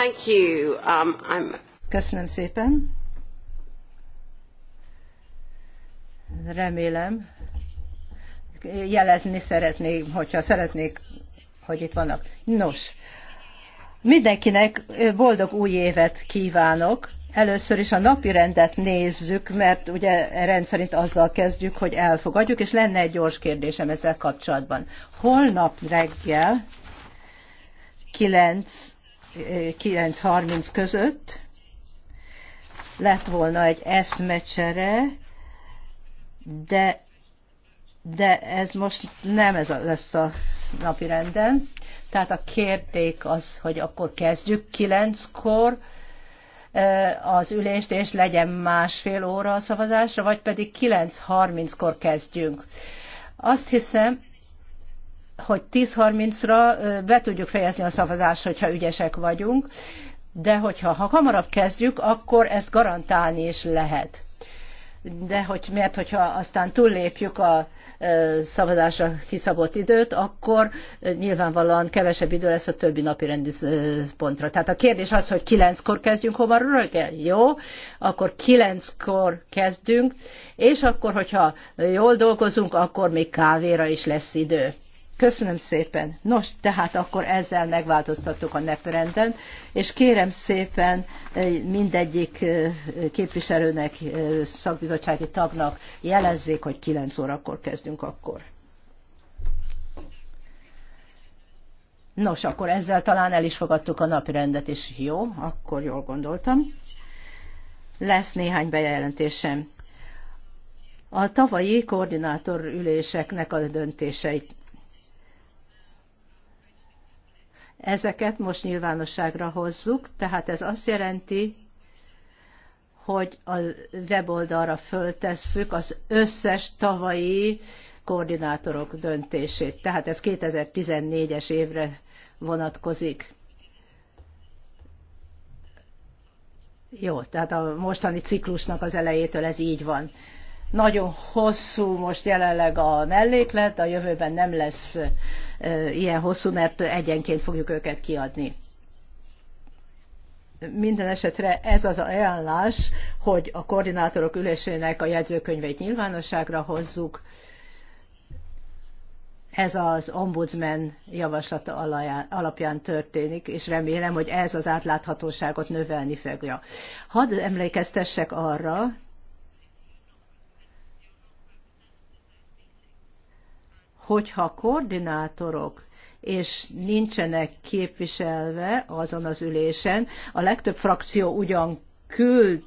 Thank you. Um, I'm... Köszönöm szépen. Remélem. Jelezni szeretnék, hogyha szeretnék, hogy itt vannak. Nos, mindenkinek boldog új évet kívánok. Először is a napi rendet nézzük, mert ugye rendszerint azzal kezdjük, hogy elfogadjuk, és lenne egy gyors kérdésem ezzel kapcsolatban. Holnap reggel 9 9.30 között lett volna egy eszmecsere, de, de ez most nem ez a, lesz a napi renden. Tehát a kérték az, hogy akkor kezdjük kilenckor az ülést, és legyen másfél óra a szavazásra, vagy pedig 9.30-kor kezdjünk. Azt hiszem, hogy 10.30-ra be tudjuk fejezni a szavazást, hogyha ügyesek vagyunk, de hogyha ha hamarabb kezdjük, akkor ezt garantálni is lehet. De hogy mert, hogyha aztán túllépjük a szavazásra kiszabott időt, akkor nyilvánvalóan kevesebb idő lesz a többi napi rendi pontra. Tehát a kérdés az, hogy kilenckor kezdjünk hamarról, jó, akkor kilenckor kezdünk, és akkor, hogyha jól dolgozunk, akkor még kávéra is lesz idő. Köszönöm szépen. Nos, tehát akkor ezzel megváltoztattuk a naprendet, és kérem szépen eh, mindegyik eh, képviselőnek, eh, szakbizottsági tagnak jelezzék, hogy 9 órakor kezdünk akkor. Nos, akkor ezzel talán el is fogadtuk a rendet, és jó, akkor jól gondoltam. Lesz néhány bejelentésem. A tavalyi koordinátor üléseknek a döntéseit Ezeket most nyilvánosságra hozzuk, tehát ez azt jelenti, hogy a weboldalra föltesszük az összes tavalyi koordinátorok döntését. Tehát ez 2014-es évre vonatkozik. Jó, tehát a mostani ciklusnak az elejétől ez így van. Nagyon hosszú most jelenleg a melléklet, a jövőben nem lesz ilyen hosszú, mert egyenként fogjuk őket kiadni. Minden esetre ez az ajánlás, hogy a koordinátorok ülésének a jegyzőkönyveit nyilvánosságra hozzuk. Ez az ombudsman javaslata alapján történik, és remélem, hogy ez az átláthatóságot növelni fogja. Hadd emlékeztessek arra, hogyha koordinátorok és nincsenek képviselve azon az ülésen, a legtöbb frakció ugyan küld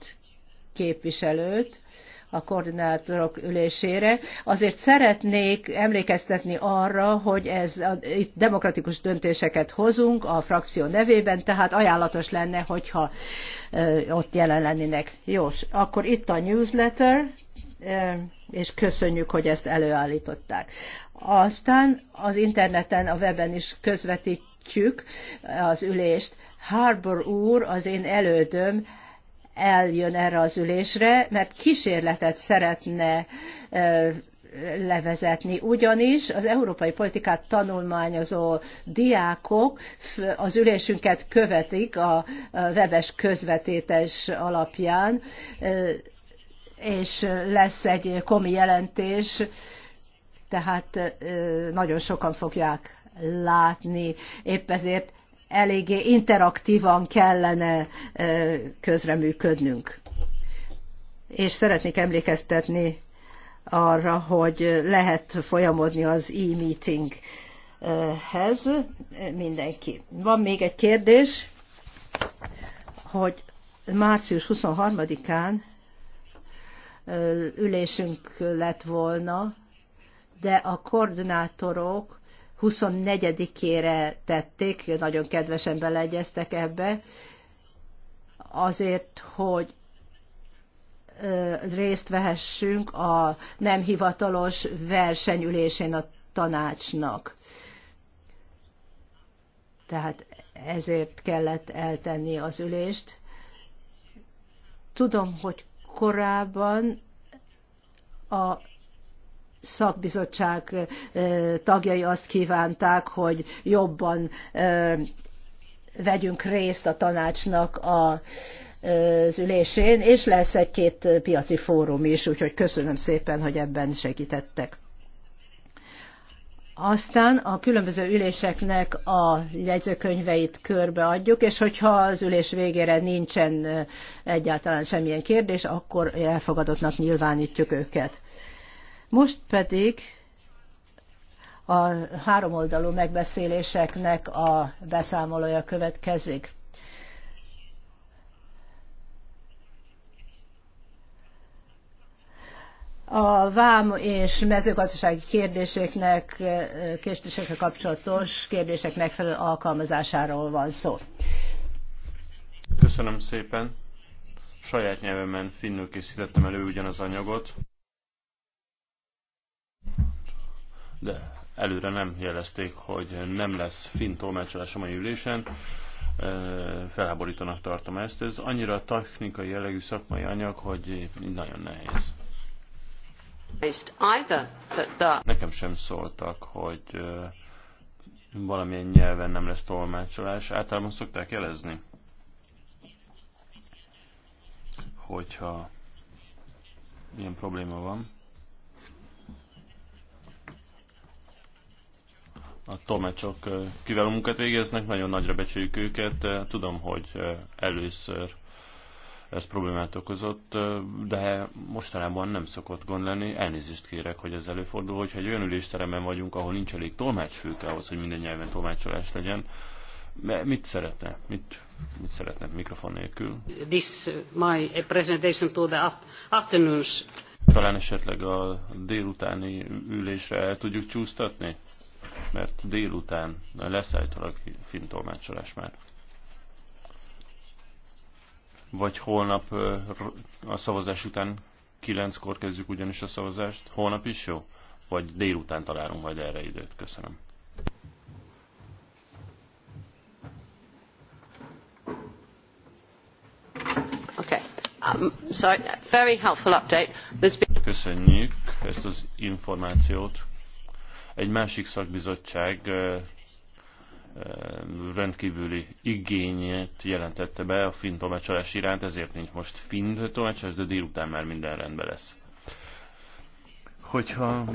képviselőt, a koordinátorok ülésére. Azért szeretnék emlékeztetni arra, hogy ez, a, itt demokratikus döntéseket hozunk a frakció nevében, tehát ajánlatos lenne, hogyha ö, ott jelen lennének. Jó, akkor itt a newsletter, és köszönjük, hogy ezt előállították. Aztán az interneten, a weben is közvetítjük az ülést. Harbour úr, az én elődöm, eljön erre az ülésre, mert kísérletet szeretne levezetni. Ugyanis az európai politikát tanulmányozó diákok az ülésünket követik a webes közvetítés alapján, és lesz egy komi jelentés tehát nagyon sokan fogják látni, épp ezért eléggé interaktívan kellene közreműködnünk. És szeretnék emlékeztetni arra, hogy lehet folyamodni az e-meetinghez mindenki. Van még egy kérdés, hogy március 23-án ülésünk lett volna, de a koordinátorok 24-ére tették, nagyon kedvesen beleegyeztek ebbe, azért, hogy részt vehessünk a nem hivatalos versenyülésén a tanácsnak. Tehát ezért kellett eltenni az ülést. Tudom, hogy korábban a szakbizottság tagjai azt kívánták, hogy jobban vegyünk részt a tanácsnak a az ülésén, és lesz egy-két piaci fórum is, úgyhogy köszönöm szépen, hogy ebben segítettek. Aztán a különböző üléseknek a jegyzőkönyveit körbeadjuk, és hogyha az ülés végére nincsen egyáltalán semmilyen kérdés, akkor elfogadottnak nyilvánítjuk őket. Most pedig a háromoldalú megbeszéléseknek a beszámolója következik. A vám és mezőgazdasági kérdéseknek, kérdésekkel kapcsolatos kérdések megfelelő alkalmazásáról van szó. Köszönöm szépen. Saját nyelvemen finnül készítettem elő ugyanaz anyagot. de előre nem jelezték, hogy nem lesz finn tolmácsolás a mai ülésen. Felháborítanak tartom ezt. Ez annyira technikai jellegű szakmai anyag, hogy nagyon nehéz. Nekem sem szóltak, hogy valamilyen nyelven nem lesz tolmácsolás. Általában szokták jelezni, hogyha ilyen probléma van. a tolmácsok kiváló munkát végeznek, nagyon nagyra becsüljük őket. Tudom, hogy először ez problémát okozott, de mostanában nem szokott gond lenni. Elnézést kérek, hogy ez előfordul, hogyha egy olyan ülésteremben vagyunk, ahol nincs elég tolmácsfők ahhoz, hogy minden nyelven tolmácsolás legyen. Mit szeretne? Mit, mit szeretne mikrofon nélkül? This my presentation to the afternoons. Talán esetleg a délutáni ülésre el tudjuk csúsztatni? mert délután lesz állítólag fintolmácsolás már. Vagy holnap a szavazás után kilenckor kezdjük ugyanis a szavazást. Holnap is jó? Vagy délután találunk majd erre időt. Köszönöm. Um, Köszönjük ezt az információt. Egy másik szakbizottság rendkívüli igényét jelentette be a finn tolmácsolás iránt, ezért nincs most finn tolmácsolás, de délután már minden rendben lesz. Hogyha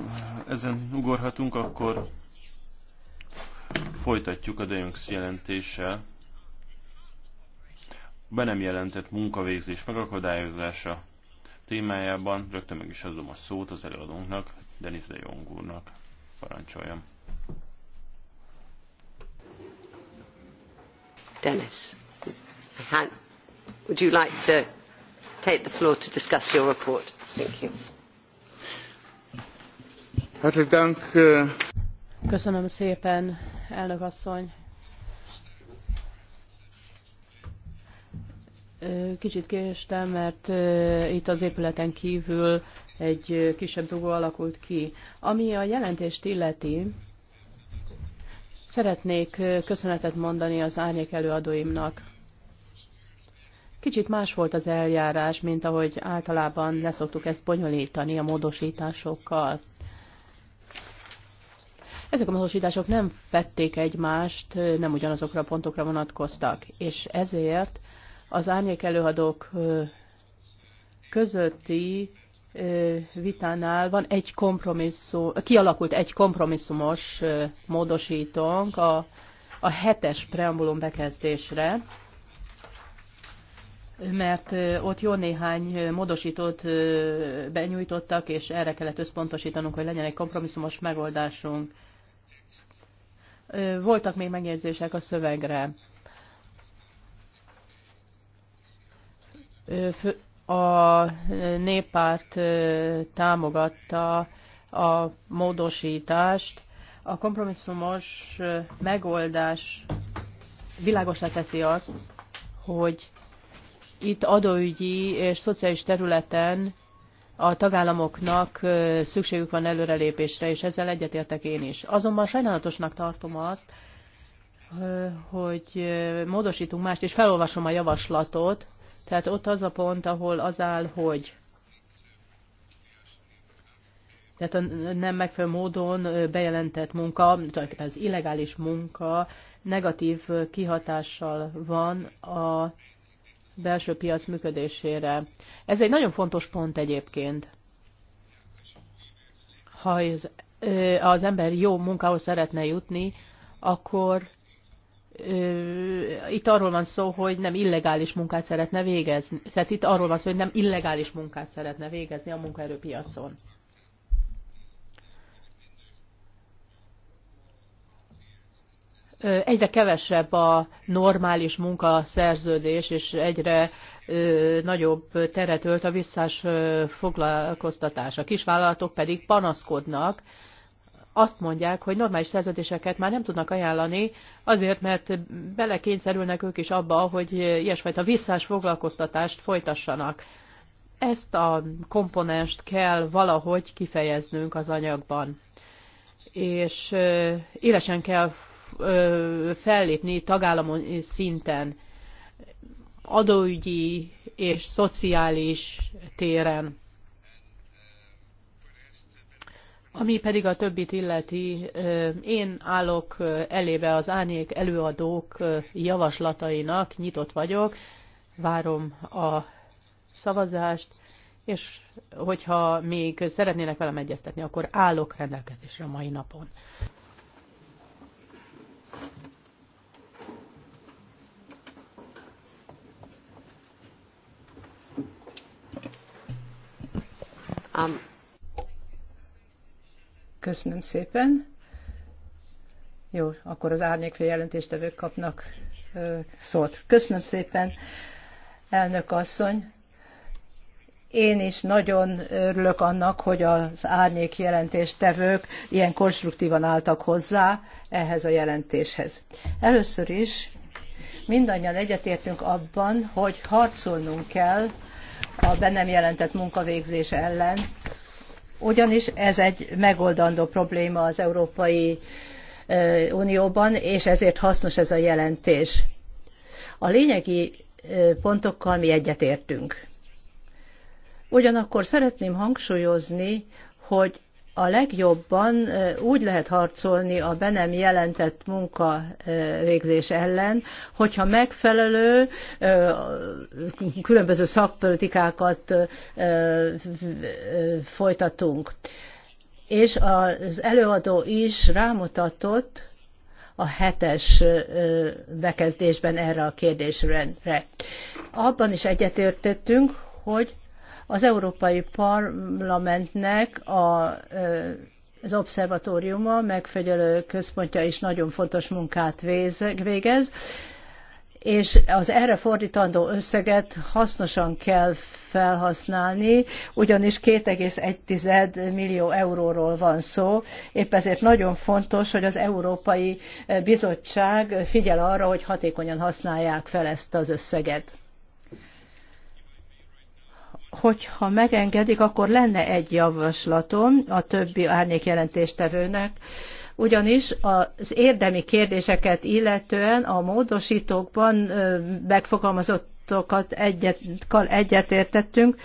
ezen ugorhatunk, akkor folytatjuk a Dejunks jelentéssel. Be nem jelentett munkavégzés megakadályozása témájában rögtön meg is adom a szót az előadónknak, Denis de Jong úrnak. Parancsoljon. Dennis, Han, would you like to take the floor to discuss your report? Thank you. Eh. Köszönöm szépen, elnök asszony. Eh, kicsit késtem, mert eh, itt az épületen kívül egy kisebb dugó alakult ki. Ami a jelentést illeti, szeretnék köszönetet mondani az árnyék előadóimnak. Kicsit más volt az eljárás, mint ahogy általában leszoktuk ezt bonyolítani a módosításokkal. Ezek a módosítások nem fették egymást, nem ugyanazokra a pontokra vonatkoztak, és ezért az árnyék előadók közötti vitánál van egy kompromisszum, kialakult egy kompromisszumos módosítónk a, a hetes preambulum bekezdésre, mert ott jó néhány módosítót benyújtottak, és erre kellett összpontosítanunk, hogy legyen egy kompromisszumos megoldásunk. Voltak még megjegyzések a szövegre. A néppárt támogatta a módosítást. A kompromisszumos megoldás világosra teszi azt, hogy itt adóügyi és szociális területen a tagállamoknak szükségük van előrelépésre, és ezzel egyetértek én is. Azonban sajnálatosnak tartom azt, hogy módosítunk mást, és felolvasom a javaslatot, tehát ott az a pont, ahol az áll, hogy tehát a nem megfelelő módon bejelentett munka, tulajdonképpen az illegális munka negatív kihatással van a belső piac működésére. Ez egy nagyon fontos pont egyébként. Ha az, az ember jó munkához szeretne jutni, akkor itt arról van szó, hogy nem illegális munkát szeretne végezni. Tehát itt arról van szó, hogy nem illegális munkát szeretne végezni a munkaerőpiacon. Egyre kevesebb a normális munkaszerződés, és egyre nagyobb teret ölt a visszás foglalkoztatás. A kisvállalatok pedig panaszkodnak, azt mondják, hogy normális szerződéseket már nem tudnak ajánlani, azért, mert belekényszerülnek ők is abba, hogy ilyesfajta visszás foglalkoztatást folytassanak. Ezt a komponest kell valahogy kifejeznünk az anyagban. És élesen kell fellépni tagállamon szinten, adóügyi és szociális téren ami pedig a többit illeti, én állok elébe az árnyék előadók javaslatainak, nyitott vagyok, várom a szavazást, és hogyha még szeretnének velem egyeztetni, akkor állok rendelkezésre a mai napon. Um, Köszönöm szépen. Jó, akkor az árnyékfő jelentéstevők kapnak szót. Köszönöm szépen, elnök asszony. Én is nagyon örülök annak, hogy az árnyék jelentéstevők ilyen konstruktívan álltak hozzá ehhez a jelentéshez. Először is mindannyian egyetértünk abban, hogy harcolnunk kell a be nem jelentett munkavégzés ellen, ugyanis ez egy megoldandó probléma az Európai Unióban, és ezért hasznos ez a jelentés. A lényegi pontokkal mi egyetértünk. Ugyanakkor szeretném hangsúlyozni, hogy a legjobban úgy lehet harcolni a be nem jelentett munka végzés ellen, hogyha megfelelő különböző szakpolitikákat folytatunk. És az előadó is rámutatott a hetes bekezdésben erre a kérdésre. Abban is egyetértettünk, hogy az Európai Parlamentnek a az obszervatóriuma megfigyelő központja is nagyon fontos munkát végez, és az erre fordítandó összeget hasznosan kell felhasználni, ugyanis 2,1 millió euróról van szó. Épp ezért nagyon fontos, hogy az Európai Bizottság figyel arra, hogy hatékonyan használják fel ezt az összeget hogyha megengedik, akkor lenne egy javaslatom a többi árnyékjelentéstevőnek, ugyanis az érdemi kérdéseket illetően a módosítókban megfogalmazottokat egyet, egyetértettünk,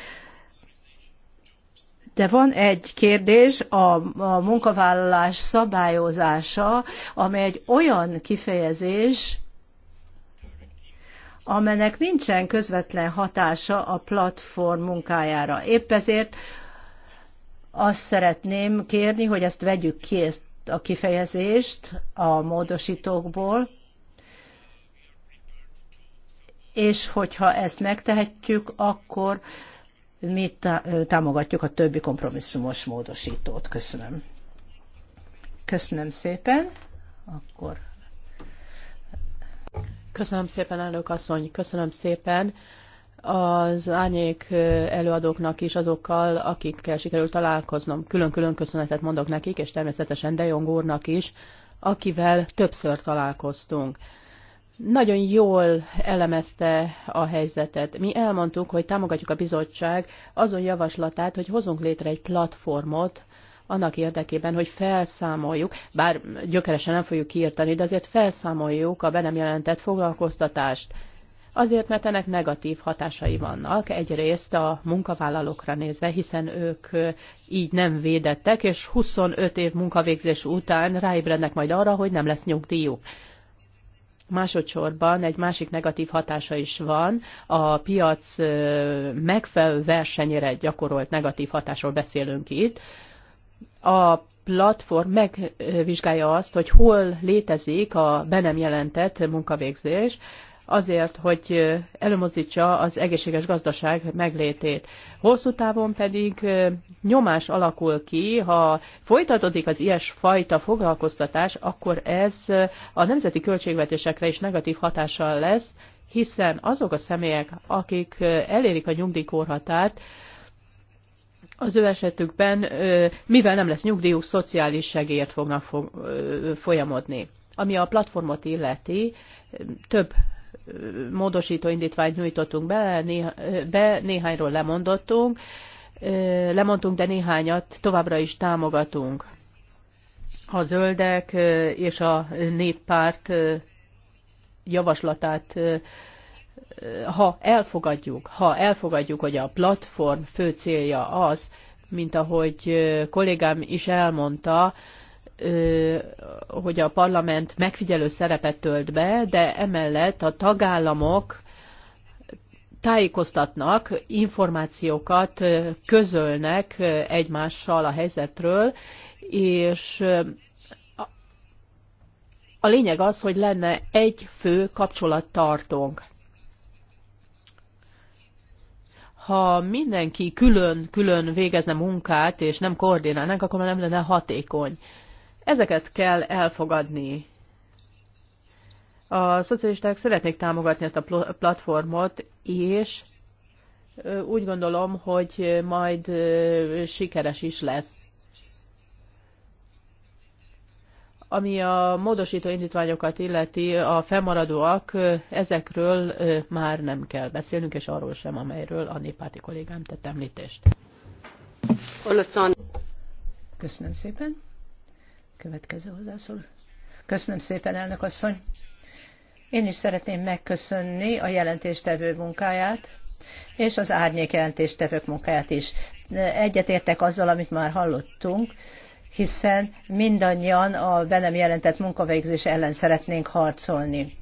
de van egy kérdés, a, a munkavállalás szabályozása, amely egy olyan kifejezés, amelynek nincsen közvetlen hatása a platform munkájára. Épp ezért azt szeretném kérni, hogy ezt vegyük ki, ezt a kifejezést a módosítókból, és hogyha ezt megtehetjük, akkor mi támogatjuk a többi kompromisszumos módosítót. Köszönöm. Köszönöm szépen. Akkor Köszönöm szépen, elnök asszony, köszönöm szépen az árnyék előadóknak is azokkal, akikkel sikerült találkoznom. Külön-külön köszönetet mondok nekik, és természetesen Dejong úrnak is, akivel többször találkoztunk. Nagyon jól elemezte a helyzetet. Mi elmondtuk, hogy támogatjuk a bizottság azon javaslatát, hogy hozunk létre egy platformot, annak érdekében, hogy felszámoljuk, bár gyökeresen nem fogjuk kiirtani, de azért felszámoljuk a be nem jelentett foglalkoztatást. Azért, mert ennek negatív hatásai vannak, egyrészt a munkavállalókra nézve, hiszen ők így nem védettek, és 25 év munkavégzés után ráébrednek majd arra, hogy nem lesz nyugdíjuk. Másodszorban egy másik negatív hatása is van, a piac megfelelő versenyére gyakorolt negatív hatásról beszélünk itt, a platform megvizsgálja azt, hogy hol létezik a be nem jelentett munkavégzés, azért, hogy előmozdítsa az egészséges gazdaság meglétét. Hosszú távon pedig nyomás alakul ki, ha folytatódik az ilyesfajta foglalkoztatás, akkor ez a nemzeti költségvetésekre is negatív hatással lesz, hiszen azok a személyek, akik elérik a nyugdíjkorhatárt, az ő esetükben, mivel nem lesz nyugdíjuk, szociális segélyért fognak folyamodni. Ami a platformot illeti, több módosító indítványt nyújtottunk be, néha, be néhányról lemondottunk, lemondtunk, de néhányat továbbra is támogatunk. A zöldek és a néppárt javaslatát ha elfogadjuk, ha elfogadjuk, hogy a platform fő célja az, mint ahogy kollégám is elmondta, hogy a parlament megfigyelő szerepet tölt be, de emellett a tagállamok tájékoztatnak, információkat közölnek egymással a helyzetről, és a lényeg az, hogy lenne egy fő kapcsolattartónk. ha mindenki külön-külön végezne munkát, és nem koordinálnánk, akkor nem lenne hatékony. Ezeket kell elfogadni. A szocialisták szeretnék támogatni ezt a platformot, és úgy gondolom, hogy majd sikeres is lesz. Ami a módosító indítványokat illeti, a fennmaradóak, ezekről már nem kell beszélnünk, és arról sem, amelyről a néppárti kollégám tett említést. Köszönöm szépen. Következő hozzászól. Köszönöm szépen, elnök asszony. Én is szeretném megköszönni a jelentéstevő munkáját, és az árnyék jelentéstevők munkáját is. Egyetértek azzal, amit már hallottunk, hiszen mindannyian a be nem jelentett munkavégzés ellen szeretnénk harcolni.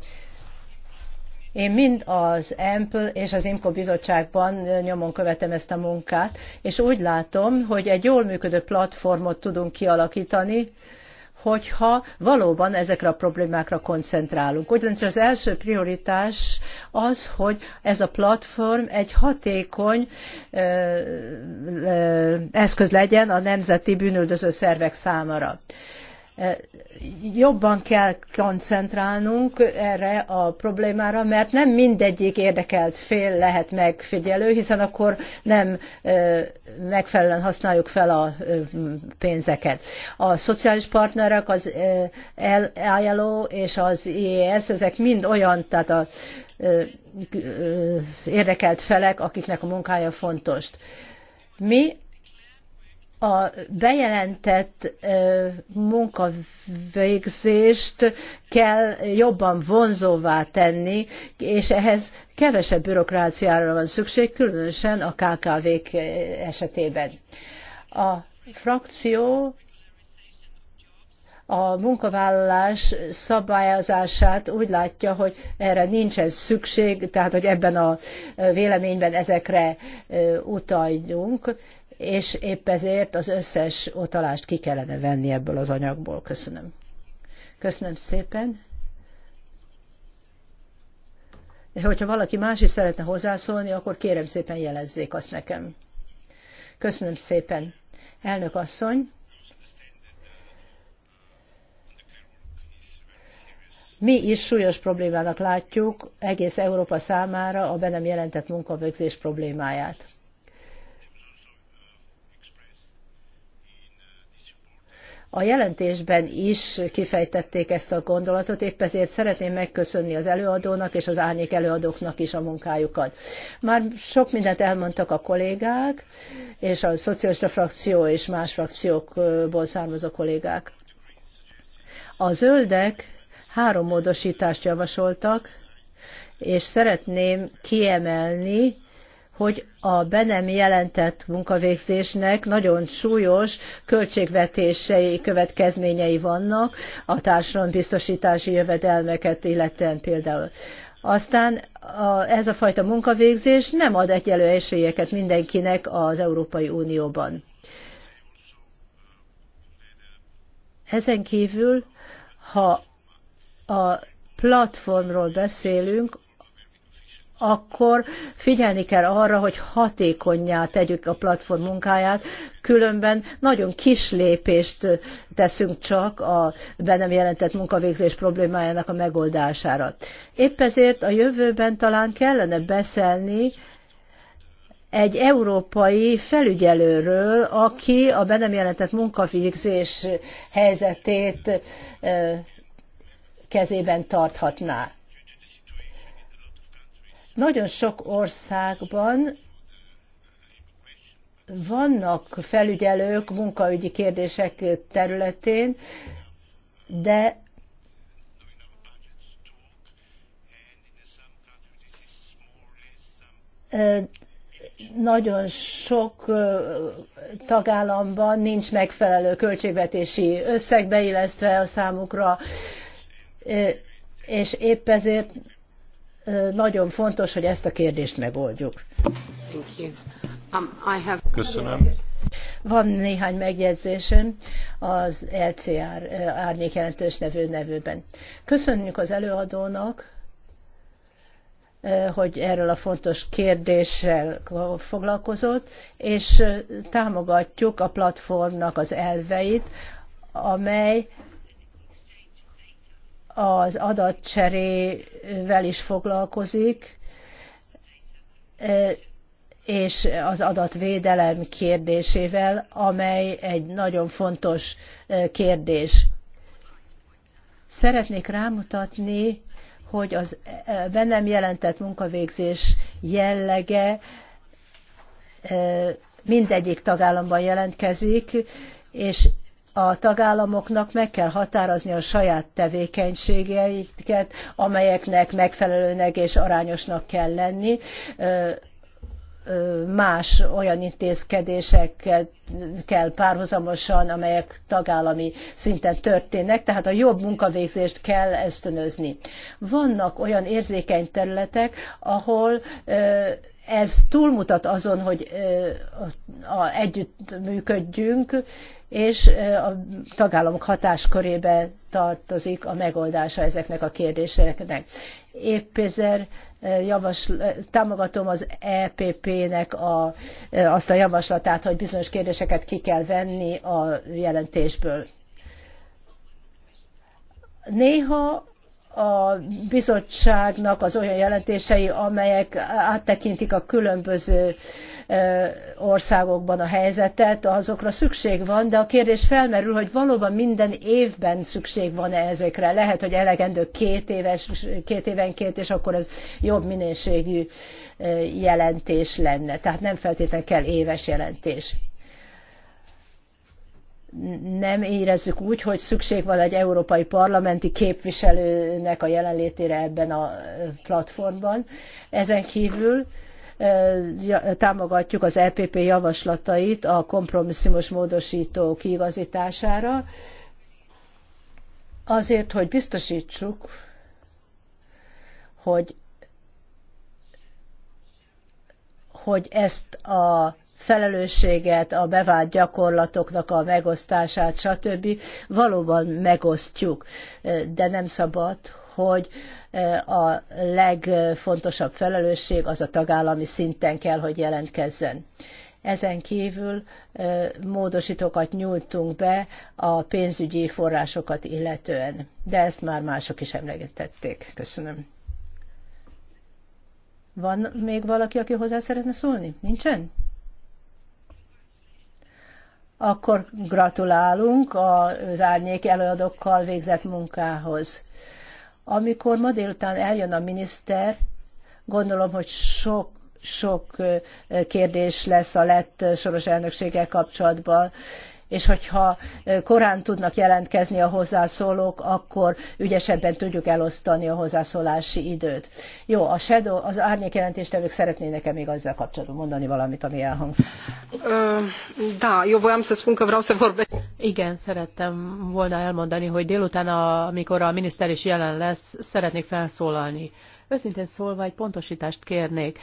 Én mind az EMPL és az IMCO bizottságban nyomon követem ezt a munkát, és úgy látom, hogy egy jól működő platformot tudunk kialakítani, hogyha valóban ezekre a problémákra koncentrálunk. Ugyanis az első prioritás az, hogy ez a platform egy hatékony eszköz legyen a nemzeti bűnöldöző szervek számára. Eh, jobban kell koncentrálnunk erre a problémára, mert nem mindegyik érdekelt fél lehet megfigyelő, hiszen akkor nem eh, megfelelően használjuk fel a eh, pénzeket. A szociális partnerek, az ILO és az IES, ezek mind olyan, tehát a érdekelt felek, akiknek a munkája fontos. Mi a bejelentett munkavégzést kell jobban vonzóvá tenni, és ehhez kevesebb bürokráciára van szükség, különösen a KKV-k esetében. A frakció a munkavállalás szabályozását úgy látja, hogy erre nincsen szükség, tehát hogy ebben a véleményben ezekre utaljunk és épp ezért az összes utalást ki kellene venni ebből az anyagból. Köszönöm. Köszönöm szépen. És hogyha valaki más is szeretne hozzászólni, akkor kérem szépen jelezzék azt nekem. Köszönöm szépen. Elnök asszony. Mi is súlyos problémának látjuk egész Európa számára a be nem jelentett munkavégzés problémáját. A jelentésben is kifejtették ezt a gondolatot, épp ezért szeretném megköszönni az előadónak és az árnyék előadóknak is a munkájukat. Már sok mindent elmondtak a kollégák, és a szocialista frakció és más frakciókból származó kollégák. A zöldek három módosítást javasoltak, és szeretném kiemelni, hogy a be nem jelentett munkavégzésnek nagyon súlyos költségvetései következményei vannak a társadalombiztosítási jövedelmeket illetően például. Aztán a, ez a fajta munkavégzés nem ad egyelő esélyeket mindenkinek az Európai Unióban. Ezen kívül, ha a platformról beszélünk, akkor figyelni kell arra, hogy hatékonyá tegyük a platform munkáját, különben nagyon kis lépést teszünk csak a be nem jelentett munkavégzés problémájának a megoldására. Épp ezért a jövőben talán kellene beszélni egy európai felügyelőről, aki a be nem jelentett munkavégzés helyzetét kezében tarthatná nagyon sok országban vannak felügyelők munkaügyi kérdések területén, de nagyon sok tagállamban nincs megfelelő költségvetési összeg beillesztve a számukra, és épp ezért nagyon fontos, hogy ezt a kérdést megoldjuk. Um, Köszönöm. Van néhány megjegyzésem az LCR árnyékjelentős nevő nevű nevőben. Köszönjük az előadónak, hogy erről a fontos kérdéssel foglalkozott, és támogatjuk a platformnak az elveit, amely az adatcserével is foglalkozik, és az adatvédelem kérdésével, amely egy nagyon fontos kérdés. Szeretnék rámutatni, hogy az bennem jelentett munkavégzés jellege mindegyik tagállamban jelentkezik, és a tagállamoknak meg kell határozni a saját tevékenységeiket, amelyeknek megfelelőnek és arányosnak kell lenni más olyan intézkedésekkel kell párhuzamosan, amelyek tagállami szinten történnek, tehát a jobb munkavégzést kell ösztönözni. Vannak olyan érzékeny területek, ahol ez túlmutat azon, hogy a, együtt működjünk, és a tagállamok hatáskörébe tartozik a megoldása ezeknek a kérdéseknek. Épp ezért javasl, támogatom az EPP-nek a, azt a javaslatát, hogy bizonyos kérdéseket ki kell venni a jelentésből. Néha a bizottságnak az olyan jelentései, amelyek áttekintik a különböző országokban a helyzetet, azokra szükség van, de a kérdés felmerül, hogy valóban minden évben szükség van-e ezekre. Lehet, hogy elegendő két, éves, két évenként, és akkor ez jobb minőségű jelentés lenne. Tehát nem feltétlenül kell éves jelentés nem érezzük úgy, hogy szükség van egy európai parlamenti képviselőnek a jelenlétére ebben a platformban. Ezen kívül támogatjuk az EPP javaslatait a kompromisszumos módosító kiigazítására, azért, hogy biztosítsuk, hogy, hogy ezt a felelősséget, a bevált gyakorlatoknak a megosztását, stb. valóban megosztjuk, de nem szabad, hogy e, a legfontosabb felelősség az a tagállami szinten kell, hogy jelentkezzen. Ezen kívül e, módosítókat nyújtunk be a pénzügyi forrásokat illetően, de ezt már mások is emlegetették. Köszönöm. Van még valaki, aki hozzá szeretne szólni? Nincsen? akkor gratulálunk az árnyék előadókkal végzett munkához. Amikor ma délután eljön a miniszter, gondolom, hogy sok sok kérdés lesz a lett soros elnökséggel kapcsolatban, és hogyha korán tudnak jelentkezni a hozzászólók, akkor ügyesebben tudjuk elosztani a hozzászólási időt. Jó, a shadow, az árnyék jelentéstevők szeretnének-e még ezzel kapcsolatban mondani valamit, ami elhangzott? Da, jó, voiam să spun vrau se să Igen, szerettem volna elmondani, hogy délután, amikor a miniszter is jelen lesz, szeretnék felszólalni Őszintén szólva egy pontosítást kérnék.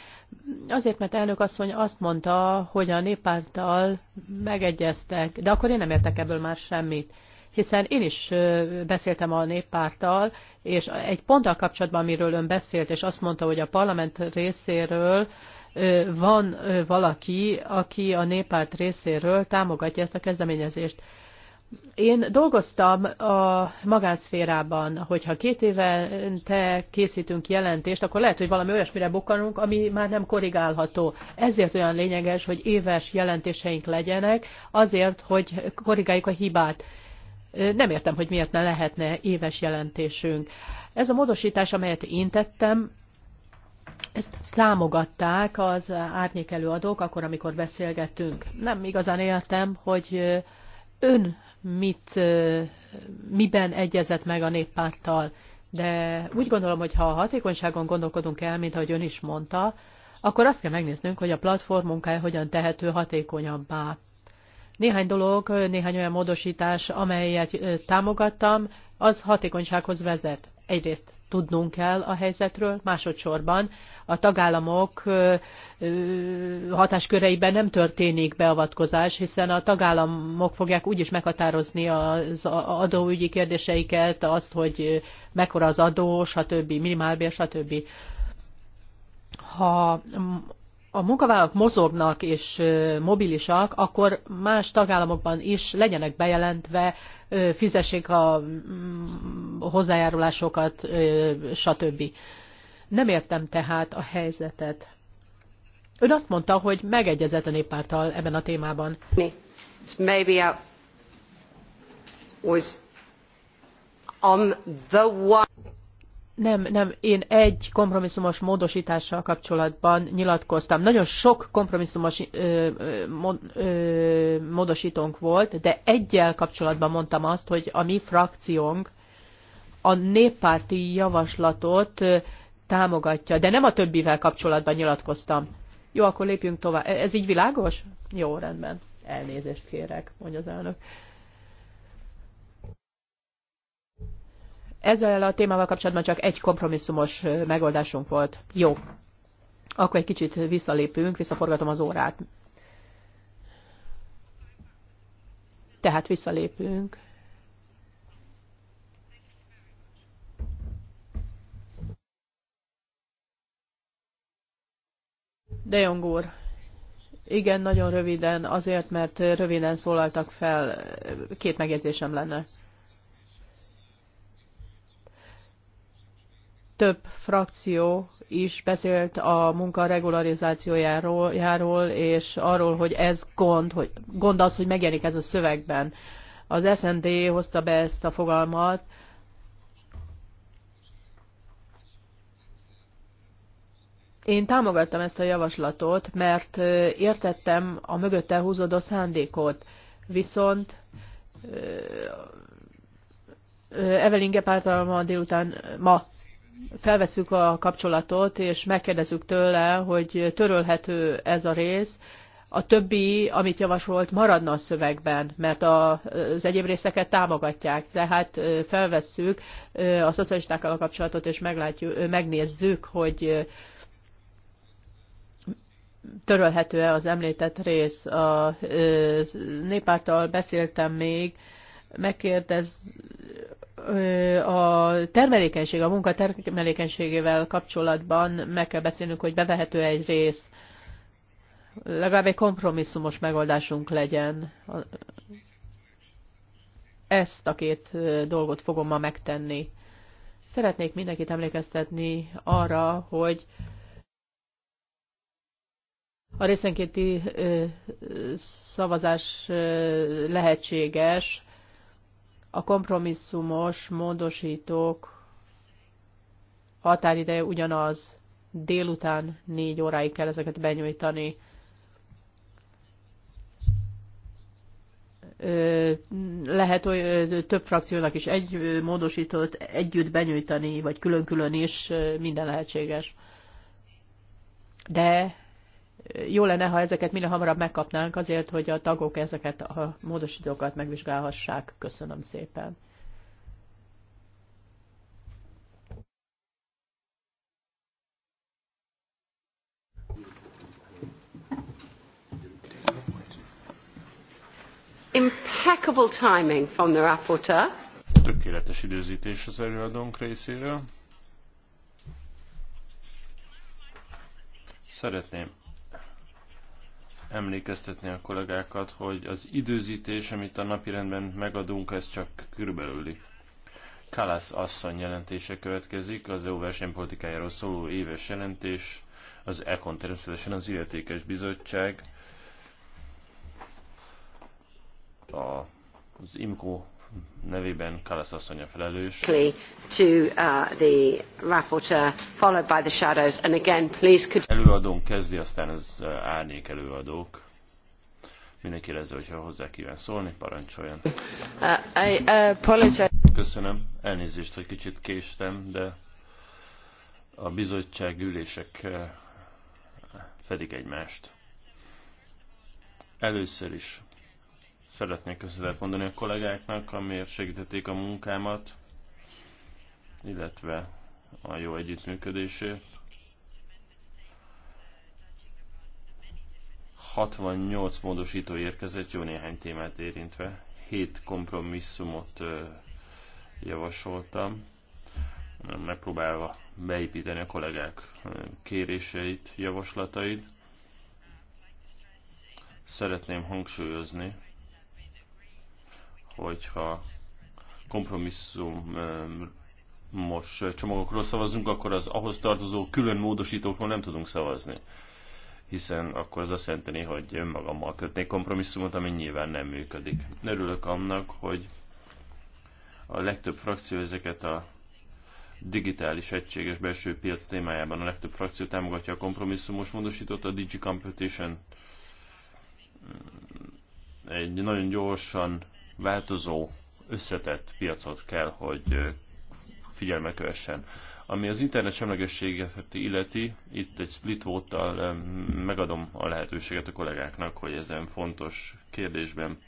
Azért, mert elnök asszony azt mondta, hogy a néppárttal megegyeztek, de akkor én nem értek ebből már semmit hiszen én is beszéltem a néppárttal, és egy ponttal kapcsolatban, amiről ön beszélt, és azt mondta, hogy a parlament részéről van valaki, aki a néppárt részéről támogatja ezt a kezdeményezést. Én dolgoztam a magánszférában, hogyha két évente készítünk jelentést, akkor lehet, hogy valami olyasmire bukkanunk, ami már nem korrigálható. Ezért olyan lényeges, hogy éves jelentéseink legyenek, azért, hogy korrigáljuk a hibát. Nem értem, hogy miért ne lehetne éves jelentésünk. Ez a módosítás, amelyet én tettem, ezt támogatták az árnyékelőadók, akkor, amikor beszélgettünk. Nem igazán értem, hogy ön mit, miben egyezett meg a néppárttal. De úgy gondolom, hogy ha a hatékonyságon gondolkodunk el, mint ahogy ön is mondta, akkor azt kell megnéznünk, hogy a platform munkája hogyan tehető hatékonyabbá. Néhány dolog, néhány olyan módosítás, amelyet támogattam, az hatékonysághoz vezet egyrészt tudnunk kell a helyzetről, másodszorban a tagállamok hatásköreiben nem történik beavatkozás, hiszen a tagállamok fogják úgyis meghatározni az adóügyi kérdéseiket, azt, hogy mekkora az adó, stb., minimálbér, stb. Ha a munkavállalók mozognak és mobilisak, akkor más tagállamokban is legyenek bejelentve, fizessék a mm, hozzájárulásokat, stb. Nem értem tehát a helyzetet. Ön azt mondta, hogy megegyezett a néppárttal ebben a témában. Maybe I was on the one. Nem, nem, én egy kompromisszumos módosítással kapcsolatban nyilatkoztam. Nagyon sok kompromisszumos ö, ö, módosítónk volt, de egyel kapcsolatban mondtam azt, hogy a mi frakciónk a néppárti javaslatot támogatja, de nem a többivel kapcsolatban nyilatkoztam. Jó, akkor lépjünk tovább. Ez így világos? Jó, rendben. Elnézést kérek, mondja az elnök. Ö, Ezzel a témával kapcsolatban csak egy kompromisszumos megoldásunk volt. Jó. Akkor egy kicsit visszalépünk, visszaforgatom az órát. Tehát visszalépünk. De Jong úr, igen, nagyon röviden, azért, mert röviden szólaltak fel, két megjegyzésem lenne. több frakció is beszélt a munka regularizációjáról, és arról, hogy ez gond, hogy gond az, hogy megjelenik ez a szövegben. Az SND hozta be ezt a fogalmat, Én támogattam ezt a javaslatot, mert értettem a mögötte húzódó szándékot, viszont Evelyn Gepárt ma délután, ma felveszük a kapcsolatot, és megkérdezzük tőle, hogy törölhető ez a rész, a többi, amit javasolt, maradna a szövegben, mert az egyéb részeket támogatják. Tehát felvesszük a szocialistákkal a kapcsolatot, és meglátjuk, megnézzük, hogy törölhető-e az említett rész. A néppártal beszéltem még, megkérdez, a termelékenység, a munka termelékenységével kapcsolatban meg kell beszélnünk, hogy bevehető egy rész. Legalább egy kompromisszumos megoldásunk legyen. Ezt a két dolgot fogom ma megtenni. Szeretnék mindenkit emlékeztetni arra, hogy a részenkénti szavazás lehetséges, a kompromisszumos módosítók határideje ugyanaz, délután négy óráig kell ezeket benyújtani. lehet hogy több frakciónak is egy módosítót együtt benyújtani, vagy külön-külön is, minden lehetséges. De jó lenne, ha ezeket minél hamarabb megkapnánk azért, hogy a tagok ezeket a módosítókat megvizsgálhassák. Köszönöm szépen. Impeccable timing from the rapporteur. Tökéletes időzítés az előadónk részéről. Szeretném emlékeztetni a kollégákat, hogy az időzítés, amit a napirendben megadunk, ez csak körülbelüli. Kalász asszony jelentése következik, az EU versenypolitikájáról szóló éves jelentés, az ECON természetesen az illetékes bizottság, a, az IMCO nevében Kalasz asszony a felelős. To, uh, the rapporteur, followed by the shadows, and again, please could... Előadónk kezdi, aztán az uh, árnyék előadók. Mindenki lesz, hogyha hozzá kíván szólni, parancsoljon. Uh, I uh, apologize. Köszönöm. Elnézést, hogy kicsit késtem, de a bizottság ülések uh, fedik egymást. Először is Szeretnék köszönet mondani a kollégáknak, amiért segítették a munkámat, illetve a jó együttműködését. 68 módosító érkezett, jó néhány témát érintve. 7 kompromisszumot javasoltam, megpróbálva beépíteni a kollégák kéréseit, javaslatait. Szeretném hangsúlyozni, hogyha kompromisszumos csomagokról szavazunk, akkor az ahhoz tartozó külön módosítókról nem tudunk szavazni. Hiszen akkor az azt jelenti, hogy önmagammal kötnék kompromisszumot, ami nyilván nem működik. Örülök annak, hogy a legtöbb frakció ezeket a digitális egységes belső piac témájában a legtöbb frakció támogatja a kompromisszumos módosítót, a Digi Competition mm, egy nagyon gyorsan változó, összetett piacot kell, hogy figyelme kövessen. Ami az internet semlegességet illeti, itt egy split vote megadom a lehetőséget a kollégáknak, hogy ezen fontos kérdésben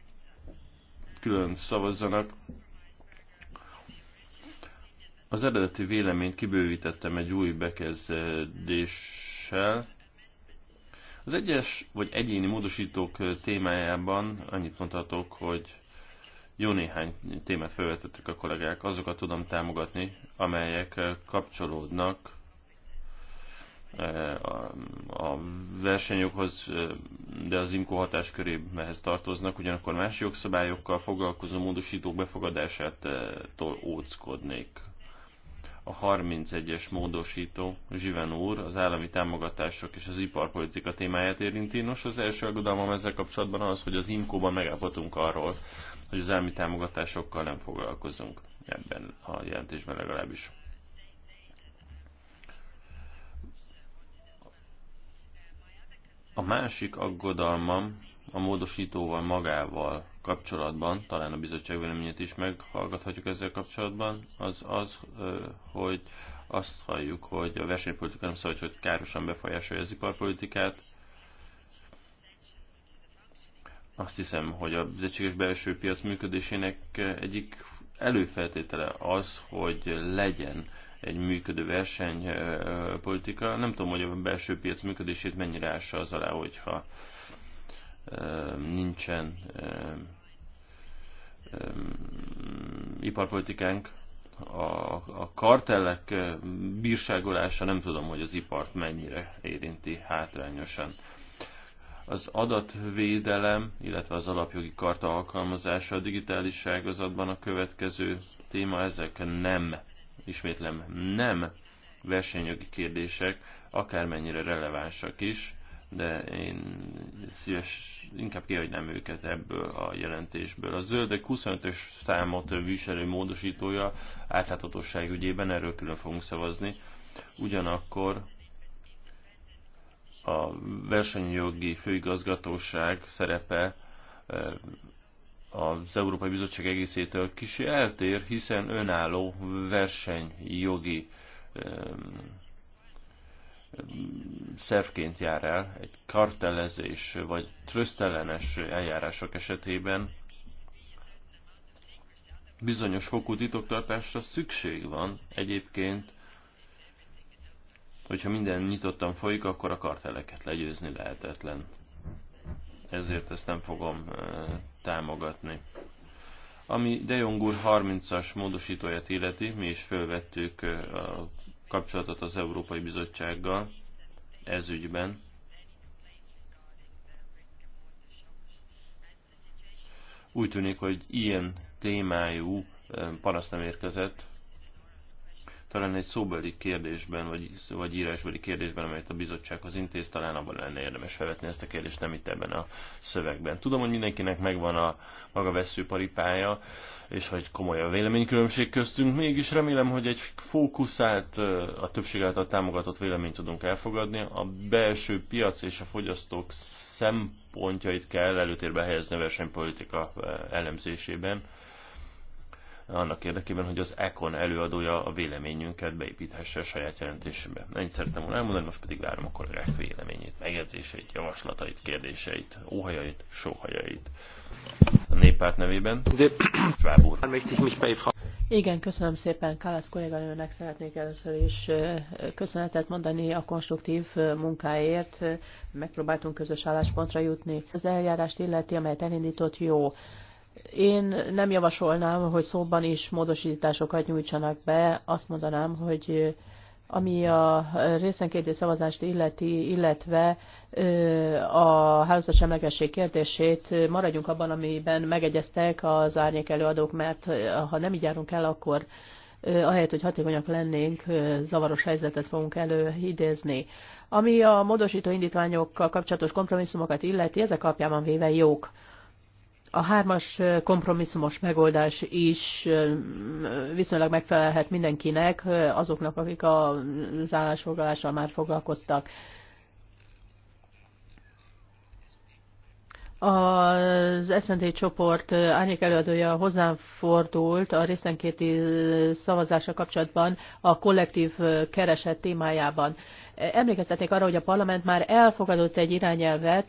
külön szavazzanak. Az eredeti véleményt kibővítettem egy új bekezdéssel. Az egyes vagy egyéni módosítók témájában annyit mondhatok, hogy jó néhány témát felvetettek a kollégák, azokat tudom támogatni, amelyek eh, kapcsolódnak eh, a versenyokhoz, eh, de az IMCO hatáskörébehez tartoznak, ugyanakkor más jogszabályokkal foglalkozó módosítók befogadásától óckodnék. A 31-es módosító Zsiven úr az állami támogatások és az iparpolitika témáját érinti. Nos, az első aggodalmam ezzel kapcsolatban az, hogy az IMCO-ban megállapodtunk arról, hogy az elmi támogatásokkal nem foglalkozunk ebben a jelentésben legalábbis. A másik aggodalmam a módosítóval magával kapcsolatban, talán a bizottság véleményét is meghallgathatjuk ezzel kapcsolatban, az az, hogy azt halljuk, hogy a versenypolitika nem szabad, hogy károsan befolyásolja az iparpolitikát, azt hiszem, hogy az egységes belső piac működésének egyik előfeltétele az, hogy legyen egy működő versenypolitika. Nem tudom, hogy a belső piac működését mennyire ássa az alá, hogyha nincsen iparpolitikánk. A, a kartellek bírságolása nem tudom, hogy az ipart mennyire érinti hátrányosan az adatvédelem, illetve az alapjogi karta alkalmazása a digitális ágazatban a következő téma, ezek nem, ismétlem, nem versenyjogi kérdések, akármennyire relevánsak is, de én szíves, inkább kihagynám őket ebből a jelentésből. A zöldek 25-ös számot viselő módosítója átláthatóság ügyében, erről külön fogunk szavazni. Ugyanakkor a versenyjogi főigazgatóság szerepe e, az Európai Bizottság egészétől kis eltér, hiszen önálló versenyjogi e, szervként jár el, egy kartelezés vagy trösztellenes eljárások esetében bizonyos fokú titoktartásra szükség van. Egyébként hogyha minden nyitottan folyik, akkor a karteleket legyőzni lehetetlen. Ezért ezt nem fogom támogatni. Ami De Jong úr 30-as módosítóját illeti, mi is felvettük a kapcsolatot az Európai Bizottsággal ez ügyben. Úgy tűnik, hogy ilyen témájú paraszt nem érkezett talán egy szóbeli kérdésben, vagy, vagy írásbeli kérdésben, amelyet a bizottsághoz intéz, talán abban lenne érdemes felvetni ezt a kérdést, nem itt ebben a szövegben. Tudom, hogy mindenkinek megvan a maga veszőparipája, és hogy komoly a véleménykülönbség köztünk, mégis remélem, hogy egy fókuszált, a többség által támogatott véleményt tudunk elfogadni. A belső piac és a fogyasztók szempontjait kell előtérbe helyezni a versenypolitika eh, elemzésében annak érdekében, hogy az Econ előadója a véleményünket beépíthesse a saját jelentésébe. Ennyit szerettem volna elmondani, most pedig várom a kollégák véleményét, megjegyzéseit, javaslatait, kérdéseit, óhajait, sóhajait. A néppárt nevében Schwab úr. Igen, köszönöm szépen. Kálasz kolléganőnek szeretnék először is köszönetet mondani a konstruktív munkáért. Megpróbáltunk közös álláspontra jutni. Az eljárást illeti, amelyet elindított, jó. Én nem javasolnám, hogy szóban is módosításokat nyújtsanak be. Azt mondanám, hogy ami a részenkéti szavazást illeti, illetve a hálózat emlegesség kérdését, maradjunk abban, amiben megegyeztek az árnyék előadók, mert ha nem így járunk el, akkor ahelyett, hogy hatékonyak lennénk, zavaros helyzetet fogunk előidézni. Ami a módosító indítványokkal kapcsolatos kompromisszumokat illeti, ezek alapjában véve jók a hármas kompromisszumos megoldás is viszonylag megfelelhet mindenkinek, azoknak, akik a állásfoglalással már foglalkoztak. Az SZND csoport árnyék előadója hozzám fordult a részenkéti szavazása kapcsolatban a kollektív kereset témájában. Emlékeztetnék arra, hogy a parlament már elfogadott egy irányelvet,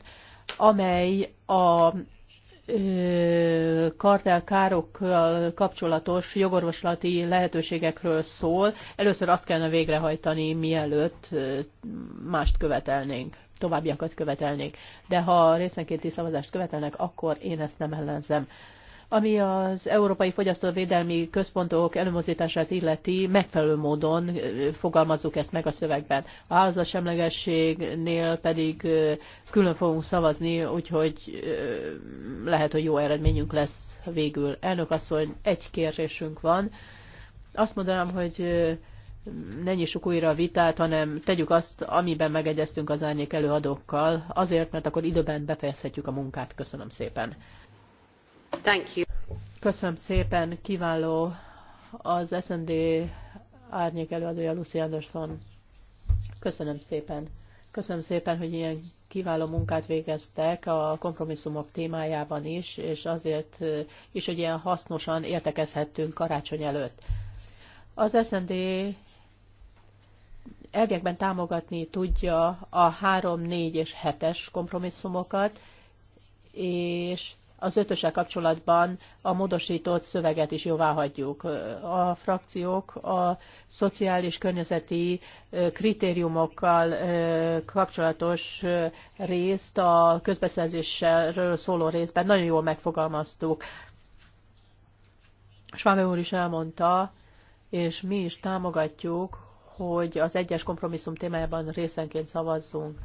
amely a kartelkárokkal kapcsolatos jogorvoslati lehetőségekről szól. Először azt kellene végrehajtani, mielőtt mást követelnénk, továbbiakat követelnénk. De ha részenkénti szavazást követelnek, akkor én ezt nem ellenzem. Ami az Európai Fogyasztóvédelmi Központok előmozdítását illeti, megfelelő módon fogalmazzuk ezt meg a szövegben. A házasemlegességnél pedig külön fogunk szavazni, úgyhogy lehet, hogy jó eredményünk lesz végül. Elnök asszony, egy kérdésünk van. Azt mondanám, hogy ne nyissuk újra a vitát, hanem tegyük azt, amiben megegyeztünk az árnyék előadókkal, azért, mert akkor időben befejezhetjük a munkát. Köszönöm szépen. Köszönöm szépen, kiváló az SND árnyék előadója Lucy Anderson. Köszönöm szépen. Köszönöm szépen, hogy ilyen kiváló munkát végeztek a kompromisszumok témájában is, és azért is, hogy ilyen hasznosan értekezhettünk karácsony előtt. Az SND elvekben támogatni tudja a 3, 4 és 7-es kompromisszumokat, és az ötöse kapcsolatban a módosított szöveget is jóvá hagyjuk. A frakciók a szociális környezeti kritériumokkal kapcsolatos részt a közbeszerzésről szóló részben nagyon jól megfogalmaztuk. Sváme úr is elmondta, és mi is támogatjuk, hogy az egyes kompromisszum témájában részenként szavazzunk.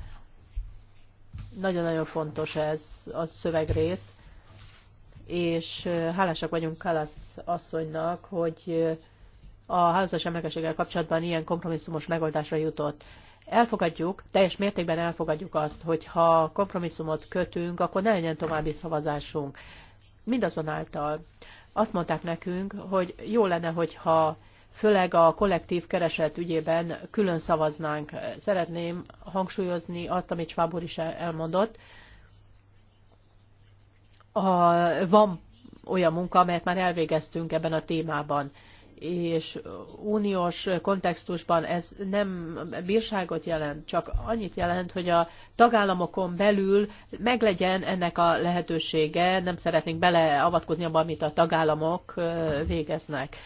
Nagyon-nagyon fontos ez a szövegrész, és hálásak vagyunk Kalasz asszonynak, hogy a házas emlékeséggel kapcsolatban ilyen kompromisszumos megoldásra jutott. Elfogadjuk, teljes mértékben elfogadjuk azt, hogy ha kompromisszumot kötünk, akkor ne legyen további szavazásunk. Mindazonáltal azt mondták nekünk, hogy jó lenne, hogyha főleg a kollektív kereset ügyében külön szavaznánk. Szeretném hangsúlyozni azt, amit Schwab úr is elmondott, a, van olyan munka, amelyet már elvégeztünk ebben a témában és uniós kontextusban ez nem bírságot jelent, csak annyit jelent, hogy a tagállamokon belül meglegyen ennek a lehetősége, nem szeretnénk beleavatkozni abban, amit a tagállamok végeznek.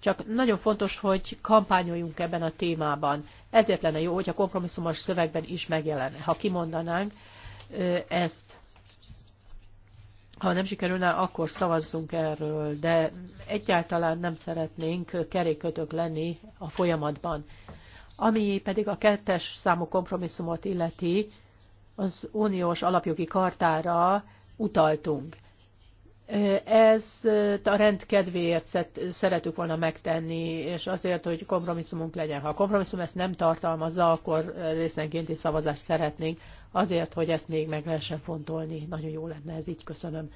Csak nagyon fontos, hogy kampányoljunk ebben a témában. Ezért lenne jó, hogy a kompromisszumos szövegben is megjelenne, ha kimondanánk ezt ha nem sikerülne, akkor szavazzunk erről, de egyáltalán nem szeretnénk kerékötök lenni a folyamatban. Ami pedig a kettes számú kompromisszumot illeti, az uniós alapjogi kartára utaltunk. Ezt a rend kedvéért szeretük volna megtenni, és azért, hogy kompromisszumunk legyen. Ha a kompromisszum ezt nem tartalmazza, akkor részenkénti szavazást szeretnénk azért, hogy ezt még meg lehessen fontolni. Nagyon jó lenne ez így, köszönöm.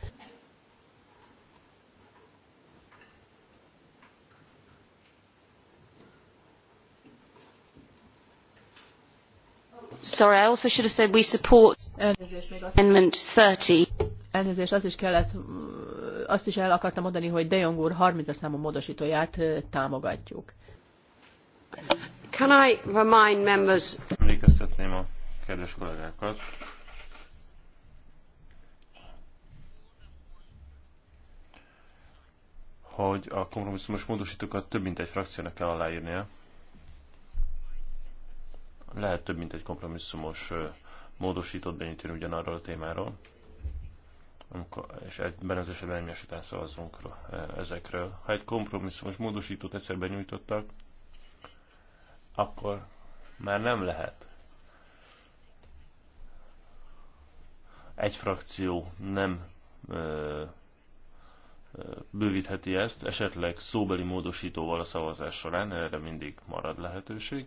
Sorry, I also should have said we support Amendment 30. Elnézést, azt is kellett, azt is el akartam mondani, hogy De Jong úr 30-as számú módosítóját támogatjuk. Can I remind members... Emlékeztetném a kedves kollégákat. hogy a kompromisszumos módosítókat több mint egy frakciónak kell aláírnia. Lehet több mint egy kompromisszumos módosítót benyújtani ugyanarról a témáról. Amikor, és ebben az esetben egymás után szavazunk ezekről. Ha egy kompromisszumos módosítót egyszer benyújtottak, akkor már nem lehet egy frakció nem ö, ö, bővítheti ezt, esetleg szóbeli módosítóval a szavazás során, erre mindig marad lehetőség.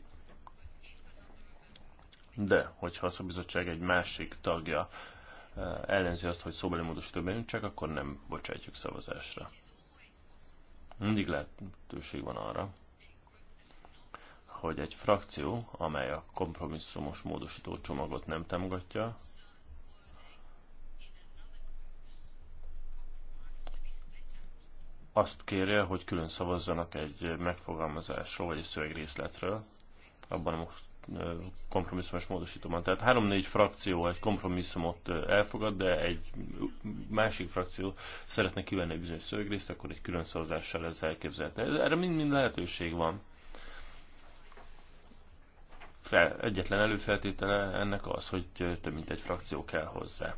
De, hogyha a szabizottság egy másik tagja ö, ellenzi azt, hogy szóbeli módosító bejön, csak akkor nem bocsátjuk szavazásra. Mindig lehetőség van arra, hogy egy frakció, amely a kompromisszumos módosító csomagot nem támogatja, azt kérje, hogy külön szavazzanak egy megfogalmazásról, vagy egy szövegrészletről, abban a kompromisszumos módosítóban. Tehát 3-4 frakció egy kompromisszumot elfogad, de egy másik frakció szeretne kivenni bizonyos szövegrészt, akkor egy külön szavazással ez elképzelhető. Erre mind-mind lehetőség van. Fel, egyetlen előfeltétele ennek az, hogy több mint egy frakció kell hozzá.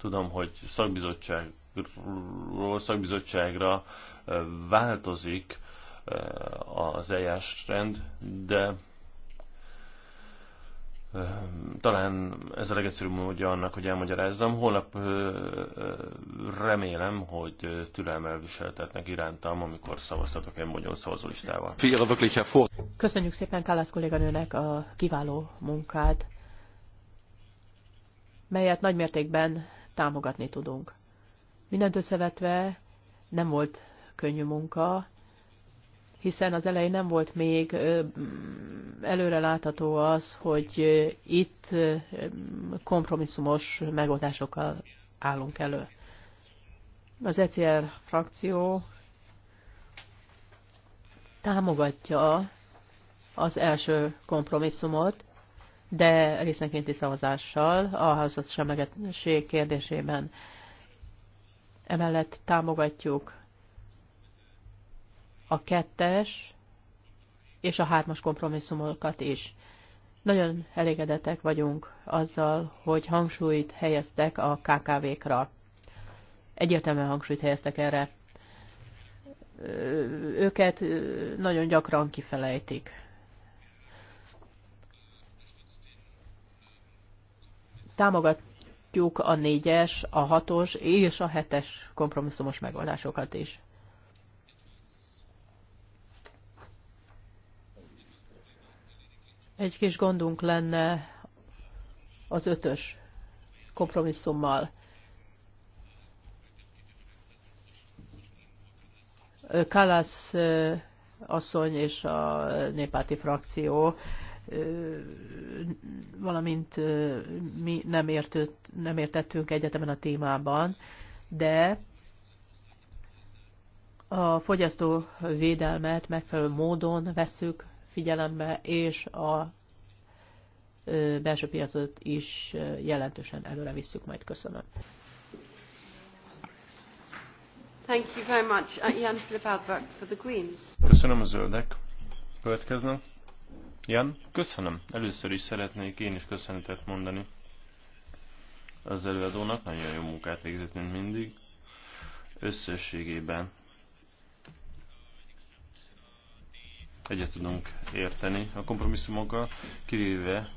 Tudom, hogy szakbizottságról szakbizottságra változik az eljárásrend, de talán ez a legegyszerűbb módja annak, hogy elmagyarázzam. Holnap remélem, hogy türelmel viseltetnek irántam, amikor szavaztatok egy magyar szavazólistával. Köszönjük szépen Kálász kolléganőnek a kiváló munkát, melyet nagymértékben támogatni tudunk. Mindent összevetve nem volt könnyű munka, hiszen az elején nem volt még előrelátható az, hogy itt kompromisszumos megoldásokkal állunk elő. Az ECR frakció támogatja az első kompromisszumot, de részenkénti szavazással a házat semlegesség kérdésében. Emellett támogatjuk a kettes és a hármas kompromisszumokat is. Nagyon elégedettek vagyunk azzal, hogy hangsúlyt helyeztek a KKV-kra. Egyértelműen hangsúlyt helyeztek erre. Őket nagyon gyakran kifelejtik. támogatjuk a négyes, a hatos és a hetes kompromisszumos megoldásokat is. Egy kis gondunk lenne az ötös kompromisszummal. Kalasz eh, asszony és a népáti frakció valamint mi nem, értőt, nem értettünk egyetemen a témában, de a fogyasztó védelmet megfelelő módon veszük figyelembe, és a belső piacot is jelentősen előre visszük majd. Köszönöm. Thank you very much. Uh, Jan Philip Albrecht for the Greens. Köszönöm a zöldek. Következnek. Jan, köszönöm. Először is szeretnék én is köszönetet mondani az előadónak. Nagyon jó munkát végzett, mint mindig. Összességében egyet tudunk érteni a kompromisszumokkal, kivéve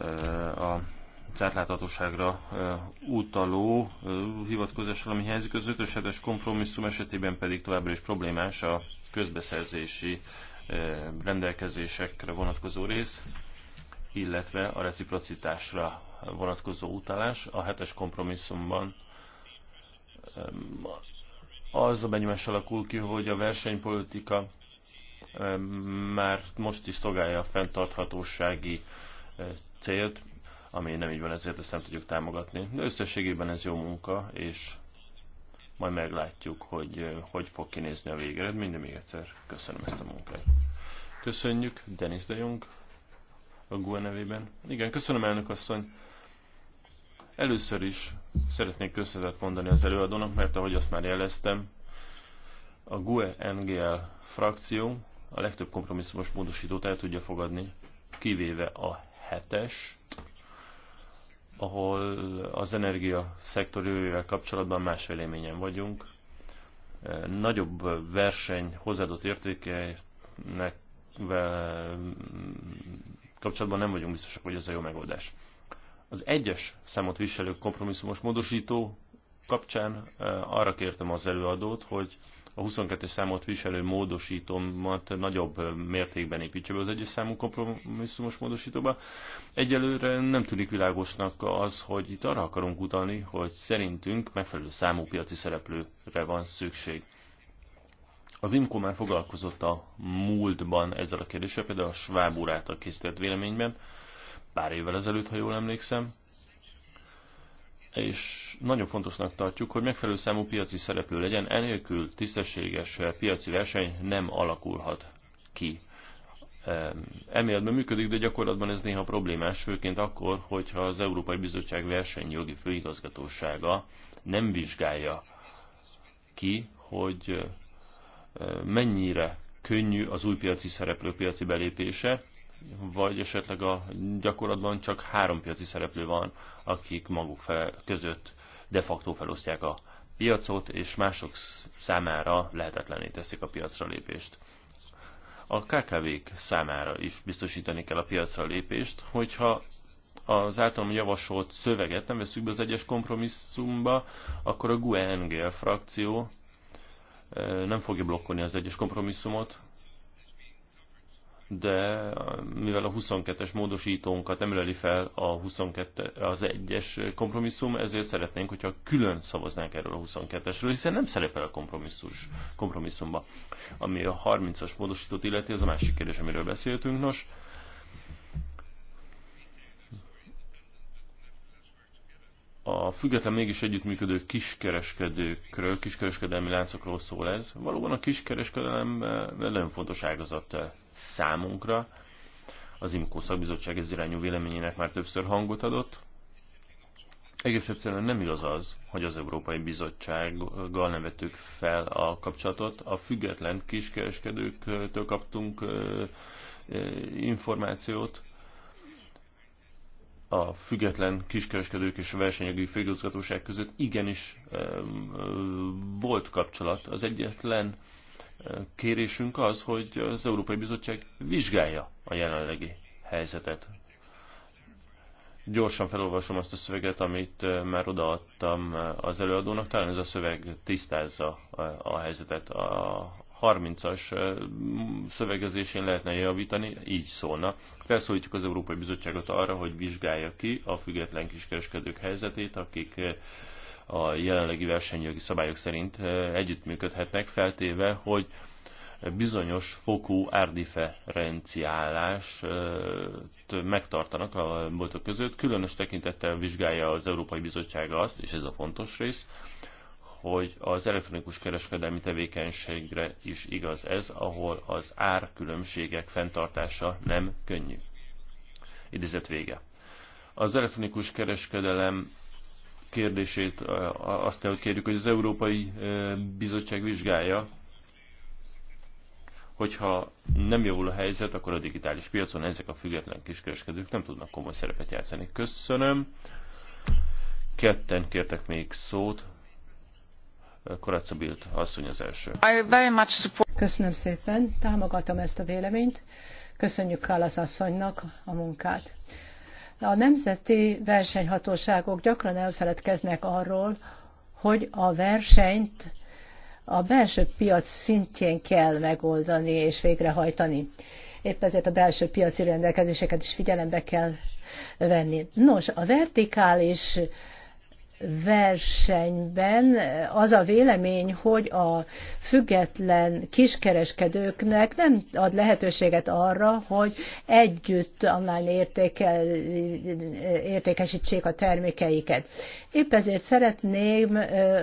eh, a átláthatóságra eh, utaló eh, hivatkozással, ami helyezik az ötösetes kompromisszum esetében pedig továbbra is problémás a közbeszerzési rendelkezésekre vonatkozó rész, illetve a reciprocitásra vonatkozó utalás. A hetes kompromisszumban az a benyomás alakul ki, hogy a versenypolitika már most is szolgálja a fenntarthatósági célt, ami nem így van, ezért ezt nem tudjuk támogatni. De összességében ez jó munka, és majd meglátjuk, hogy hogy fog kinézni a végeredmény, de még egyszer köszönöm ezt a munkát. Köszönjük Denis de Jong a GUE nevében. Igen, köszönöm elnök asszony. Először is szeretnék köszönetet mondani az előadónak, mert ahogy azt már jeleztem, a GUE NGL frakció a legtöbb kompromisszumos módosítót el tudja fogadni, kivéve a hetes, ahol az energia szektor jövővel kapcsolatban más véleményen vagyunk. E, nagyobb verseny hozzáadott értékeinek mm, kapcsolatban nem vagyunk biztosak, hogy ez a jó megoldás. Az egyes számot viselő kompromisszumos módosító kapcsán e, arra kértem az előadót, hogy a 22 számot viselő módosítómat nagyobb mértékben építse be az egyes számú kompromisszumos módosítóba. Egyelőre nem tűnik világosnak az, hogy itt arra akarunk utalni, hogy szerintünk megfelelő számú piaci szereplőre van szükség. Az IMCO már foglalkozott a múltban ezzel a kérdéssel, például a Schwab úr által készített véleményben, pár évvel ezelőtt, ha jól emlékszem, és nagyon fontosnak tartjuk, hogy megfelelő számú piaci szereplő legyen, enélkül tisztességes piaci verseny nem alakulhat ki. Elméletben működik, de gyakorlatban ez néha problémás, főként akkor, hogyha az Európai Bizottság versenyjogi főigazgatósága nem vizsgálja ki, hogy eh, mennyire könnyű az új piaci szereplő piaci belépése, vagy esetleg a gyakorlatban csak három piaci szereplő van, akik maguk fel, között de facto felosztják a piacot, és mások számára lehetetlené teszik a piacra lépést. A KKV-k számára is biztosítani kell a piacra lépést, hogyha az általam javasolt szöveget nem veszük be az egyes kompromisszumba, akkor a GUE-NGL frakció eh, nem fogja blokkolni az egyes kompromisszumot, de mivel a 22-es módosítónkat nem fel a 22, az 1-es kompromisszum, ezért szeretnénk, hogyha külön szavaznánk erről a 22-esről, hiszen nem szerepel a kompromisszus, kompromisszumba. Ami a 30-as módosítót illeti, az a másik kérdés, amiről beszéltünk. Nos, a független mégis együttműködő kiskereskedőkről, kiskereskedelmi láncokról szól ez. Valóban a kiskereskedelem nagyon fontos ágazat számunkra. Az IMCO szakbizottság ez irányú véleményének már többször hangot adott. Egész egyszerűen nem igaz az, hogy az Európai Bizottsággal nem vettük fel a kapcsolatot. A független kiskereskedőktől kaptunk információt, a független kiskereskedők és a versenyegői főigazgatóság között igenis volt kapcsolat. Az egyetlen kérésünk az, hogy az Európai Bizottság vizsgálja a jelenlegi helyzetet. Gyorsan felolvasom azt a szöveget, amit eh, már odaadtam eh, az előadónak. Talán ez a szöveg tisztázza eh, a helyzetet. A 30-as szövegezésén lehetne javítani, így szólna. Felszólítjuk az Európai Bizottságot arra, hogy vizsgálja ki a független kiskereskedők helyzetét, akik a jelenlegi versenyjogi szabályok szerint együttműködhetnek, feltéve, hogy bizonyos fokú árdifferenciálást megtartanak a boltok között. Különös tekintettel vizsgálja az Európai Bizottság azt, és ez a fontos rész, hogy az elektronikus kereskedelmi tevékenységre is igaz ez, ahol az árkülönbségek fenntartása nem könnyű. Idézet vége. Az elektronikus kereskedelem kérdését azt kell, hogy kérjük, hogy az Európai Bizottság vizsgálja, hogyha nem javul a helyzet, akkor a digitális piacon ezek a független kiskereskedők nem tudnak komoly szerepet játszani. Köszönöm. Ketten kértek még szót. Korácsa Bild asszony az első. Köszönöm szépen, támogatom ezt a véleményt. Köszönjük Kálasz asszonynak a munkát. A nemzeti versenyhatóságok gyakran elfeledkeznek arról, hogy a versenyt a belső piac szintjén kell megoldani és végrehajtani. Épp ezért a belső piaci rendelkezéseket is figyelembe kell venni. Nos, a vertikális versenyben az a vélemény, hogy a független kiskereskedőknek nem ad lehetőséget arra, hogy együtt online értékel, értékesítsék a termékeiket. Épp ezért szeretném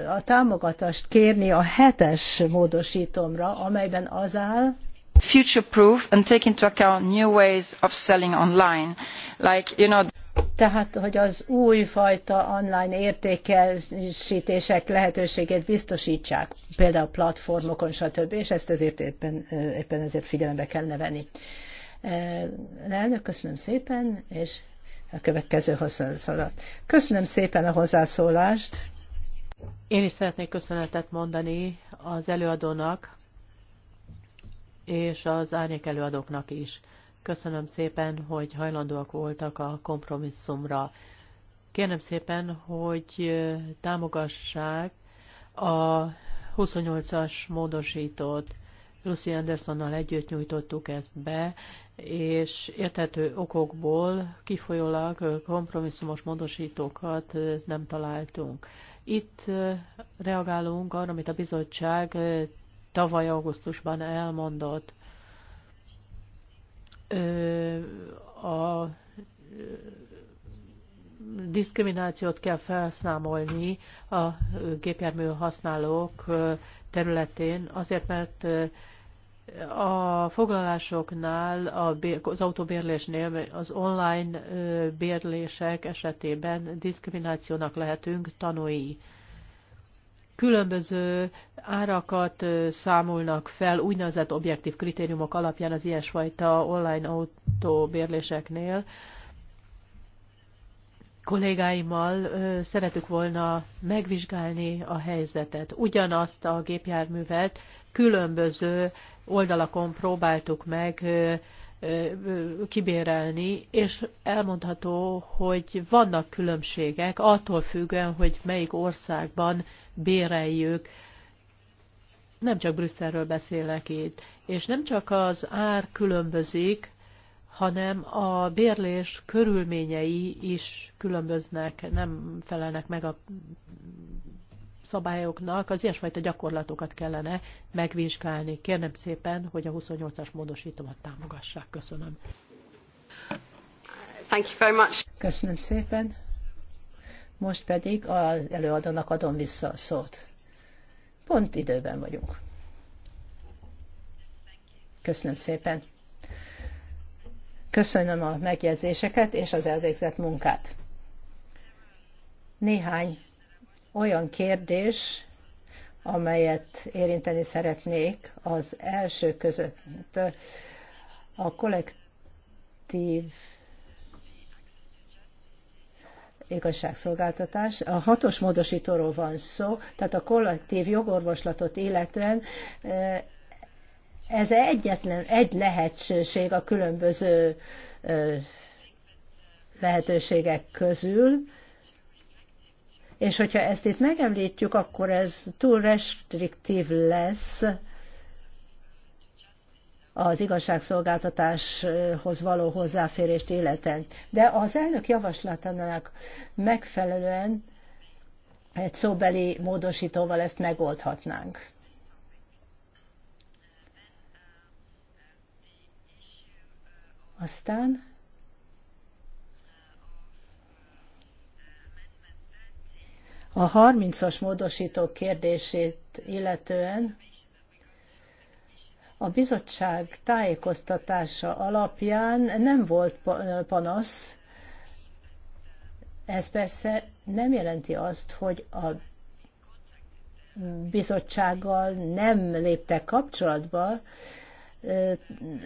a támogatást kérni a hetes módosítomra, amelyben az áll, future proof and take into account new ways of selling online like you know tehát, hogy az újfajta online értékesítések lehetőségét biztosítsák, például platformokon, stb., és ezt ezért éppen, éppen ezért figyelembe kellene venni. Elnök, köszönöm szépen, és a következő hozzászólat. Köszönöm szépen a hozzászólást. Én is szeretnék köszönetet mondani az előadónak és az árnyék előadóknak is. Köszönöm szépen, hogy hajlandóak voltak a kompromisszumra. Kérem szépen, hogy támogassák a 28-as módosítót. Lucy Andersonnal együtt nyújtottuk ezt be, és érthető okokból kifolyólag kompromisszumos módosítókat nem találtunk. Itt reagálunk arra, amit a bizottság tavaly augusztusban elmondott a diszkriminációt kell felszámolni a gépjármű használók területén, azért mert a foglalásoknál, az autóbérlésnél, az online bérlések esetében diszkriminációnak lehetünk tanúi különböző árakat számolnak fel úgynevezett objektív kritériumok alapján az ilyesfajta online autóbérléseknél. Kollégáimmal szeretük volna megvizsgálni a helyzetet. Ugyanazt a gépjárművet különböző oldalakon próbáltuk meg kibérelni, és elmondható, hogy vannak különbségek attól függően, hogy melyik országban béreljük. Nem csak Brüsszelről beszélek itt. És nem csak az ár különbözik, hanem a bérlés körülményei is különböznek, nem felelnek meg a szabályoknak, az ilyesfajta gyakorlatokat kellene megvizsgálni. Kérnem szépen, hogy a 28-as módosítomat támogassák. Köszönöm. Thank you very much. Köszönöm szépen. Most pedig az előadónak adom vissza a szót. Pont időben vagyunk. Köszönöm szépen. Köszönöm a megjegyzéseket és az elvégzett munkát. Néhány olyan kérdés, amelyet érinteni szeretnék, az első között a kollektív igazságszolgáltatás. A hatos módosítóról van szó, tehát a kollektív jogorvoslatot illetően eh, ez egyetlen, egy lehetőség a különböző eh, lehetőségek közül, és hogyha ezt itt megemlítjük, akkor ez túl restriktív lesz, az igazságszolgáltatáshoz való hozzáférést életen. De az elnök javaslatának megfelelően egy szóbeli módosítóval ezt megoldhatnánk. Aztán a 30-as módosító kérdését illetően a bizottság tájékoztatása alapján nem volt panasz. Ez persze nem jelenti azt, hogy a bizottsággal nem léptek kapcsolatba,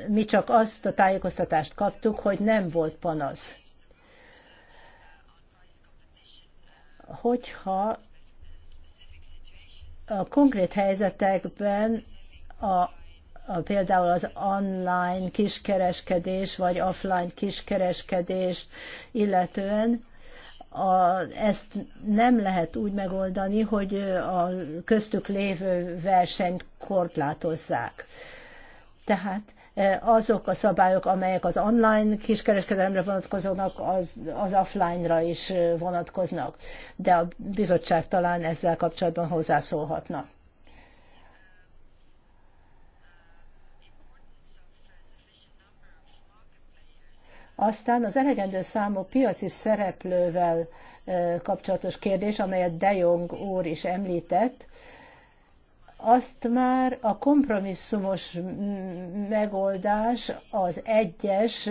mi csak azt a tájékoztatást kaptuk, hogy nem volt panasz. Hogyha a konkrét helyzetekben a például az online kiskereskedés, vagy offline kiskereskedést illetően, a, ezt nem lehet úgy megoldani, hogy a köztük lévő versenyt korlátozzák. Tehát e, azok a szabályok, amelyek az online kiskereskedelemre vonatkoznak, az, az offline-ra is e, vonatkoznak. De a bizottság talán ezzel kapcsolatban hozzászólhatna. Aztán az elegendő számú piaci szereplővel kapcsolatos kérdés, amelyet De Jong úr is említett, azt már a kompromisszumos mm, megoldás az egyes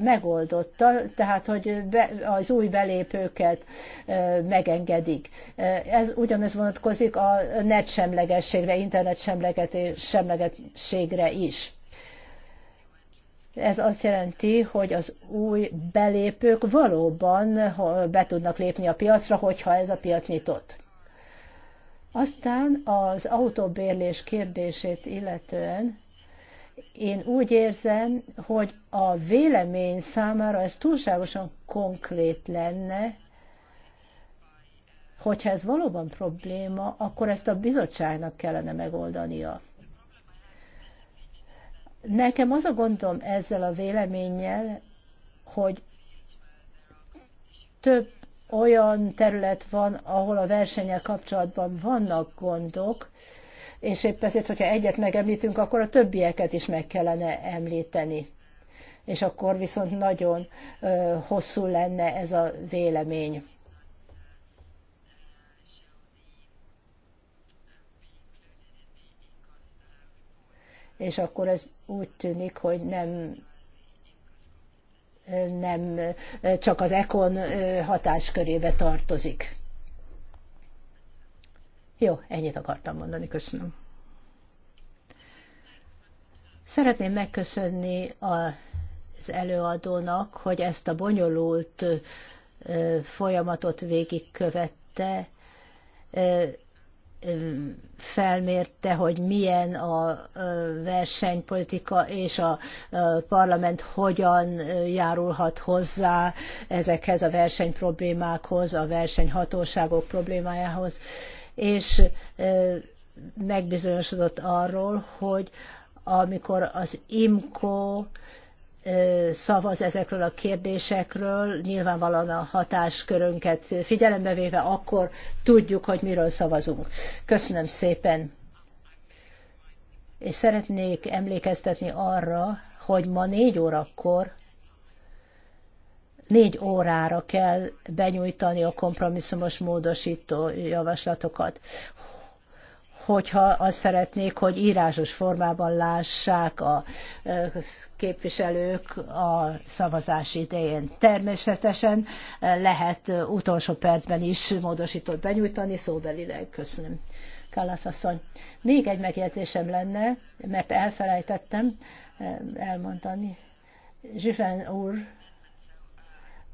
megoldotta, tehát hogy be, az új belépőket megengedik. Ez ugyanez vonatkozik a net semlegességre, internet semlegességre is. Ez azt jelenti, hogy az új belépők valóban be tudnak lépni a piacra, hogyha ez a piac nyitott. Aztán az autóbérlés kérdését illetően én úgy érzem, hogy a vélemény számára ez túlságosan konkrét lenne, hogyha ez valóban probléma, akkor ezt a bizottságnak kellene megoldania. Nekem az a gondom ezzel a véleménnyel, hogy több olyan terület van, ahol a versenyel kapcsolatban vannak gondok, és épp ezért, hogyha egyet megemlítünk, akkor a többieket is meg kellene említeni. És akkor viszont nagyon hosszú lenne ez a vélemény. és akkor ez úgy tűnik, hogy nem nem csak az ekon hatáskörébe tartozik. Jó, ennyit akartam mondani, köszönöm. Szeretném megköszönni az előadónak, hogy ezt a bonyolult folyamatot végigkövette, felmérte, hogy milyen a versenypolitika és a parlament hogyan járulhat hozzá ezekhez a versenyproblémákhoz, a versenyhatóságok problémájához, és megbizonyosodott arról, hogy amikor az IMCO szavaz ezekről a kérdésekről, nyilvánvalóan a hatáskörünket figyelembe véve, akkor tudjuk, hogy miről szavazunk. Köszönöm szépen. És szeretnék emlékeztetni arra, hogy ma négy órakor négy órára kell benyújtani a kompromisszumos módosító javaslatokat hogyha azt szeretnék, hogy írásos formában lássák a képviselők a szavazás idején. Természetesen lehet utolsó percben is módosítót benyújtani, szóbelileg köszönöm. Kállász asszony. Még egy megjegyzésem lenne, mert elfelejtettem elmondani. Zsiven úr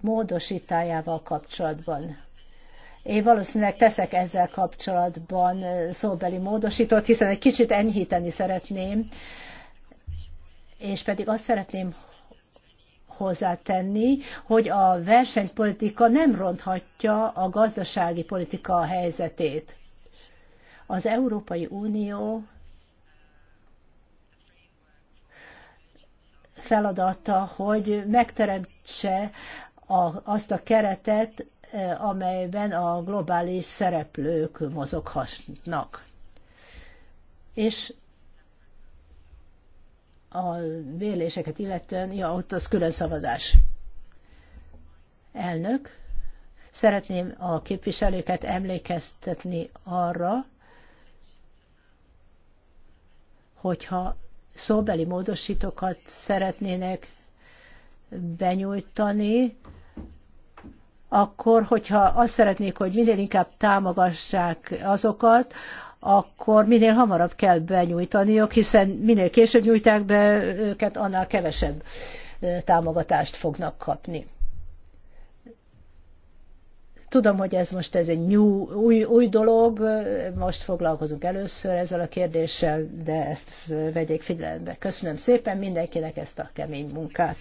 módosítájával kapcsolatban én valószínűleg teszek ezzel kapcsolatban szóbeli módosítót, hiszen egy kicsit enyhíteni szeretném, és pedig azt szeretném hozzátenni, hogy a versenypolitika nem ronthatja a gazdasági politika helyzetét. Az Európai Unió feladata, hogy megteremtse a, azt a keretet, Eh, amelyben a globális szereplők mozoghatnak. És a véléseket illetően, ja, ott az külön szavazás. Elnök, szeretném a képviselőket emlékeztetni arra, hogyha szóbeli módosítókat szeretnének benyújtani, akkor hogyha azt szeretnék, hogy minél inkább támogassák azokat, akkor minél hamarabb kell benyújtaniuk, hiszen minél később nyújták be őket, annál kevesebb támogatást fognak kapni. Tudom, hogy ez most ez egy new, új, új dolog, most foglalkozunk először ezzel a kérdéssel, de ezt vegyék figyelembe. Köszönöm szépen mindenkinek ezt a kemény munkát.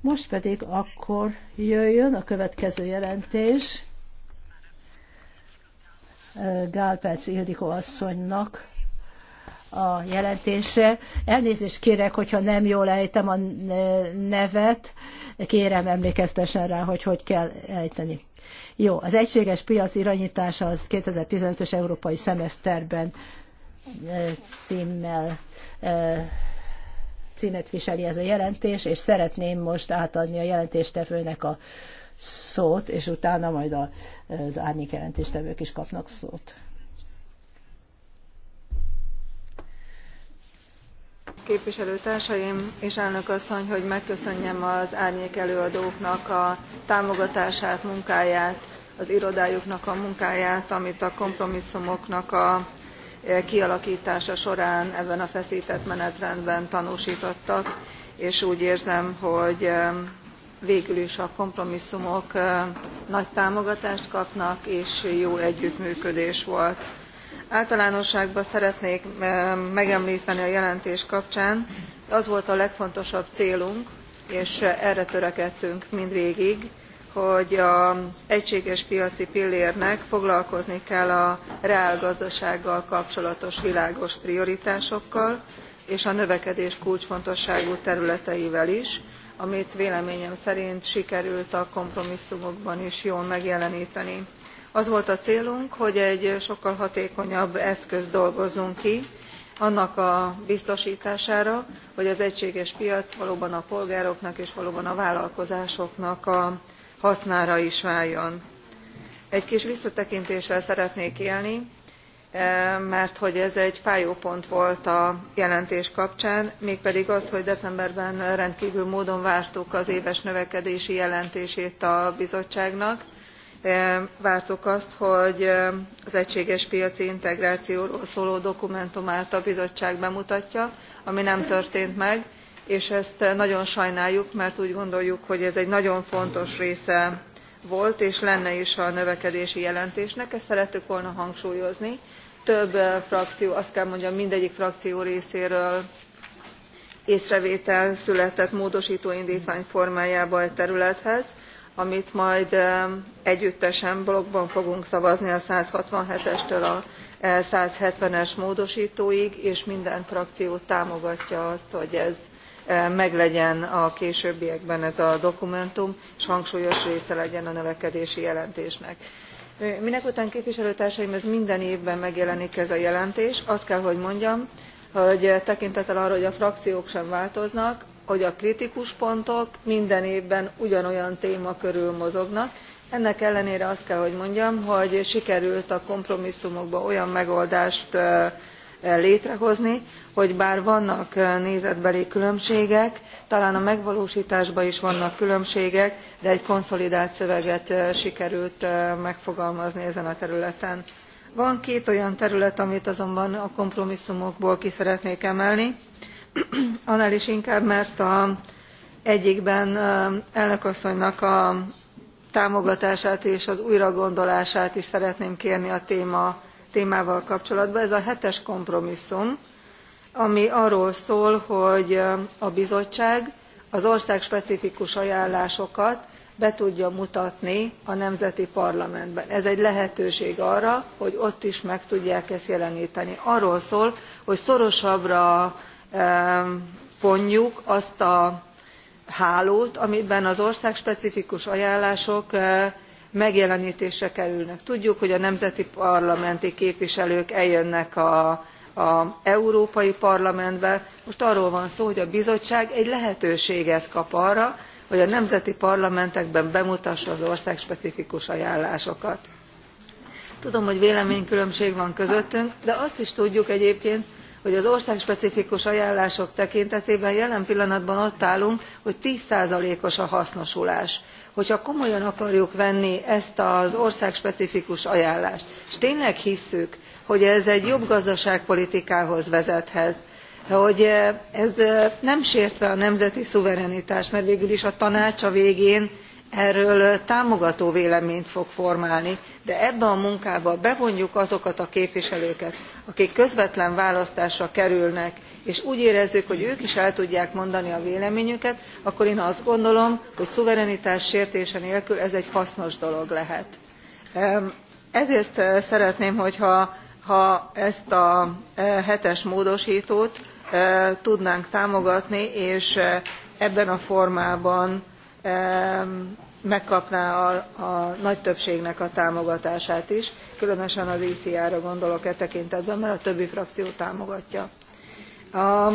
Most pedig akkor jöjjön a következő jelentés Gálperc Ildikó asszonynak a jelentése. Elnézést kérek, hogyha nem jól ejtem a nevet, kérem emlékeztessen rá, hogy hogy kell ejteni. Jó, az egységes piac irányítása az 2015-ös európai szemeszterben címmel címet viseli ez a jelentés, és szeretném most átadni a jelentéstevőnek a szót, és utána majd az árnyék jelentéstevők is kapnak szót. képviselőtársaim és elnök asszony hogy megköszönjem az árnyék előadóknak a támogatását munkáját az irodájuknak a munkáját amit a kompromisszumoknak a kialaktása során ebben a fesztett menetrendben tanústottak és úgy érzem hogy eh, végül is a kompromisszumok eh, nagy támogatást kapnak és jó együttműködés volt. általánosságban szeretnék eh, megemlteni a jelentés kapcsán az volt a legfontosabb célunk és erre törekedtünk mindvégig hogy az egységes piaci pillérnek foglalkozni kell a reálgazdasággal kapcsolatos világos prioritásokkal és a növekedés kulcsfontosságú területeivel is amit véleményem szerint sikerült a kompromisszumokban is jól megjelenteni. az volt a célunk hogy egy sokkal hatékonyabb eszközt dolgozzunk ki annak a biztostására hogy az egységes piac valóban a polgároknak és valóban a vállalkozásoknak a hasznára is váljon. egy kis visszatekintéssel szeretnék élni eh, mert hogy ez egy fájó pont volt a jelentés kapcsán mégpedig az hogy decemberben rendkívül módon vártuk az éves növekedési jelentését a bizottságnak eh, vártuk azt hogy eh, az egységes piaci integrációról szóló dokumentumát a bizottság bemutatja ami nem történt meg és ezt nagyon sajnáljuk mert úgy gondoljuk hogy ez egy nagyon fontos része volt és lenne is a növekedési jelentésnek ezt szerettük volna hangsúlyozni. több eh, frakció azt kell mondjam mindegyik frakció részéről észrevétel született módostó indtvány formájában e területhez amit majd eh, együttesen blokkban fogunk szavazni a one hundred and sixty seven től a one hundred and seventy es módostóig és minden frakció támogatja azt hogy ez meglegyen a későbbiekben ez a dokumentum és hangsúlyos része legyen a növekedési jelentésnek. mindenekelőtt képviselőtársaim ez minden évben megjelenik ez a jelentés azt kell hogy mondjam hogy tekintettel arra hogy a frakciók sem változnak hogy a kritikus pontok minden évben ugyanolyan téma körül mozognak ennek ellenére azt kell hogy mondjam hogy sikerült a kompromisszumokba olyan megoldást létrehozni hogy bár vannak nézetbeli különbségek talán a megvalóstásban is vannak különbségek de egy konszolidált szöveget sikerült megfogalmazni ezen a területen. van két olyan terület amit azonban a kompromisszumokból ki szeretnék emelni annál is inkább mert az egyikben elnök asszonynak a támogatását és az újragondolását is szeretném kérni a téma témával kapcsolatban ez a hetes kompromisszum ami arról szól hogy a bizottság az országspecifikus ajánlásokat be tudja mutatni a nemzeti parlamentben. ez egy lehetőség arra hogy ott is meg tudják ezt jelenteni. arról szól hogy szorosabbra fonjuk azt a hálót amiben az országspecifikus ajánlások megjelentése kerülnek. tudjuk hogy a nemzeti parlamenti képviselők eljönnek az európai parlamentbe most arról van szó hogy a bizottság egy lehetőséget kap arra hogy a nemzeti parlamentekben bemutassa az országspecifikus ajánlásokat. tudom hogy véleménykülönbség van közöttünk de azt is tudjuk egyébként hogy az országspecifikus ajánlások tekintetében jelen pillanatban ott állunk hogy ten os a hasznosulás hogyha komolyan akarjuk venni ezt az országspecifikus ajánlást és tényleg hisszük hogy ez egy jobb gazdaságpolitikához vezethet hogy ez nem sértve a nemzeti szuverenitást mert végül is a tanács a végén erről támogató véleményt fog formálni de ebbe a munkába bevonjuk azokat a képviselőket akik közvetlen választásra kerülnek és úgy érezzük hogy ők is el tudják mondani a véleményüket akkor én azt gondolom hogy szuverenitás sértése nélkül ez egy hasznos dolog lehet. ezért szeretném hogyha ha ezt a hetes módostót tudnánk támogatni és ebben a formában megkapná a, a nagy többségnek a támogatását is különösen az ecr ra gondolok e tekintetben mert a többi frakció támogatja. a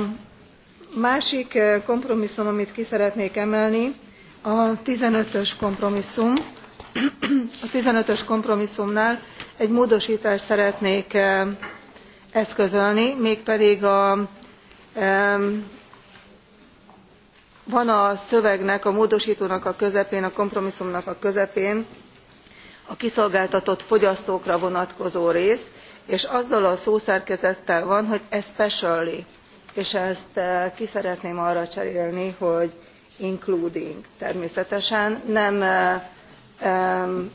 másik eh, kompromisszum amit ki szeretnék emelni a fifteen ös kompromisszum. a fifteen ös kompromisszumnál egy módostást szeretnék eh, eszközölni mégpedig a van a szövegnek a módostónak a közepén a kompromisszumnak a közepén a kiszolgáltatott fogyasztókra vonatkozó rész és azzal a szószerkezettel van hogy especially és ezt eh, ki szeretném arra cserélni hogy including természetesen nem eh,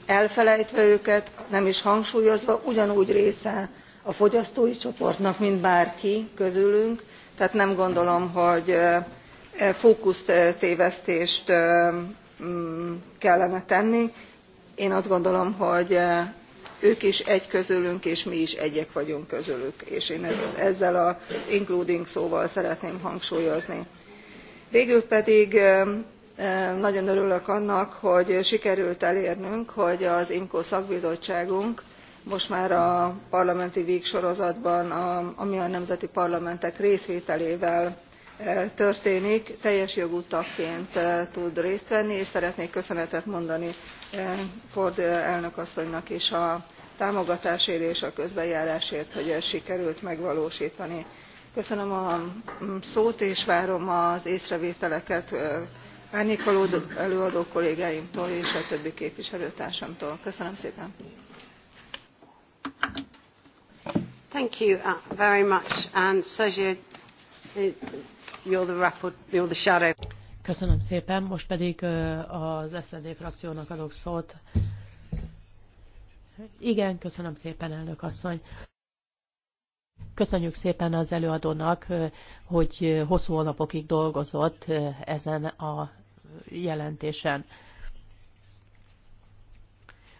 elfelejtve őket nem is hangsúlyozva ugyanúgy része a fogyasztói csoportnak mint bárki közülünk tehát nem gondolom hogy eh, fókusztévesztést mm, kellene tenni. én azt gondolom hogy ők is egy közülünk és mi is egyek vagyunk közülük és én ezzel az including szóval szeretném hangsúlyozni. végül pedig nagyon örülök annak hogy sikerült elérnünk hogy az imco szakbizottságunk most már a parlamenti week sorozatban ami a nemzeti parlamentek részvételével történik teljes jogú tagként tud részt venni és szeretnék köszönetet mondani ford elnök asszonynak is a támogatásért és a közbenjárásért hogy ezt sikerült megvalóstani. köszönöm a szót és várom az észrevételeket előadó kollégáimtól és a többi képviselőtársamtól. köszönöm szépen! Thank you uh, very much. And Sergio, uh, Köszönöm szépen, most pedig az SZD frakciónak adok szót. Igen, köszönöm szépen, elnök asszony. Köszönjük szépen az előadónak, hogy hosszú hónapokig dolgozott ezen a jelentésen.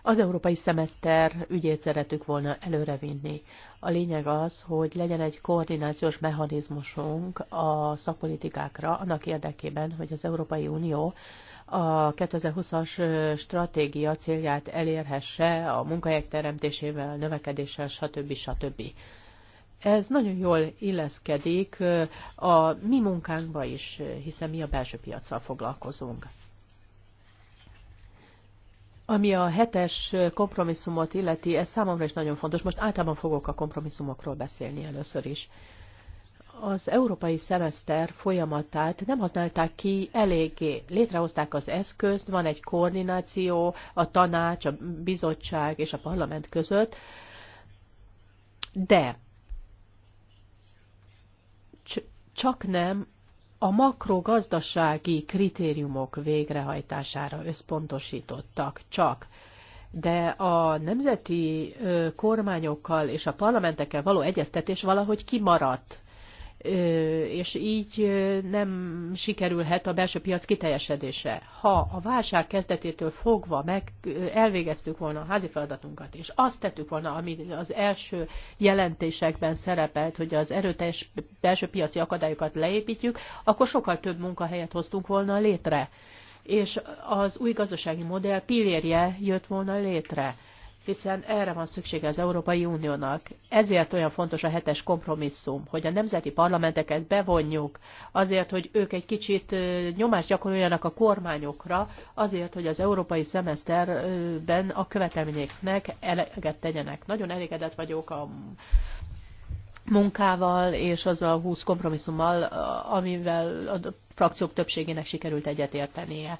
Az európai szemeszter ügyét szeretük volna előrevinni. A lényeg az, hogy legyen egy koordinációs mechanizmusunk a szakpolitikákra, annak érdekében, hogy az Európai Unió a 2020-as stratégia célját elérhesse a munkahelyek teremtésével, növekedéssel, stb. stb. Ez nagyon jól illeszkedik a mi munkánkba is, hiszen mi a belső piacsal foglalkozunk. Ami a hetes kompromisszumot illeti, ez számomra is nagyon fontos. Most általában fogok a kompromisszumokról beszélni először is. Az európai szemeszter folyamatát nem használták ki eléggé. Létrehozták az eszközt, van egy koordináció a tanács, a bizottság és a parlament között, de csak nem a makrogazdasági kritériumok végrehajtására összpontosítottak csak, de a nemzeti kormányokkal és a parlamentekkel való egyeztetés valahogy kimaradt és így nem sikerülhet a belső piac kiteljesedése. Ha a válság kezdetétől fogva meg elvégeztük volna a házi feladatunkat, és azt tettük volna, ami az első jelentésekben szerepelt, hogy az erőteljes belső piaci akadályokat leépítjük, akkor sokkal több munkahelyet hoztunk volna létre. És az új gazdasági modell pillérje jött volna létre hiszen erre van szüksége az Európai Uniónak. Ezért olyan fontos a hetes kompromisszum, hogy a nemzeti parlamenteket bevonjuk, azért, hogy ők egy kicsit nyomást gyakoroljanak a kormányokra, azért, hogy az európai szemeszterben a követelményeknek eleget tegyenek. Nagyon elégedett vagyok a munkával és az a 20 kompromisszummal, amivel a frakciók többségének sikerült egyetértenie.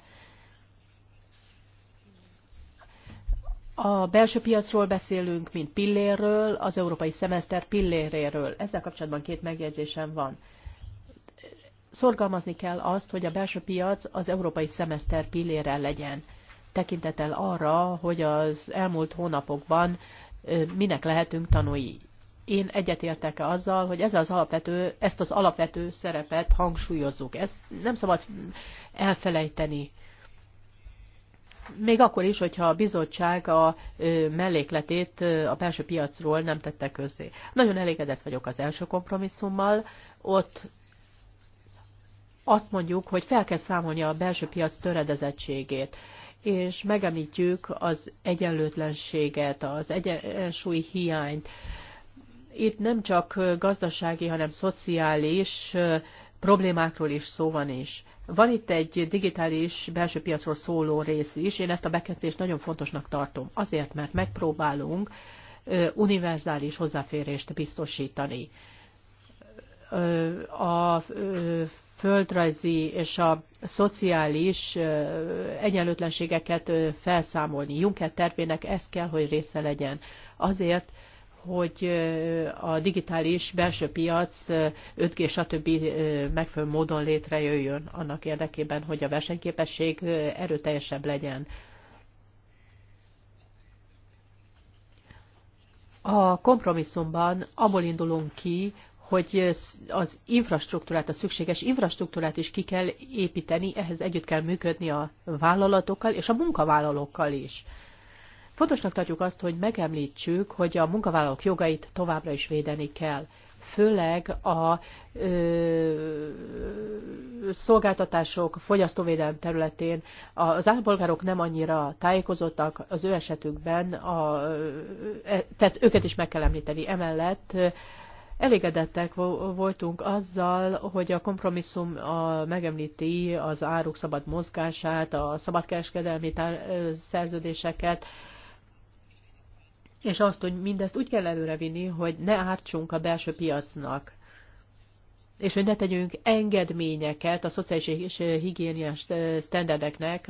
A belső piacról beszélünk, mint pillérről, az európai szemeszter pilléréről. Ezzel kapcsolatban két megjegyzésem van. Szorgalmazni kell azt, hogy a belső piac az európai szemeszter pillére legyen. Tekintettel arra, hogy az elmúlt hónapokban minek lehetünk tanúi. Én egyetértek azzal, hogy ez az alapvető, ezt az alapvető szerepet hangsúlyozzuk. Ezt nem szabad elfelejteni még akkor is, hogyha a bizottság a mellékletét a belső piacról nem tette közzé. Nagyon elégedett vagyok az első kompromisszummal. Ott azt mondjuk, hogy fel kell számolni a belső piac töredezettségét, és megemlítjük az egyenlőtlenséget, az egyensúly hiányt. Itt nem csak gazdasági, hanem szociális problémákról is szó van is. Van itt egy digitális belső piacról szóló rész is, én ezt a bekezdést nagyon fontosnak tartom, azért, mert megpróbálunk univerzális hozzáférést biztosítani. A földrajzi és a szociális egyenlőtlenségeket felszámolni. Juncker tervének ez kell, hogy része legyen. Azért, hogy a digitális belső piac 5G stb. megfelelő módon létrejöjjön annak érdekében, hogy a versenyképesség erőteljesebb legyen. A kompromisszumban abból indulunk ki, hogy az infrastruktúrát, a szükséges infrastruktúrát is ki kell építeni, ehhez együtt kell működni a vállalatokkal és a munkavállalókkal is. Fontosnak tartjuk azt, hogy megemlítsük, hogy a munkavállalók jogait továbbra is védeni kell főleg a ö, szolgáltatások fogyasztóvédelem területén az állampolgárok nem annyira tájékozottak az ő esetükben, a, e, tehát őket is meg kell említeni. Emellett elégedettek voltunk azzal, hogy a kompromisszum a, megemlíti az áruk szabad mozgását, a szabadkereskedelmi tár, szerződéseket, és azt, hogy mindezt úgy kell előrevinni, hogy ne ártsunk a belső piacnak, és hogy ne tegyünk engedményeket a szociális és higiéniás sztenderdeknek,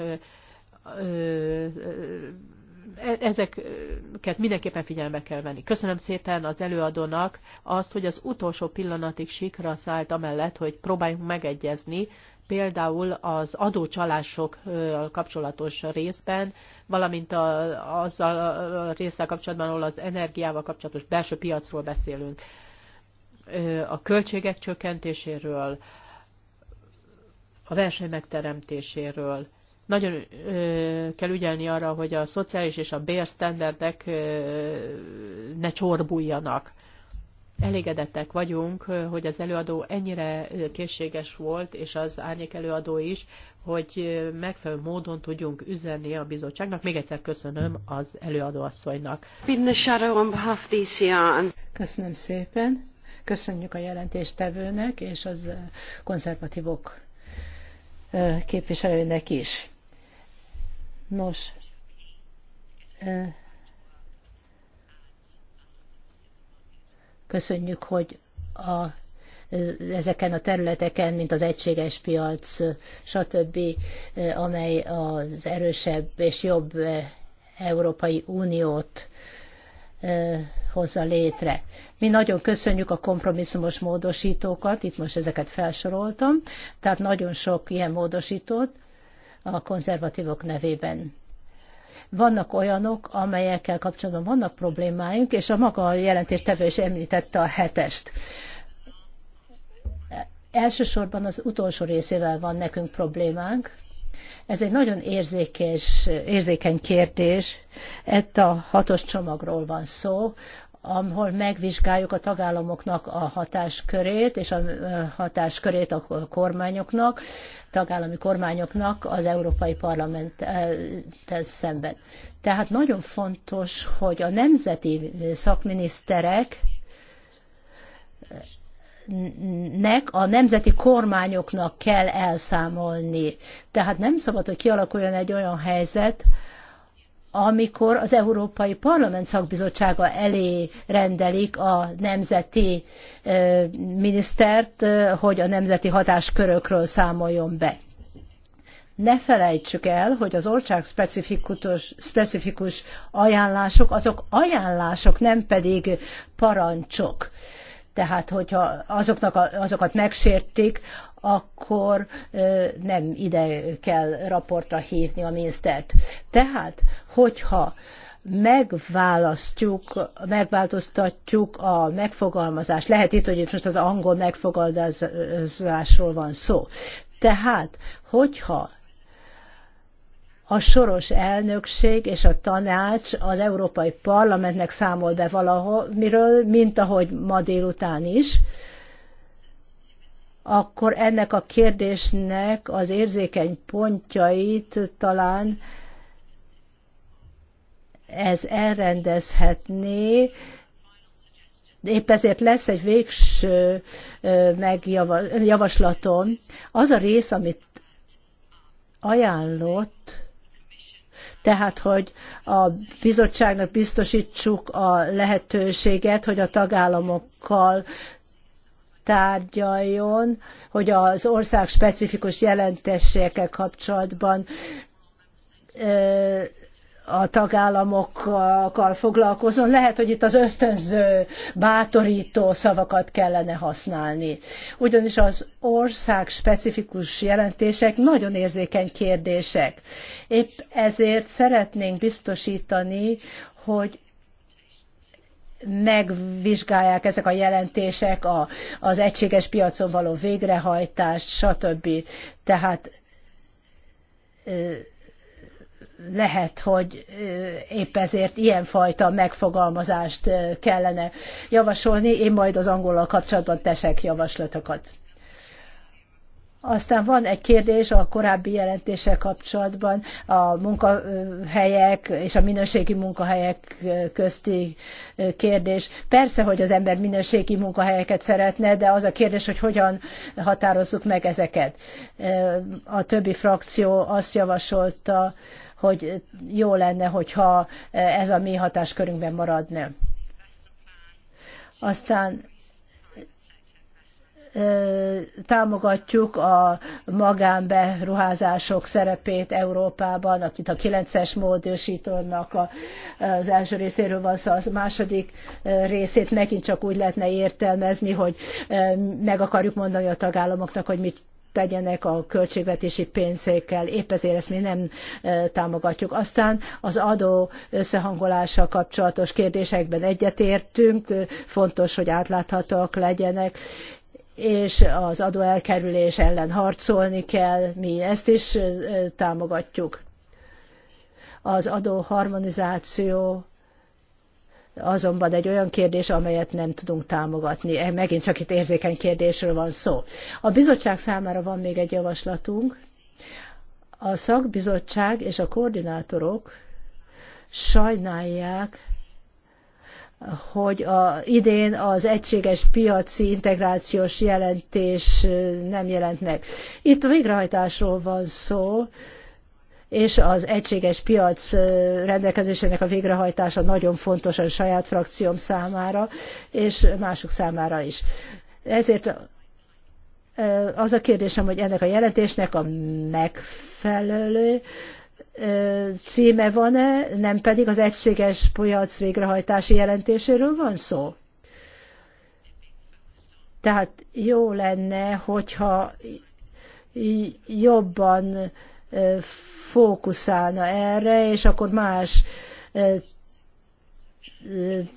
e-, ezeket mindenképpen figyelembe kell venni. Köszönöm szépen az előadónak azt, hogy az utolsó pillanatig sikra szállt amellett, hogy próbáljunk megegyezni, például az adócsalásokkal kapcsolatos részben, valamint a, azzal a részsel kapcsolatban, ahol az energiával kapcsolatos belső piacról beszélünk, a költségek csökkentéséről, a verseny megteremtéséről. Nagyon ö, kell ügyelni arra, hogy a szociális és a bérstandardek ne csorbuljanak elégedettek vagyunk, hogy az előadó ennyire készséges volt, és az árnyék előadó is, hogy megfelelő módon tudjunk üzenni a bizottságnak. Még egyszer köszönöm az előadóasszonynak. Köszönöm szépen. Köszönjük a jelentéstevőnek és az konzervatívok képviselőnek is. Nos, Köszönjük, hogy a, ezeken a területeken, mint az egységes piac, stb., amely az erősebb és jobb Európai Uniót eh, hozza létre. Mi nagyon köszönjük a kompromisszumos módosítókat, itt most ezeket felsoroltam, tehát nagyon sok ilyen módosítót a konzervatívok nevében. Vannak olyanok, amelyekkel kapcsolatban vannak problémáink, és a maga a jelentéstevő is említette a hetest. Elsősorban az utolsó részével van nekünk problémánk. Ez egy nagyon érzékes, érzékeny kérdés. Ett a hatos csomagról van szó, ahol megvizsgáljuk a tagállamoknak a hatáskörét, és a hatáskörét a kormányoknak, tagállami kormányoknak az Európai Parlamenttel szemben. Tehát nagyon fontos, hogy a nemzeti szakminiszterek nek a nemzeti kormányoknak kell elszámolni. Tehát nem szabad, hogy kialakuljon egy olyan helyzet, amikor az Európai Parlament szakbizottsága elé rendelik a nemzeti minisztert, hogy a nemzeti hatáskörökről számoljon be. Ne felejtsük el, hogy az ország specifikus, specifikus ajánlások, azok ajánlások, nem pedig parancsok. Tehát, hogyha azoknak a, azokat megsértik, akkor nem ide kell raportra hívni a minisztert. Tehát, hogyha megválasztjuk, megváltoztatjuk a megfogalmazást. Lehet itt, hogy itt most az angol megfogalmazásról van szó. Tehát, hogyha a soros elnökség és a tanács az Európai Parlamentnek számol be valahol, miről, mint ahogy ma délután is, akkor ennek a kérdésnek az érzékeny pontjait talán ez elrendezhetné, épp ezért lesz egy végső javaslatom. Az a rész, amit ajánlott, tehát, hogy a bizottságnak biztosítsuk a lehetőséget, hogy a tagállamokkal tárgyaljon, hogy az ország specifikus jelentésekkel kapcsolatban a tagállamokkal foglalkozon. Lehet, hogy itt az ösztönző, bátorító szavakat kellene használni. Ugyanis az ország specifikus jelentések nagyon érzékeny kérdések. Épp ezért szeretnénk biztosítani, hogy megvizsgálják ezek a jelentések a, az egységes piacon való végrehajtást, stb. Tehát lehet, hogy épp ezért ilyenfajta megfogalmazást kellene javasolni. Én majd az angolal kapcsolatban teszek javaslatokat. Aztán van egy kérdés a korábbi jelentése kapcsolatban, a munkahelyek és a minőségi munkahelyek közti kérdés. Persze, hogy az ember minőségi munkahelyeket szeretne, de az a kérdés, hogy hogyan határozzuk meg ezeket. A többi frakció azt javasolta, hogy jó lenne, hogyha ez a mi hatáskörünkben maradna. Aztán támogatjuk a magánberuházások szerepét Európában, akit a 9-es módosítónak az első részéről van szó, az második részét megint csak úgy lehetne értelmezni, hogy meg akarjuk mondani a tagállamoknak, hogy mit tegyenek a költségvetési pénzékkel. Épp ezért ezt mi nem támogatjuk. Aztán az adó összehangolása kapcsolatos kérdésekben egyetértünk, fontos, hogy átláthatóak legyenek, és az adóelkerülés ellen harcolni kell, mi ezt is támogatjuk. Az adóharmonizáció azonban egy olyan kérdés, amelyet nem tudunk támogatni. E, megint csak itt érzékeny kérdésről van szó. A bizottság számára van még egy javaslatunk. A szakbizottság és a koordinátorok sajnálják, hogy a, idén az egységes piaci integrációs jelentés nem jelent meg. Itt a végrehajtásról van szó, és az egységes piac rendelkezésének a végrehajtása nagyon fontos a saját frakcióm számára, és mások számára is. Ezért az a kérdésem, hogy ennek a jelentésnek a megfelelő címe van-e, nem pedig az egységes piac végrehajtási jelentéséről van szó? Tehát jó lenne, hogyha jobban fókuszálna erre, és akkor más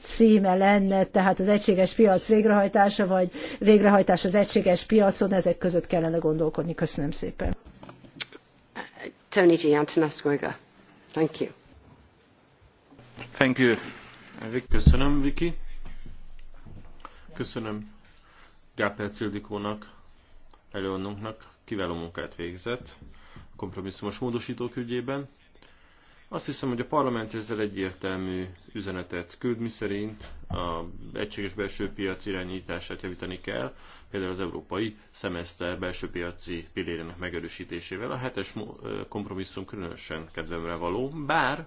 címe lenne, tehát az egységes piac végrehajtása, vagy végrehajtás az egységes piacon, ezek között kellene gondolkodni. Köszönöm szépen. Tony G. Antonescu. Thank you. Thank you. Köszönöm, Viki. Köszönöm Gápnerc Ildikónak, előadónknak, kiváló munkát végzett a kompromisszumos módosítók ügyében. Azt hiszem, hogy a parlament ezzel egyértelmű üzenetet küld, miszerint a egységes belső piac irányítását javítani kell, például az európai szemeszter belső piaci pillérének megerősítésével. A hetes kompromisszum különösen kedvemre való, bár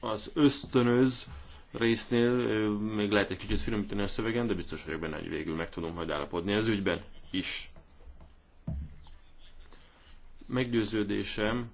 az ösztönöz résznél még lehet egy kicsit finomítani a szövegen, de biztos vagyok benne, hogy végül meg tudom majd állapodni az ügyben is. Meggyőződésem,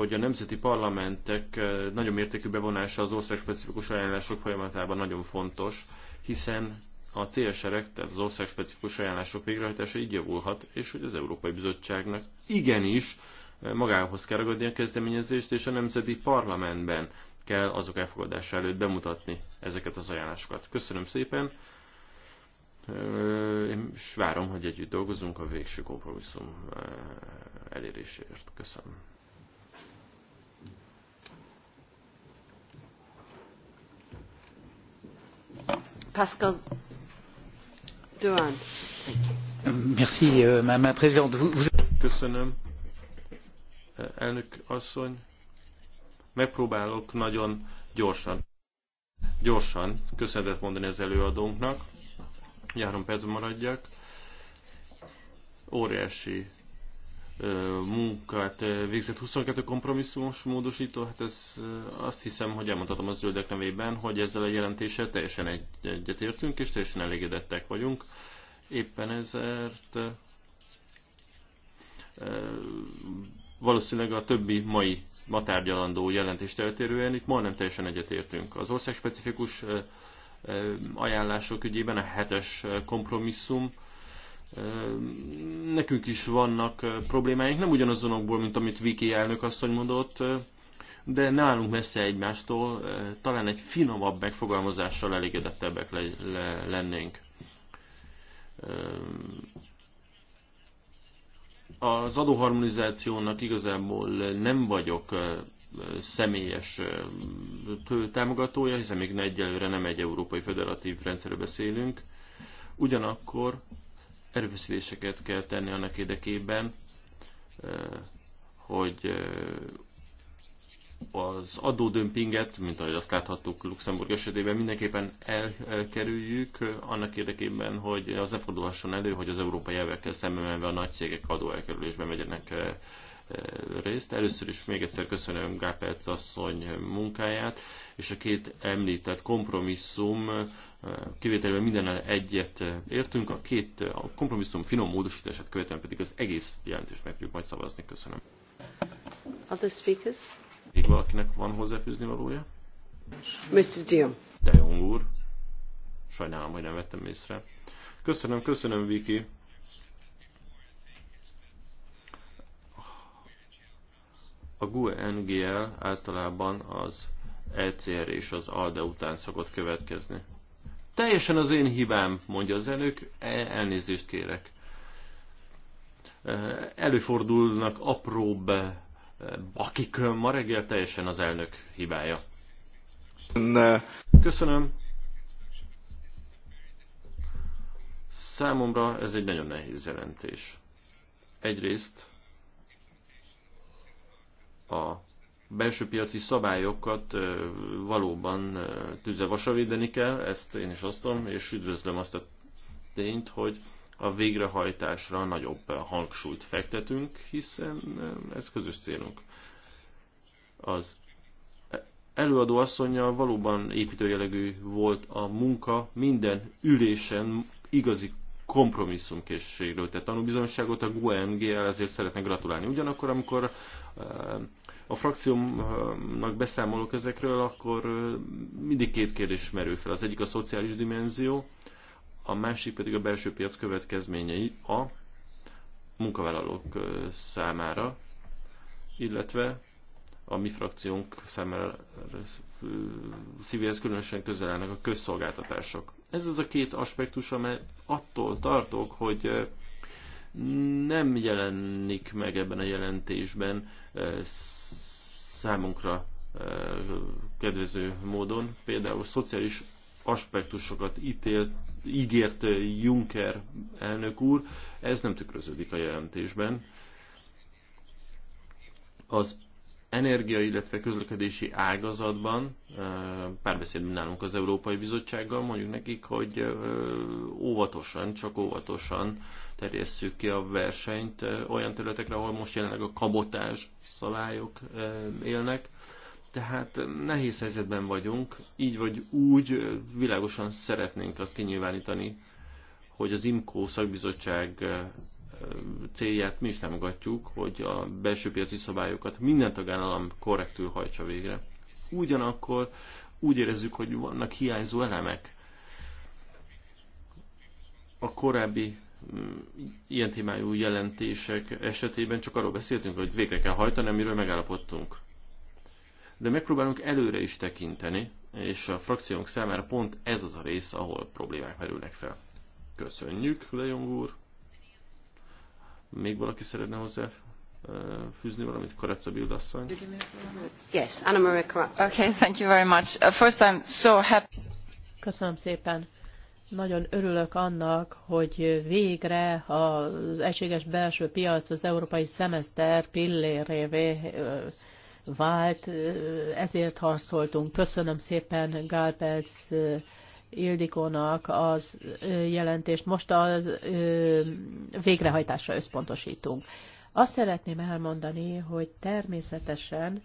hogy a nemzeti parlamentek eh, nagyon mértékű bevonása az ország specifikus ajánlások folyamatában nagyon fontos, hiszen a célsereg, tehát az ország specifikus ajánlások végrehajtása így javulhat, és hogy az Európai Bizottságnak igenis eh, magához kell ragadni a kezdeményezést, és a nemzeti parlamentben kell azok elfogadása előtt bemutatni ezeket az ajánlásokat. Köszönöm szépen, eh, és várom, hogy együtt dolgozunk a végső kompromisszum eléréséért. Köszönöm. Euh, Madame la Présidente. Vous... Köszönöm, eh, elnök asszony. Megpróbálok nagyon gyorsan. Gyorsan köszönetet mondani az előadónknak. Három percben maradjak. Óriási munkát végzett 22 kompromisszumos módosító, hát ez azt hiszem, hogy elmondhatom a zöldek nevében, hogy ezzel a jelentéssel teljesen egyetértünk, és teljesen elégedettek vagyunk. Éppen ezért valószínűleg a többi mai ma tárgyalandó jelentést eltérően itt majdnem teljesen egyetértünk. Az ország specifikus ajánlások ügyében a hetes kompromisszum nekünk is vannak problémáink, nem ugyanazonokból, mint amit Viki elnök asszony mondott, de nálunk messze egymástól talán egy finomabb megfogalmazással elégedettebbek le, le, lennénk. Az adóharmonizációnak igazából nem vagyok személyes támogatója, hiszen még egyelőre nem egy európai federatív rendszerről beszélünk. Ugyanakkor erőfeszítéseket kell tenni annak érdekében, eh, hogy eh, az adódömpinget, mint ahogy azt láthattuk Luxemburg esetében, mindenképpen elkerüljük eh, annak érdekében, hogy az ne fordulhasson elő, hogy az európai elvekkel szemben menve a nagy cégek adóelkerülésbe megyenek részt. Először is még egyszer köszönöm Gápelc asszony munkáját, és a két említett kompromisszum eh, kivételben minden egyet eh, értünk, a két eh, a kompromisszum finom módosítását követően pedig az egész jelentést meg tudjuk majd szavazni. Köszönöm. Other speakers? Még valakinek van hozzáfűzni valója? Mr. Dion. De jó úr. Sajnálom, hogy nem vettem észre. Köszönöm, köszönöm, Viki. A GUE NGL általában az ECR és az ALDE után szokott következni. Teljesen az én hibám, mondja az elnök, e, elnézést kérek. E, előfordulnak apróbb e, bakik, ma reggel teljesen az elnök hibája. Ne. Köszönöm. Számomra ez egy nagyon nehéz jelentés. Egyrészt a belső piaci szabályokat valóban tüzevasa védeni kell, ezt én is osztom, és üdvözlöm azt a tényt, hogy a végrehajtásra nagyobb hangsúlyt fektetünk, hiszen ez közös célunk. Az előadó asszonynal valóban építőjelegű volt a munka, minden ülésen igazi kompromisszumkészségről tett tanúbizonságot, a GNG-el ezért szeretne gratulálni. Ugyanakkor, amikor eh, a frakciómnak beszámolok ezekről, akkor eh, mindig két kérdés merül fel. Az egyik a szociális dimenzió, a másik pedig a belső piac következményei a munkavállalók eh, számára, illetve a mi frakciónk szemmel szívéhez különösen közel állnak a közszolgáltatások. Ez az a két aspektus, amely attól tartok, hogy nem jelenik meg ebben a jelentésben számunkra kedvező módon. Például szociális aspektusokat ítélt, ígért Juncker elnök úr, ez nem tükröződik a jelentésben. Az energia, illetve közlekedési ágazatban párbeszédben nálunk az Európai Bizottsággal, mondjuk nekik, hogy óvatosan, csak óvatosan terjesszük ki a versenyt olyan területekre, ahol most jelenleg a kabotás szabályok élnek. Tehát nehéz helyzetben vagyunk, így vagy úgy világosan szeretnénk azt kinyilvánítani, hogy az IMCO szakbizottság célját mi is támogatjuk, hogy a belső piaci szabályokat minden tagállam korrektül hajtsa végre. Ugyanakkor úgy érezzük, hogy vannak hiányzó elemek. A korábbi mm, ilyen témájú jelentések esetében csak arról beszéltünk, hogy végre kell hajtani, amiről megállapodtunk. De megpróbálunk előre is tekinteni, és a frakciónk számára pont ez az a rész, ahol problémák merülnek fel. Köszönjük, Lejong úr! Még valaki szeretne hozzá fűzni valamit, Karatza Bildasszony? Yes, Anna Maria Karatza. Okay, thank you very much. Uh, first I'm so happy. Köszönöm szépen. Nagyon örülök annak, hogy végre az egységes belső piac az európai szemeszter pillérévé vált, ezért harcoltunk. Köszönöm szépen Gálperc Ildikónak az jelentést. Most a végrehajtásra összpontosítunk. Azt szeretném elmondani, hogy természetesen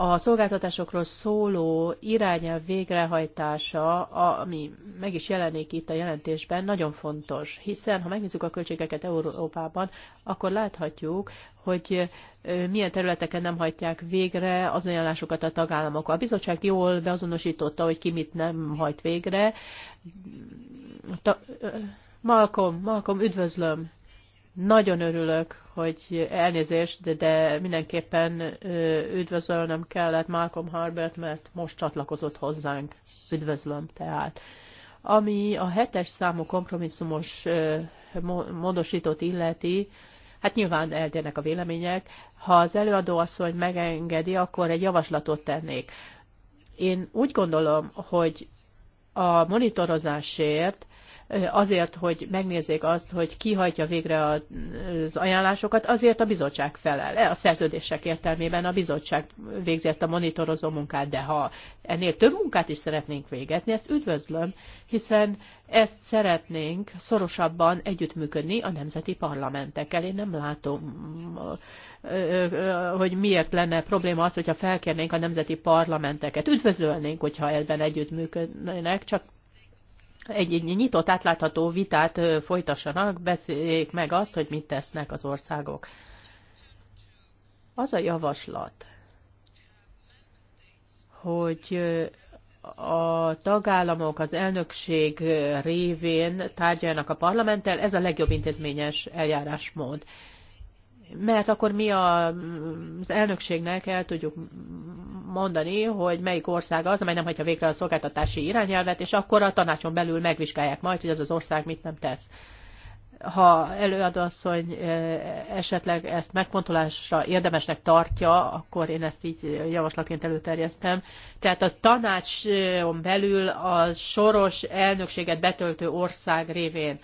a szolgáltatásokról szóló irányelv végrehajtása, ami meg is jelenik itt a jelentésben, nagyon fontos, hiszen ha megnézzük a költségeket Európában, akkor láthatjuk, hogy milyen területeken nem hajtják végre az ajánlásokat a tagállamok. A bizottság jól beazonosította, hogy ki mit nem hajt végre. Ta- Malcolm, Malcolm, üdvözlöm! Nagyon örülök, hogy elnézést, de, de mindenképpen üdvözölnöm kellett Malcolm Harbert, mert most csatlakozott hozzánk. Üdvözlöm tehát. Ami a hetes számú kompromisszumos módosítót illeti, hát nyilván eltérnek a vélemények. Ha az előadó asszony megengedi, akkor egy javaslatot tennék. Én úgy gondolom, hogy a monitorozásért azért, hogy megnézzék azt, hogy ki hajtja végre az ajánlásokat, azért a bizottság felel. A szerződések értelmében a bizottság végzi ezt a monitorozó munkát, de ha ennél több munkát is szeretnénk végezni, ezt üdvözlöm, hiszen ezt szeretnénk szorosabban együttműködni a nemzeti parlamentekkel. Én nem látom, hogy miért lenne probléma az, hogyha felkérnénk a nemzeti parlamenteket. Üdvözölnénk, hogyha ebben együttműködnének, csak egy nyitott, átlátható vitát folytassanak, beszéljék meg azt, hogy mit tesznek az országok. Az a javaslat, hogy a tagállamok az elnökség révén tárgyalnak a parlamenttel, ez a legjobb intézményes eljárásmód mert akkor mi a, az elnökségnek el tudjuk mondani, hogy melyik ország az, amely nem hagyja végre a szolgáltatási irányelvet, és akkor a tanácson belül megvizsgálják majd, hogy az az ország mit nem tesz. Ha előadasszony esetleg ezt megfontolásra érdemesnek tartja, akkor én ezt így javaslatként előterjesztem. Tehát a tanácson belül a soros elnökséget betöltő ország révén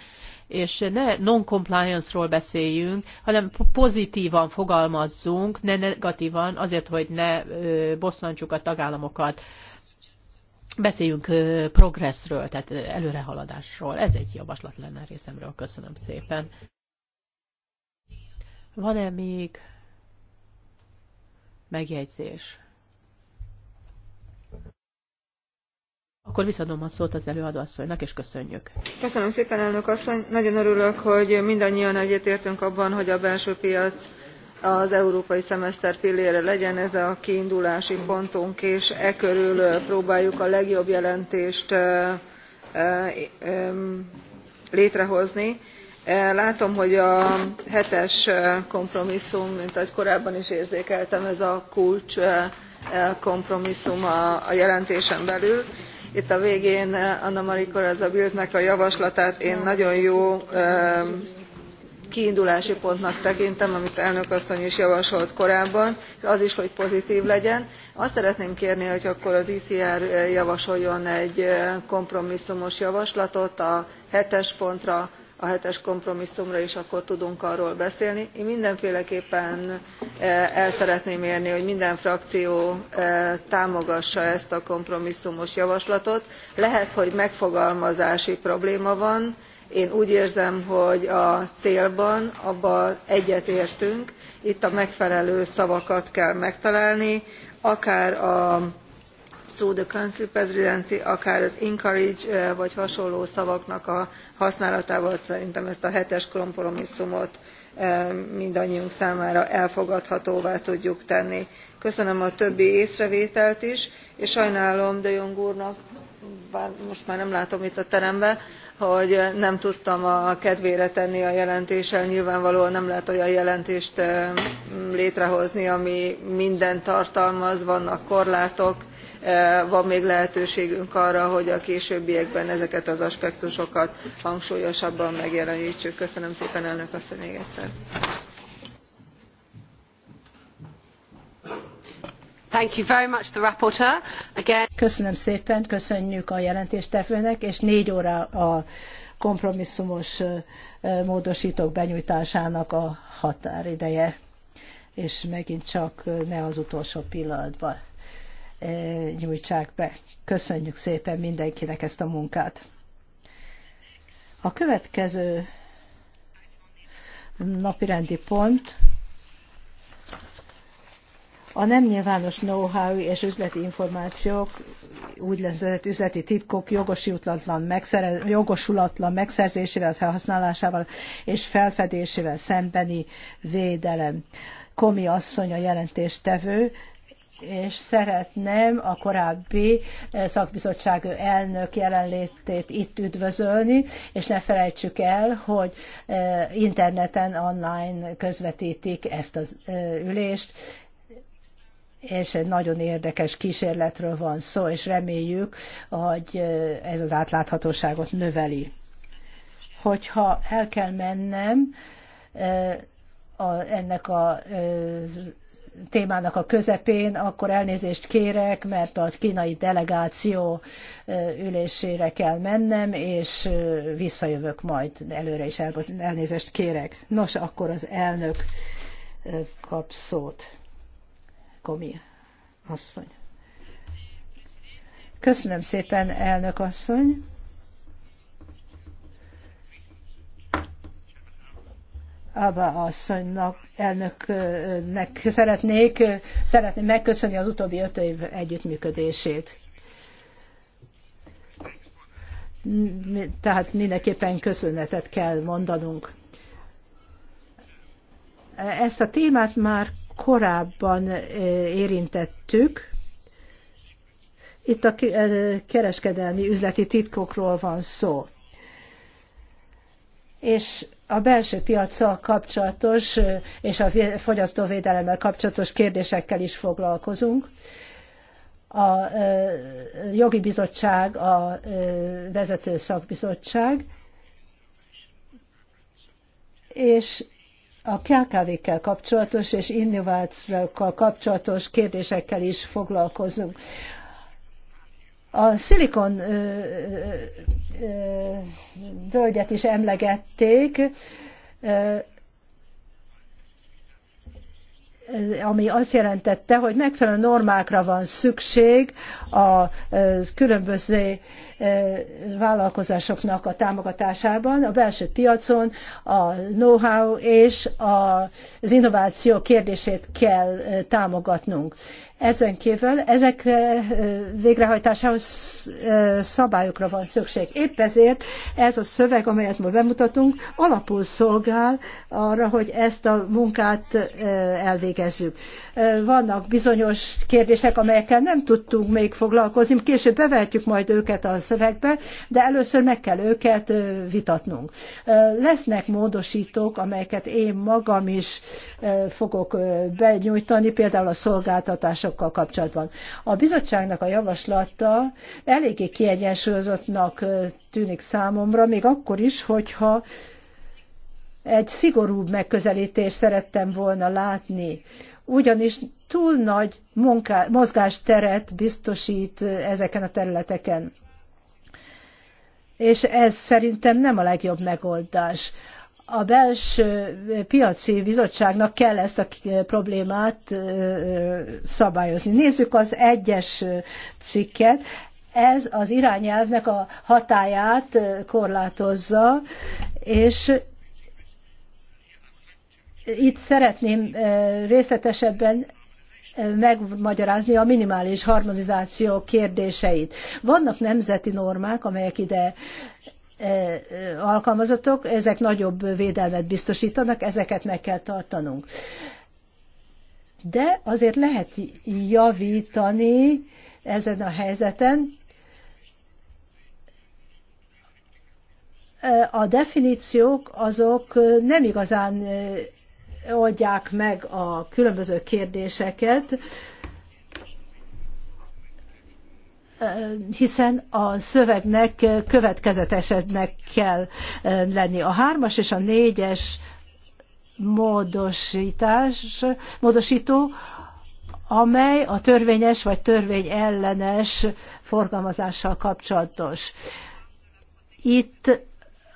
és ne non-compliance-ról beszéljünk, hanem pozitívan fogalmazzunk, ne negatívan, azért, hogy ne bosszantsuk a tagállamokat. Beszéljünk progressről, tehát előrehaladásról. Ez egy javaslat lenne részemről. Köszönöm szépen. Van-e még megjegyzés? Akkor visszadom a szót az előadóasszonynak, és köszönjük. Köszönöm szépen, elnök asszony. Nagyon örülök, hogy mindannyian egyetértünk abban, hogy a belső piac az európai szemeszter pillére legyen ez a kiindulási pontunk és e körül próbáljuk a legjobb jelentést létrehozni. látom hogy a hetes kompromisszum mint ahogy korábban is érzékeltem ez a kulcs kompromisszum a jelentésen belül itt a végén eh, anna maria corazza bildtnek a javaslatát én nagyon jó eh, kiindulási pontnak tekintem amit elnök asszony is javasolt korábban az is hogy pozitv legyen. azt szeretném kérni hogy akkor az ecr javasoljon egy eh, kompromisszumos javaslatot a hetes pontra a hetes kompromisszumra és akkor tudunk arról beszélni. én mindenféleképpen e, el szeretném érni hogy minden frakció e, támogassa ezt a kompromisszumos javaslatot. lehet hogy megfogalmazási probléma van én úgy érzem hogy a célban abban egyetértünk itt a megfelelő szavakat kell megtalálni akár a through the council presidency akár az encourage eh, vagy hasonló szavaknak a használatával szerintem ezt a hetes kompromisszumot eh, mindannyiunk számára elfogadhatóvá tudjuk tenni. köszönöm a többi észrevételt is és sajnálom de jong úrnak bár most már nem látom itt a teremben hogy nem tudtam a kedvére tenni a jelentéssel nyilvánvalóan nem lehet olyan jelentést eh, létrehozni ami mindent tartalmaz vannak korlátok van még lehetőségünk arra hogy a későbbiekben ezeket az aspektusokat hangsúlyosabban megjelentsük. köszönöm szépen elnök asszony még egyszer. Köszönöm szépen, köszönjük a jelentéstevőnek, és négy óra a kompromisszumos módosítók benyújtásának a határideje, és megint csak ne az utolsó pillanatban nyújtsák be. Köszönjük szépen mindenkinek ezt a munkát. A következő napirendi pont a nem nyilvános know-how és üzleti információk, úgynevezett üzleti titkok jogosulatlan, megszerez, jogosulatlan megszerzésével, felhasználásával és felfedésével szembeni védelem. Komi asszony a jelentéstevő, és szeretném a korábbi eh, szakbizottság elnök jelenlétét itt üdvözölni, és ne felejtsük el, hogy eh, interneten online közvetítik ezt az eh, ülést, és egy nagyon érdekes kísérletről van szó, és reméljük, hogy ez az átláthatóságot növeli. Hogyha el kell mennem, a, ennek a, témának a közepén, akkor elnézést kérek, mert a kínai delegáció ülésére kell mennem, és visszajövök majd előre is elnézést kérek. Nos, akkor az elnök kap szót. Komi asszony. Köszönöm szépen, elnök asszony. Abba asszonynak, elnöknek szeretnék, szeretném megköszönni az utóbbi öt év együttműködését. Tehát mindenképpen köszönetet kell mondanunk. Ezt a témát már korábban eh, érintettük. Itt a eh, kereskedelmi üzleti titkokról van szó. És a belső piacsal kapcsolatos és a fogyasztóvédelemmel kapcsolatos kérdésekkel is foglalkozunk. A jogi bizottság, a vezető szakbizottság, és a KKV-kkel kapcsolatos és innovációkkal kapcsolatos kérdésekkel is foglalkozunk. A szilikon völgyet is emlegették, ami azt jelentette, hogy megfelelő normákra van szükség a különböző vállalkozásoknak a támogatásában, a belső piacon a know-how és az innováció kérdését kell támogatnunk. Ezen kívül ezek eh, végrehajtásához eh, szabályokra van szükség. Épp ezért ez a szöveg, amelyet most bemutatunk, alapul szolgál arra, hogy ezt a munkát eh, elvégezzük vannak bizonyos kérdések, amelyekkel nem tudtunk még foglalkozni, később bevehetjük majd őket a szövegbe, de először meg kell őket vitatnunk. Lesznek módosítók, amelyeket én magam is fogok benyújtani, például a szolgáltatásokkal kapcsolatban. A bizottságnak a javaslata eléggé kiegyensúlyozottnak tűnik számomra, még akkor is, hogyha egy szigorúbb megközelítést szerettem volna látni ugyanis túl nagy munká, mozgásteret biztosít eh, ezeken a területeken. És ez szerintem nem a legjobb megoldás. A belső eh, piaci bizottságnak kell ezt a eh, problémát szabályozni. Nézzük az egyes cikket ez az irányelvnek a hatáját korlátozza, és itt szeretném részletesebben megmagyarázni a minimális harmonizáció kérdéseit. Vannak nemzeti normák, amelyek ide alkalmazottok, ezek nagyobb védelmet biztosítanak, ezeket meg kell tartanunk. De azért lehet javítani ezen a helyzeten. A definíciók azok nem igazán oldják meg a különböző kérdéseket, hiszen a szövegnek következetesednek kell lenni. A hármas és a négyes módosítás, módosító, amely a törvényes vagy törvény ellenes forgalmazással kapcsolatos. Itt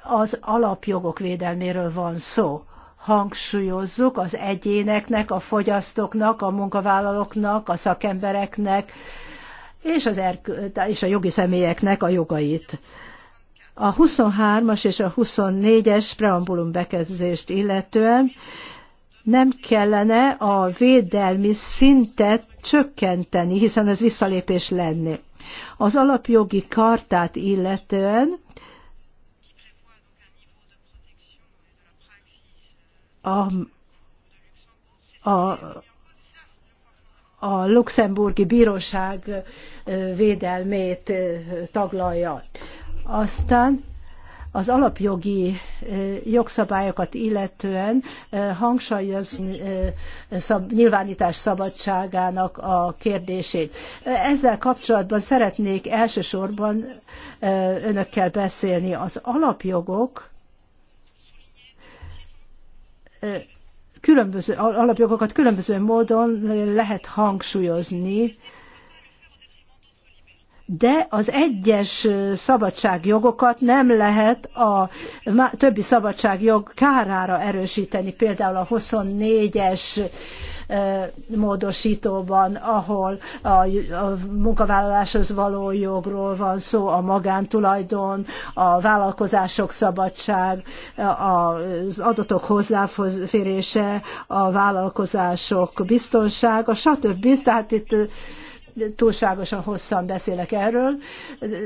az alapjogok védelméről van szó hangsúlyozzuk az egyéneknek, a fogyasztóknak, a munkavállalóknak, a szakembereknek és, az erkö- és a jogi személyeknek a jogait. A 23-as és a 24-es preambulum bekezdést illetően nem kellene a védelmi szintet csökkenteni, hiszen ez visszalépés lenni. Az alapjogi kartát illetően a, a, a luxemburgi bíróság védelmét taglalja. Aztán az alapjogi jogszabályokat illetően hangsúlyoz nyilvánítás szabadságának a kérdését. Ezzel kapcsolatban szeretnék elsősorban önökkel beszélni. Az alapjogok különböző alapjogokat különböző módon lehet hangsúlyozni, de az egyes szabadságjogokat nem lehet a többi szabadságjog kárára erősíteni, például a 24-es módosítóban, ahol a munkavállaláshoz való jogról van szó, a magántulajdon, a vállalkozások szabadság, az adatok hozzáférése, a vállalkozások biztonsága, stb. Tehát itt túlságosan hosszan beszélek erről.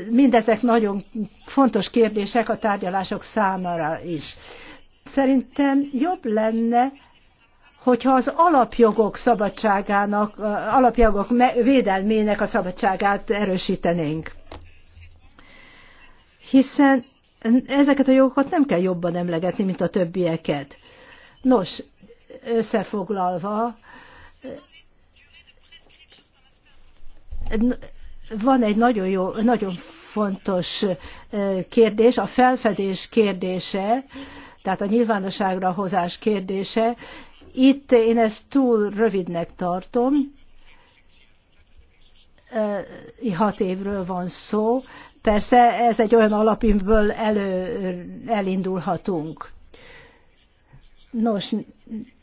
Mindezek nagyon fontos kérdések a tárgyalások számára is. Szerintem jobb lenne, hogyha az alapjogok szabadságának, alapjogok védelmének a szabadságát erősítenénk. Hiszen ezeket a jogokat nem kell jobban emlegetni, mint a többieket. Nos, összefoglalva, van egy nagyon, jó, nagyon fontos kérdés, a felfedés kérdése, tehát a nyilvánosságra hozás kérdése, itt én ezt túl rövidnek tartom, hat évről van szó. Persze ez egy olyan alapimből elő, elindulhatunk. Nos,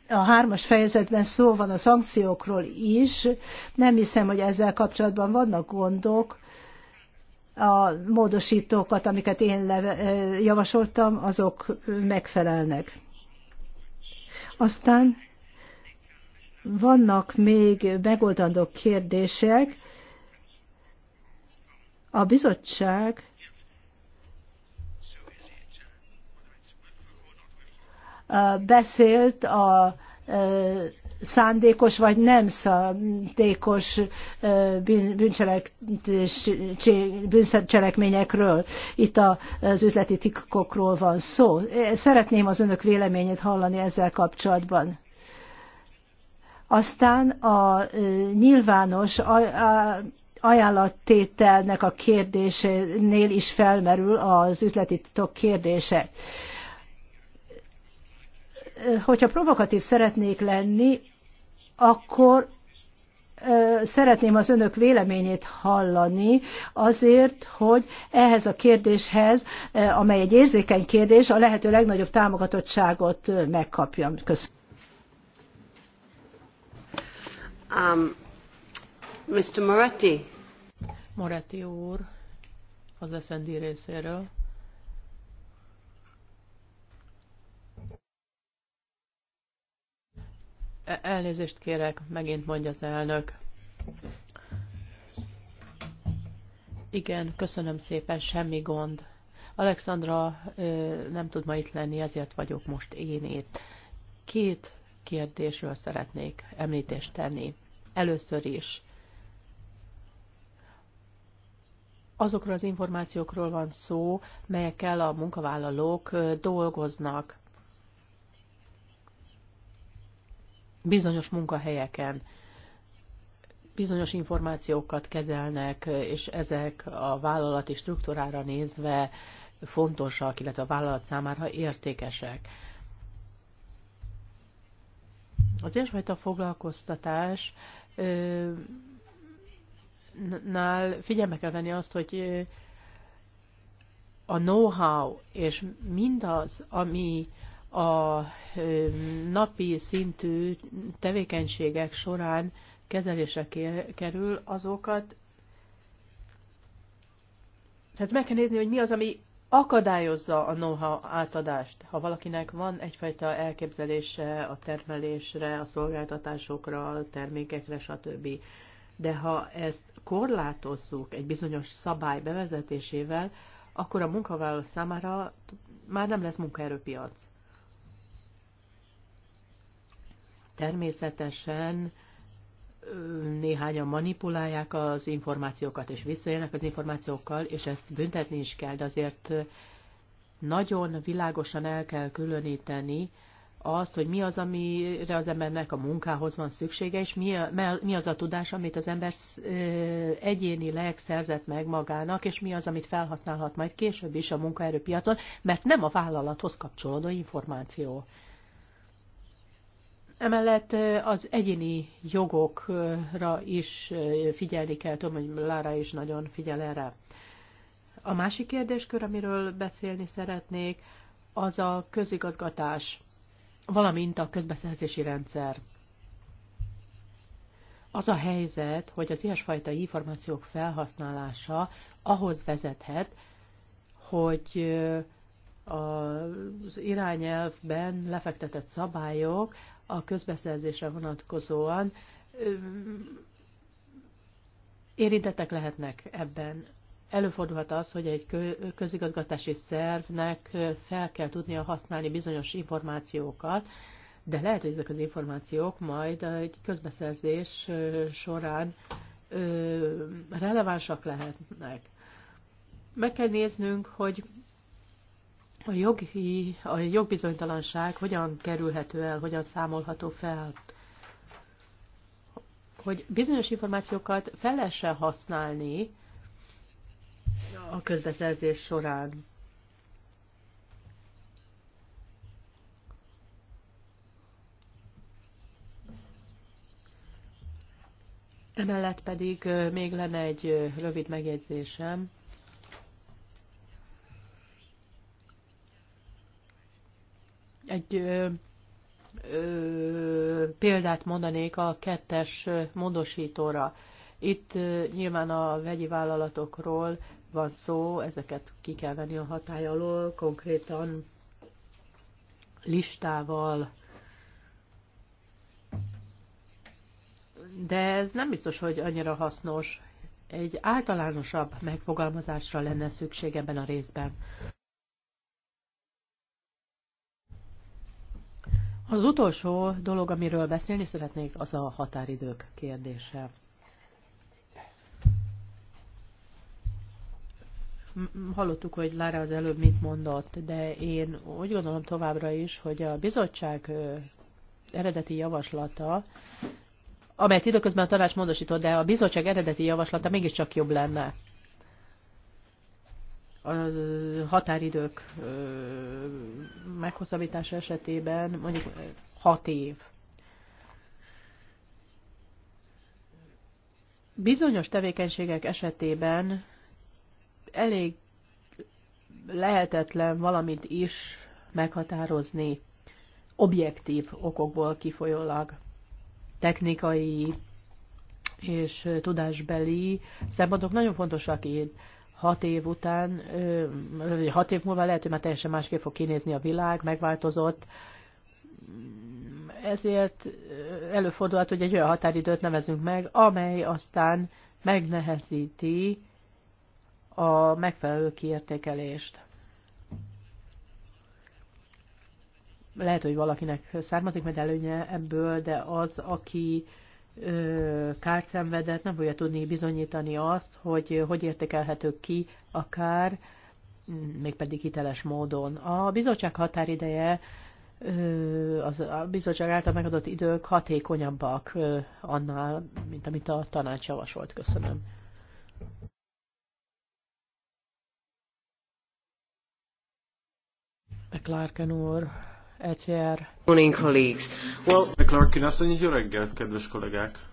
a hármas fejezetben szó van a szankciókról is. Nem hiszem, hogy ezzel kapcsolatban vannak gondok. A módosítókat, amiket én javasoltam, azok megfelelnek. Aztán vannak még megoldandó kérdések. A bizottság beszélt a szándékos vagy nem szándékos bűncselekményekről. Itt az üzleti titkokról van szó. Szeretném az önök véleményét hallani ezzel kapcsolatban. Aztán a nyilvános ajánlattételnek a kérdésénél is felmerül az üzleti titok kérdése hogyha provokatív szeretnék lenni, akkor szeretném az önök véleményét hallani azért, hogy ehhez a kérdéshez, amely egy érzékeny kérdés, a lehető legnagyobb támogatottságot megkapjam. Köszönöm. Um, Mr. Moretti. Moretti úr, az SND részéről. E, elnézést kérek, megint mondja az elnök. Igen, köszönöm szépen, semmi gond. Alexandra nem tud ma itt lenni, ezért vagyok most én itt. Két kérdésről szeretnék említést tenni. Először is azokról az információkról van szó, melyekkel a munkavállalók dolgoznak. bizonyos munkahelyeken bizonyos információkat kezelnek, és ezek a vállalati struktúrára nézve fontosak, illetve a vállalat számára értékesek. Az ilyesfajta foglalkoztatás nál figyelme kell venni azt, hogy a know-how és mindaz, ami a napi szintű tevékenységek során kezelésre kerül, azokat tehát meg kell nézni, hogy mi az, ami akadályozza a know-how átadást. Ha valakinek van egyfajta elképzelése a termelésre, a szolgáltatásokra, a termékekre, stb. De ha ezt korlátozzuk egy bizonyos szabály bevezetésével, akkor a munkavállaló számára már nem lesz munkaerőpiac. Természetesen néhányan manipulálják az információkat, és visszajönnek az információkkal, és ezt büntetni is kell, de azért nagyon világosan el kell különíteni azt, hogy mi az, amire az embernek a munkához van szüksége, és mi, mi az a tudás, amit az ember egyénileg szerzett meg magának, és mi az, amit felhasználhat majd később is a munkaerőpiacon, mert nem a vállalathoz kapcsolódó információ. Emellett az egyéni jogokra is figyelni kell, tudom, hogy Lára is nagyon figyel erre. A másik kérdéskör, amiről beszélni szeretnék, az a közigazgatás, valamint a közbeszerzési rendszer. Az a helyzet, hogy az ilyesfajta információk felhasználása ahhoz vezethet, hogy az irányelvben lefektetett szabályok a közbeszerzésre vonatkozóan érintettek lehetnek ebben. Előfordulhat az, hogy egy közigazgatási szervnek fel kell tudnia használni bizonyos információkat, de lehet, hogy ezek az információk majd egy közbeszerzés során relevánsak lehetnek. Meg kell néznünk, hogy a, jogi, a jogbizonytalanság hogyan kerülhető el, hogyan számolható fel? Hogy bizonyos információkat fel lehessen használni a közbeszerzés során. Emellett pedig még lenne egy rövid megjegyzésem. Egy ö, ö, példát mondanék a kettes módosítóra. Itt ö, nyilván a vegyi vállalatokról van szó, ezeket ki kell venni a hatály alól, konkrétan listával. De ez nem biztos, hogy annyira hasznos. Egy általánosabb megfogalmazásra lenne szükség ebben a részben. Az utolsó dolog, amiről beszélni szeretnék, az a határidők kérdése. Hallottuk, hogy Lára az előbb mit mondott, de én úgy gondolom továbbra is, hogy a bizottság eredeti javaslata, amelyet időközben a tanács módosított, de a bizottság eredeti javaslata mégiscsak jobb lenne a határidők meghosszabbítása esetében mondjuk hat év. Bizonyos tevékenységek esetében elég lehetetlen valamit is meghatározni objektív okokból kifolyólag technikai és tudásbeli szempontok nagyon fontosak itt hat év után, hat év múlva lehet, hogy már teljesen másképp fog kinézni a világ, megváltozott, ezért előfordulhat, hogy egy olyan határidőt nevezünk meg, amely aztán megnehezíti a megfelelő kiértékelést. Lehet, hogy valakinek származik majd előnye ebből, de az, aki kárt szenvedett, nem fogja tudni bizonyítani azt, hogy hogy értékelhető ki a kár, mégpedig hiteles módon. A bizottság határideje, az, a bizottság által megadott idők hatékonyabbak annál, mint amit a tanács javasolt. Köszönöm. McLarken úr. ECR. Morning, colleagues. Well... azt asszony, jó reggelt, kedves kollégák!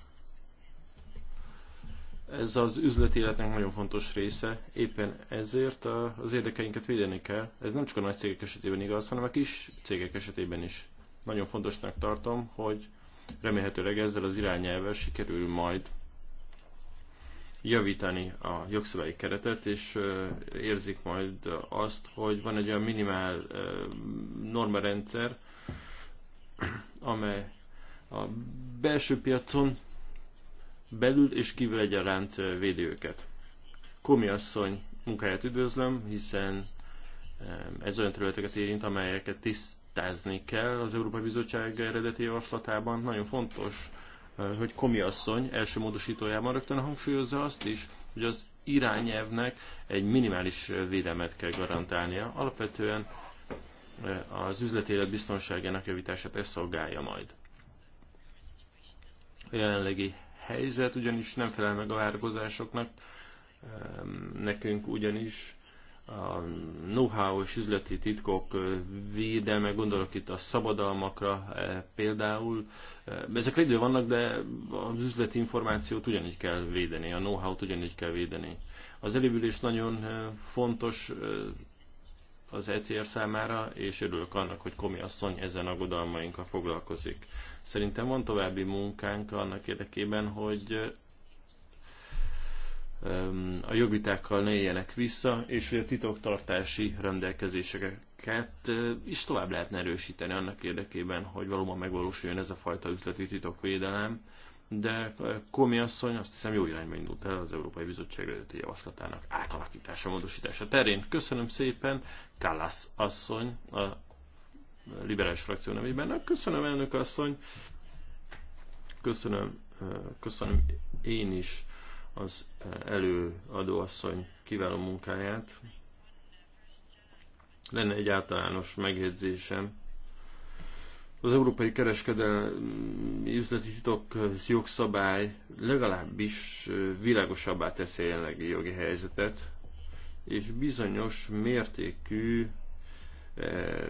Ez az üzleti életnek nagyon fontos része, éppen ezért az érdekeinket védeni kell. Ez nem csak a nagy cégek esetében igaz, hanem a kis cégek esetében is. Nagyon fontosnak tartom, hogy remélhetőleg ezzel az irányelvel sikerül majd javítani a jogszabályi keretet, és érzik majd azt, hogy van egy olyan minimál normarendszer, amely a belső piacon belül és kívül egyaránt védi őket. Komi asszony munkáját üdvözlöm, hiszen ez olyan területeket érint, amelyeket tisztázni kell az Európai Bizottság eredeti javaslatában. Nagyon fontos Eh, hogy Komi asszony első módosítójában rögtön hangsúlyozza azt is, hogy az irányelvnek egy minimális védelmet kell garantálnia. Alapvetően eh, az üzleti élet biztonságának javítását ezt szolgálja majd. A jelenlegi helyzet ugyanis nem felel meg a várakozásoknak, nekünk ugyanis a know-how és üzleti titkok védelme, gondolok itt a szabadalmakra e, például. E, ezek idő vannak, de az üzleti információt ugyanígy kell védeni, a know-how-t ugyanígy kell védeni. Az elévülés nagyon e, fontos az ECR számára, és örülök annak, hogy Komi asszony ezen aggodalmainkkal foglalkozik. Szerintem van további munkánk annak érdekében, hogy a jogvitákkal ne éljenek vissza, és hogy a titoktartási rendelkezéseket is tovább lehetne erősíteni annak érdekében, hogy valóban megvalósuljon ez a fajta üzleti titokvédelem, de Komi asszony azt hiszem jó irányba indult el az Európai Bizottság eredeti javaslatának átalakítása, módosítása terén. Köszönöm szépen, Kallász asszony a liberális frakció nevében. Köszönöm elnök asszony, köszönöm, köszönöm én is az előadóasszony kiváló munkáját. Lenne egy általános megjegyzésem. Az európai kereskedelmi üzleti titok jogszabály legalábbis világosabbá teszi a jelenlegi jogi helyzetet, és bizonyos mértékű e,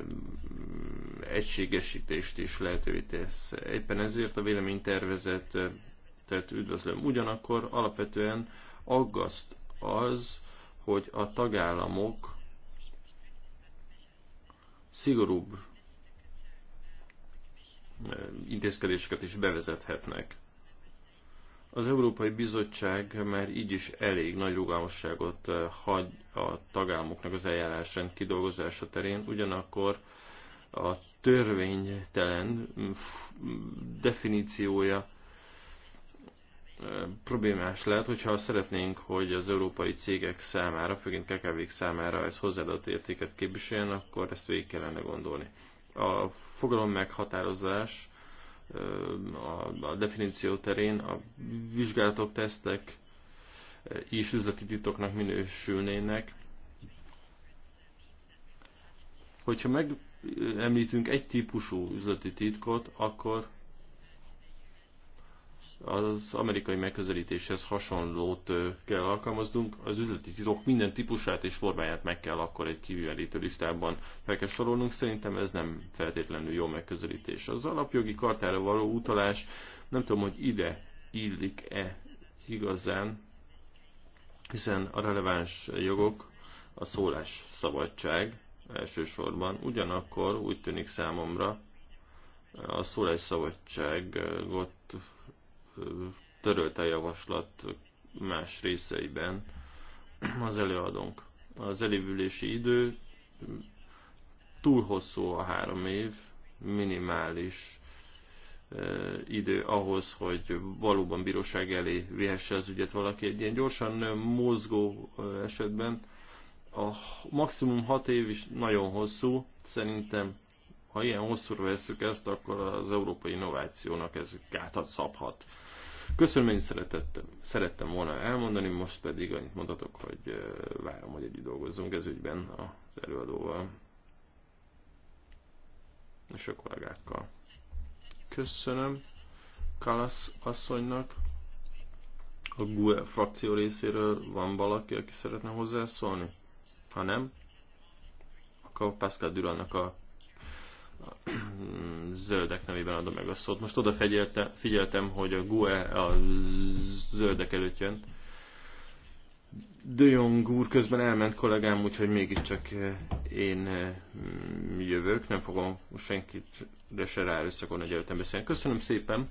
egységesítést is lehetővé tesz. Éppen ezért a véleménytervezet tehát üdvözlöm. Ugyanakkor alapvetően aggaszt az, hogy a tagállamok szigorúbb eh, intézkedéseket is bevezethetnek. Az Európai Bizottság már így is elég nagy rugalmasságot eh, hagy a tagállamoknak az eljárásán kidolgozása terén, ugyanakkor a törvénytelen mm, mm, definíciója problémás lehet, hogyha szeretnénk, hogy az európai cégek számára, főként kkv számára ez hozzáadott értéket képviseljen, akkor ezt végig kellene gondolni. A fogalom meghatározás a, definíció terén a vizsgálatok, tesztek is üzleti titoknak minősülnének. Hogyha megemlítünk egy típusú üzleti titkot, akkor az amerikai megközelítéshez hasonlót kell alkalmaznunk, az üzleti titok minden típusát és formáját meg kell akkor egy kivivelítő listában fel kell sorolnunk, szerintem ez nem feltétlenül jó megközelítés. Az alapjogi kartára való utalás, nem tudom, hogy ide illik-e igazán, hiszen a releváns jogok a szólás szabadság elsősorban, ugyanakkor úgy tűnik számomra, a szólásszabadságot törölte a javaslat más részeiben az előadónk. Az elévülési idő túl hosszú a három év, minimális e, idő ahhoz, hogy valóban bíróság elé vihesse az ügyet valaki. Egy ilyen gyorsan mozgó e, esetben a maximum hat év is nagyon hosszú, szerintem ha ilyen hosszúra veszük ezt, akkor az európai innovációnak ez gátat szabhat. Köszönöm, én szeretettem, szerettem volna elmondani, most pedig annyit mondatok, hogy várom, hogy együtt dolgozzunk ez ügyben az előadóval és a kollégákkal. Köszönöm Kalasz asszonynak. A GUE frakció részéről van valaki, aki szeretne hozzászólni? Ha nem, akkor Pascal Durannak a zöldek nevében adom meg a szót. Most oda figyeltem, hogy a GUE a zöldek előtt jön. De Jong úr közben elment kollégám, úgyhogy mégiscsak eh, én eh, jövök, nem fogom senkit de se rá összekon, hogy előttem beszélni. Köszönöm szépen!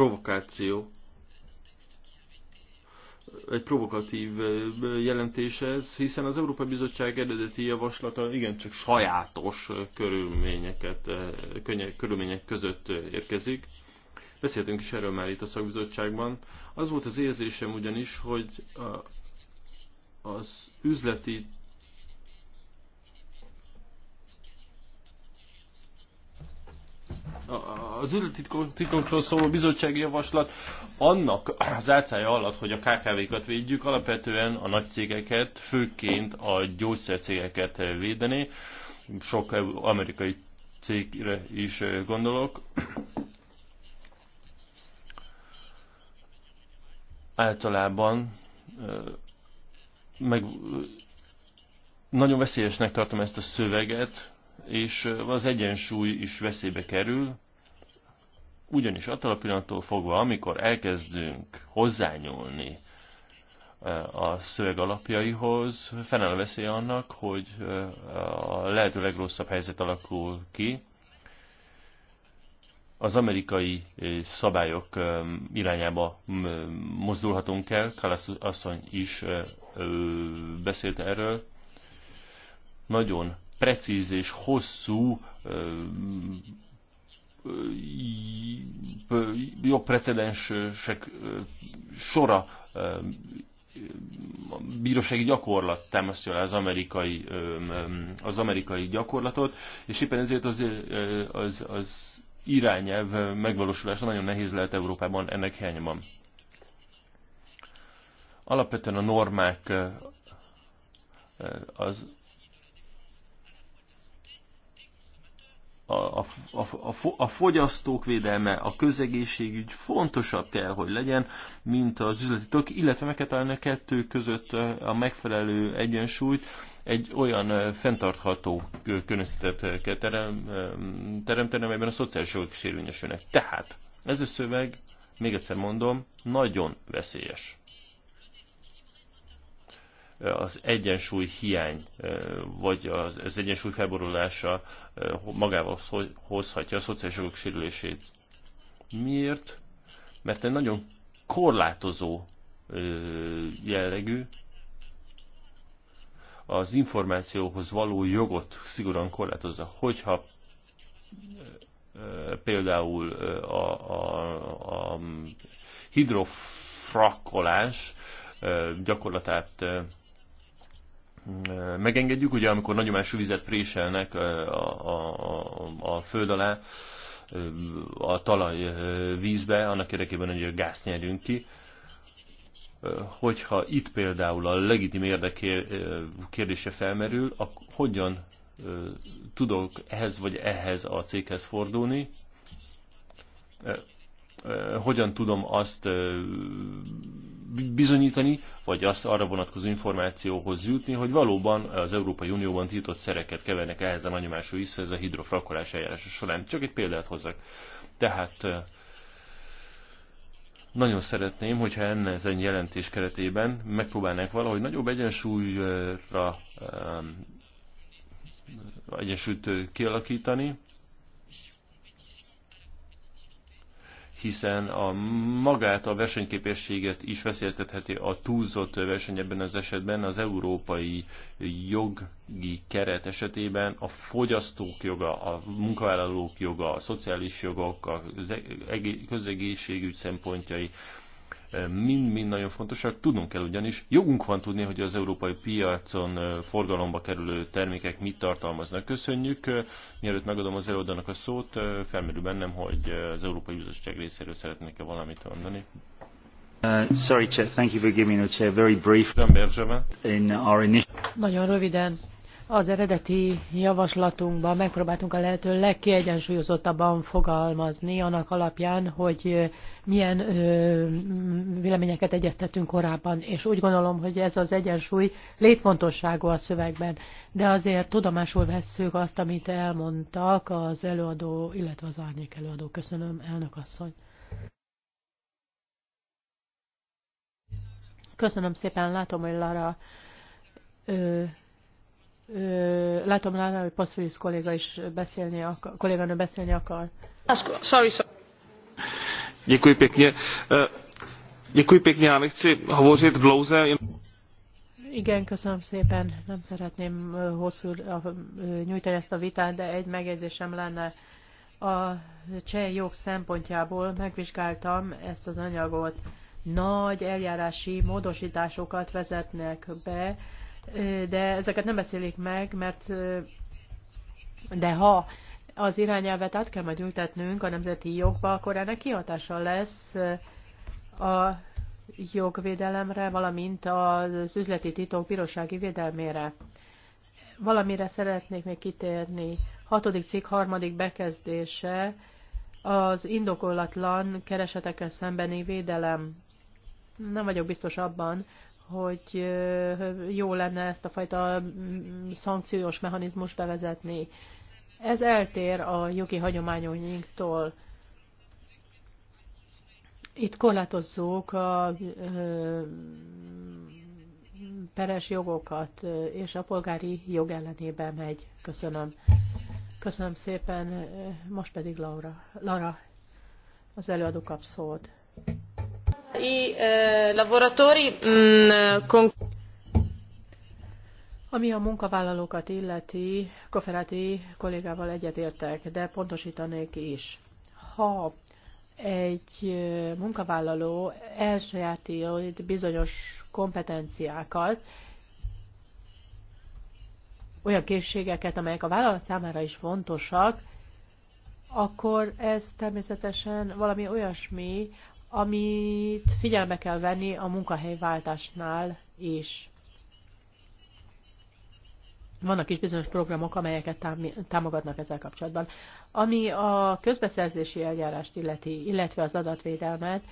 provokáció, egy provokatív jelentés ez, hiszen az Európai Bizottság eredeti javaslata igencsak sajátos körülményeket, körülmények között érkezik. Beszéltünk is erről már itt a szakbizottságban. Az volt az érzésem ugyanis, hogy az üzleti az űrtitkonkról szóló bizottsági javaslat annak az álcája alatt, hogy a KKV-kat védjük, alapvetően a nagy cégeket, főként a gyógyszercégeket védeni. Sok amerikai cégre is gondolok. Általában meg nagyon veszélyesnek tartom ezt a szöveget, és az egyensúly is veszélybe kerül, ugyanis attól a pillanattól fogva, amikor elkezdünk hozzányúlni a szöveg alapjaihoz, fennáll a veszély annak, hogy a lehető legrosszabb helyzet alakul ki, az amerikai szabályok irányába mozdulhatunk el, Kalasz asszony is beszélt erről. Nagyon precíz és hosszú precedensek sora bírósági gyakorlat támasztja le az amerikai, az amerikai gyakorlatot, és éppen ezért az, az, az irányelv megvalósulása nagyon nehéz lehet Európában ennek hiányban. Alapvetően a normák az a, a, a, a fogyasztók védelme, a közegészségügy fontosabb kell, hogy legyen, mint az üzleti tök, illetve meg kell találni a kettő között eh, a megfelelő egyensúlyt, egy olyan eh, fenntartható eh, környezetet kell terem, teremteni, amelyben a szociális jogok érvényesülnek. Tehát ez a szöveg, még egyszer mondom, nagyon veszélyes az egyensúly hiány, vagy az, egyensúly felborulása magával hozhatja a szociális jogok sérülését. Miért? Mert egy nagyon korlátozó jellegű, az információhoz való jogot szigorúan korlátozza. Hogyha például a, a, a hidrofrakkolás gyakorlatát megengedjük, ugye amikor nagyomású vizet préselnek a, a, a, a föld alá, a talaj vízbe, annak érdekében, hogy a gáz nyerjünk ki. Hogyha itt például a legitim érdeké kérdése felmerül, akkor hogyan tudok ehhez vagy ehhez a céghez fordulni, hogyan tudom azt bizonyítani, vagy azt arra vonatkozó információhoz jutni, hogy valóban az Európai Unióban tiltott szereket kevernek ehhez a nagyomású vissza, ez a hidrofrakolás eljárása során. Csak egy példát hozzak. Tehát nagyon szeretném, hogyha enne ezen jelentés keretében megpróbálnák valahogy nagyobb egyensúlyra egyensúlyt kialakítani, hiszen a magát a versenyképességet is veszélyeztetheti a túlzott verseny ebben az esetben az európai jogi keret esetében a fogyasztók joga, a munkavállalók joga, a szociális jogok, a e-, közegészségügy szempontjai, mind-mind nagyon fontosak. Tudnunk kell ugyanis, jogunk van tudni, hogy az európai piacon forgalomba kerülő termékek mit tartalmaznak. Köszönjük. Mielőtt megadom az előadónak a szót, felmerül bennem, hogy az Európai Bizottság részéről szeretnék-e valamit mondani. Uh, sorry, Chair. Thank you for giving me a chair. Very brief. In our initial. Nagyon röviden az eredeti javaslatunkban megpróbáltunk a lehető legkiegyensúlyozottabban fogalmazni annak alapján, hogy milyen ö, véleményeket egyeztettünk korábban, és úgy gondolom, hogy ez az egyensúly létfontosságú a szövegben, de azért tudomásul vesszük azt, amit elmondtak az előadó, illetve az árnyék előadó. Köszönöm, elnök asszony. Köszönöm szépen, látom, hogy Lara ö, látom Lára, hogy Paszfilis kolléga is beszélni akar, kolléganő beszélni akar. Sorry, sorry. Děkuji pěkně. Děkuji pěkně, já nechci hovořit dlouze. Igen, köszönöm szépen. Nem szeretném hosszú nyújtani ezt a vitát, de egy megjegyzésem lenne. A cseh jog szempontjából megvizsgáltam ezt az anyagot. Nagy eljárási módosításokat vezetnek be, de ezeket nem beszélik meg, mert de ha az irányelvet át kell majd ültetnünk a nemzeti jogba, akkor ennek kihatása lesz a jogvédelemre, valamint az üzleti titok bírósági védelmére. Valamire szeretnék még kitérni. Hatodik cikk harmadik bekezdése az indokolatlan kereseteken szembeni védelem. Nem vagyok biztos abban, hogy jó lenne ezt a fajta mm, szankciós mechanizmus bevezetni. Ez eltér a jogi hagyományoinktól. Itt korlátozzuk a peres jogokat, és a polgári jog ellenébe megy. Köszönöm. Köszönöm szépen. Most pedig Laura, Lara, az előadó kap szót. I eh, lavoratori mh, mm, con... Ami a munkavállalókat illeti, Koferáti kollégával egyetértek, de pontosítanék is. Ha egy e, munkavállaló elsajátít bizonyos kompetenciákat, olyan készségeket, amelyek a vállalat számára is fontosak, akkor ez természetesen valami olyasmi, amit figyelme kell venni a munkahelyváltásnál is. Vannak is bizonyos programok, amelyeket támogatnak ezzel kapcsolatban. Ami a közbeszerzési eljárást illeti, illetve az adatvédelmet,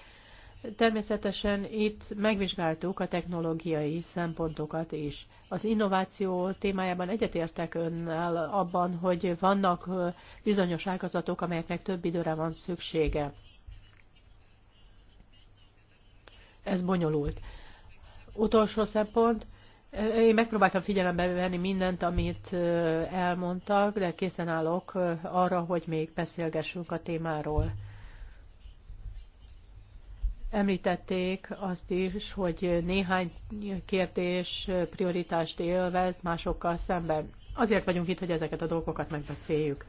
természetesen itt megvizsgáltuk a technológiai szempontokat is. Az innováció témájában egyetértek önnel abban, hogy vannak bizonyos ágazatok, amelyeknek több időre van szüksége ez bonyolult. Utolsó szempont, eh, én megpróbáltam figyelembe venni mindent, amit eh, elmondtak, de készen állok eh, arra, hogy még beszélgessünk a témáról. Említették azt is, hogy néhány kérdés prioritást élvez másokkal szemben. Azért vagyunk itt, hogy ezeket a dolgokat megbeszéljük.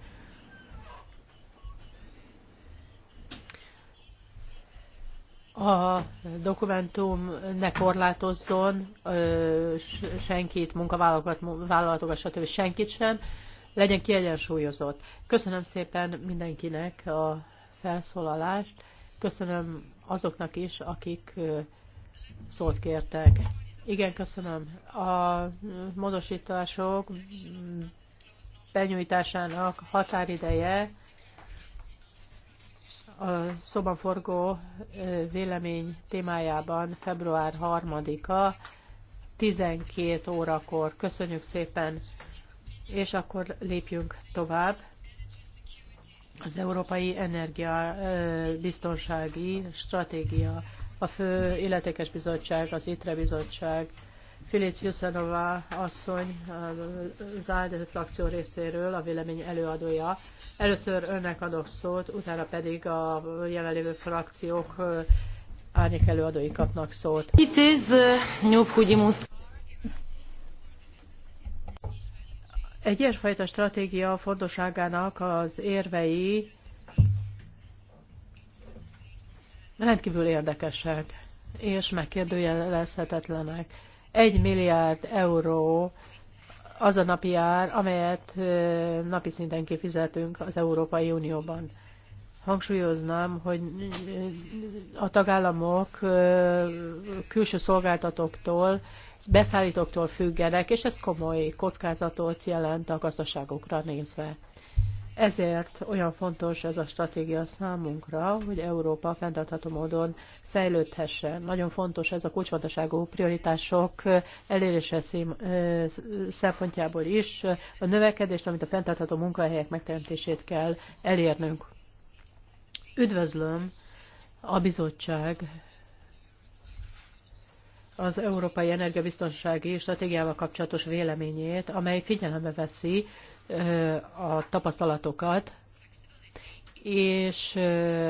a dokumentum ne korlátozzon senkit, munkavállalatokat, stb. senkit sem, legyen kiegyensúlyozott. Köszönöm szépen mindenkinek a felszólalást, köszönöm azoknak is, akik szót kértek. Igen, köszönöm. A módosítások benyújtásának határideje a szobaforgó vélemény témájában február 3-a 12 órakor. Köszönjük szépen, és akkor lépjünk tovább. Az Európai Energia Biztonsági Stratégia, a Fő Illetékes Bizottság, az ITRE Bizottság, Filic Juszanová asszony az ALDE frakció részéről, a vélemény előadója. Először önnek adok szót, utána pedig a jelenlévő frakciók árnyék előadói kapnak szót. Itt is nyugfúgyimuszt. Egy ilyesfajta stratégia fontosságának az érvei rendkívül érdekesek és megkérdőjelezhetetlenek 1 milliárd euró az a napi ár, amelyet napi szinten kifizetünk az Európai Unióban. Hangsúlyoznám, hogy a tagállamok külső szolgáltatóktól, beszállítóktól függenek, és ez komoly kockázatot jelent a gazdaságokra nézve. Ezért olyan fontos ez a stratégia számunkra, hogy Európa fenntartható módon fejlődhessen. Nagyon fontos ez a kulcsfontosságú prioritások elérése szempontjából is, a növekedést, amit a fenntartható munkahelyek megteremtését kell elérnünk. Üdvözlöm a bizottság az Európai Energiabiztonsági Stratégiával kapcsolatos véleményét, amely figyelembe veszi a tapasztalatokat, és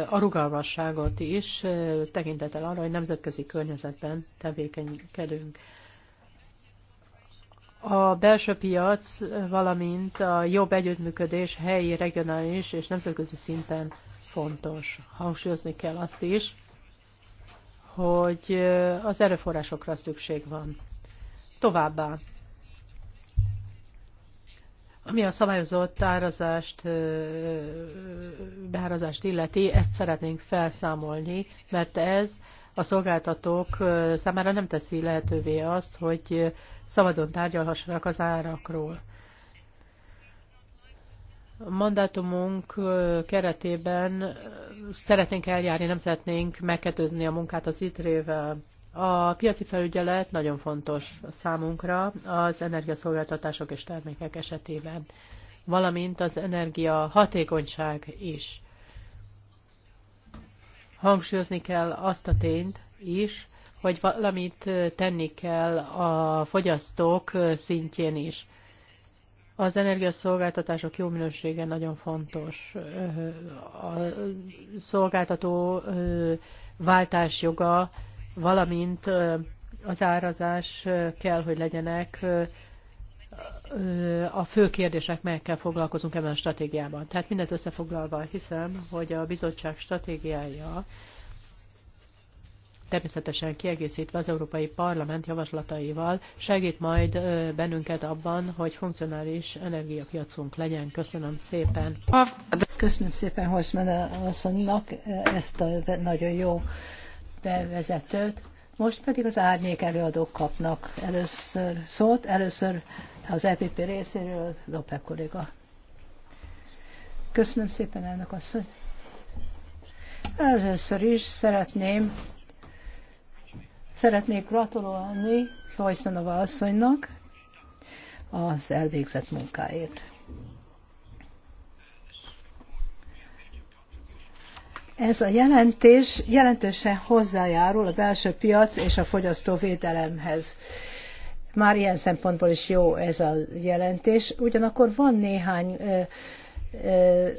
a rugalmasságot is tekintettel arra, hogy nemzetközi környezetben tevékenykedünk. A belső piac, valamint a jobb együttműködés helyi, regionális és nemzetközi szinten fontos. Hangsúlyozni kell azt is, hogy az erőforrásokra szükség van. Továbbá ami a szabályozott árazást, beárazást illeti, ezt szeretnénk felszámolni, mert ez a szolgáltatók számára nem teszi lehetővé azt, hogy szabadon tárgyalhassanak az árakról. A mandátumunk keretében szeretnénk eljárni, nem szeretnénk megkötözni a munkát az ITRÉ-vel. A piaci felügyelet nagyon fontos számunkra az energiaszolgáltatások és termékek esetében, valamint az energia hatékonyság is. Hangsúlyozni kell azt a tényt is, hogy valamit tenni kell a fogyasztók szintjén is. Az energiaszolgáltatások jó minősége nagyon fontos. A szolgáltató váltás joga valamint az árazás kell, hogy legyenek a fő kérdések, melyekkel foglalkozunk ebben a stratégiában. Tehát mindent összefoglalva hiszem, hogy a bizottság stratégiája természetesen kiegészítve az Európai Parlament javaslataival segít majd bennünket abban, hogy funkcionális energiapiacunk legyen. Köszönöm szépen. Köszönöm szépen Horszmen asszonynak ezt a nagyon jó bevezetőt, most pedig az árnyék előadók kapnak először szót, először az EPP részéről Lope kolléga. Köszönöm szépen, elnök asszony. Először is szeretném Szeretnék gratulálni Fajsztanova asszonynak az elvégzett munkáért. Ez a jelentés jelentősen hozzájárul a belső piac és a fogyasztóvédelemhez. Már ilyen szempontból is jó ez a jelentés. Ugyanakkor van néhány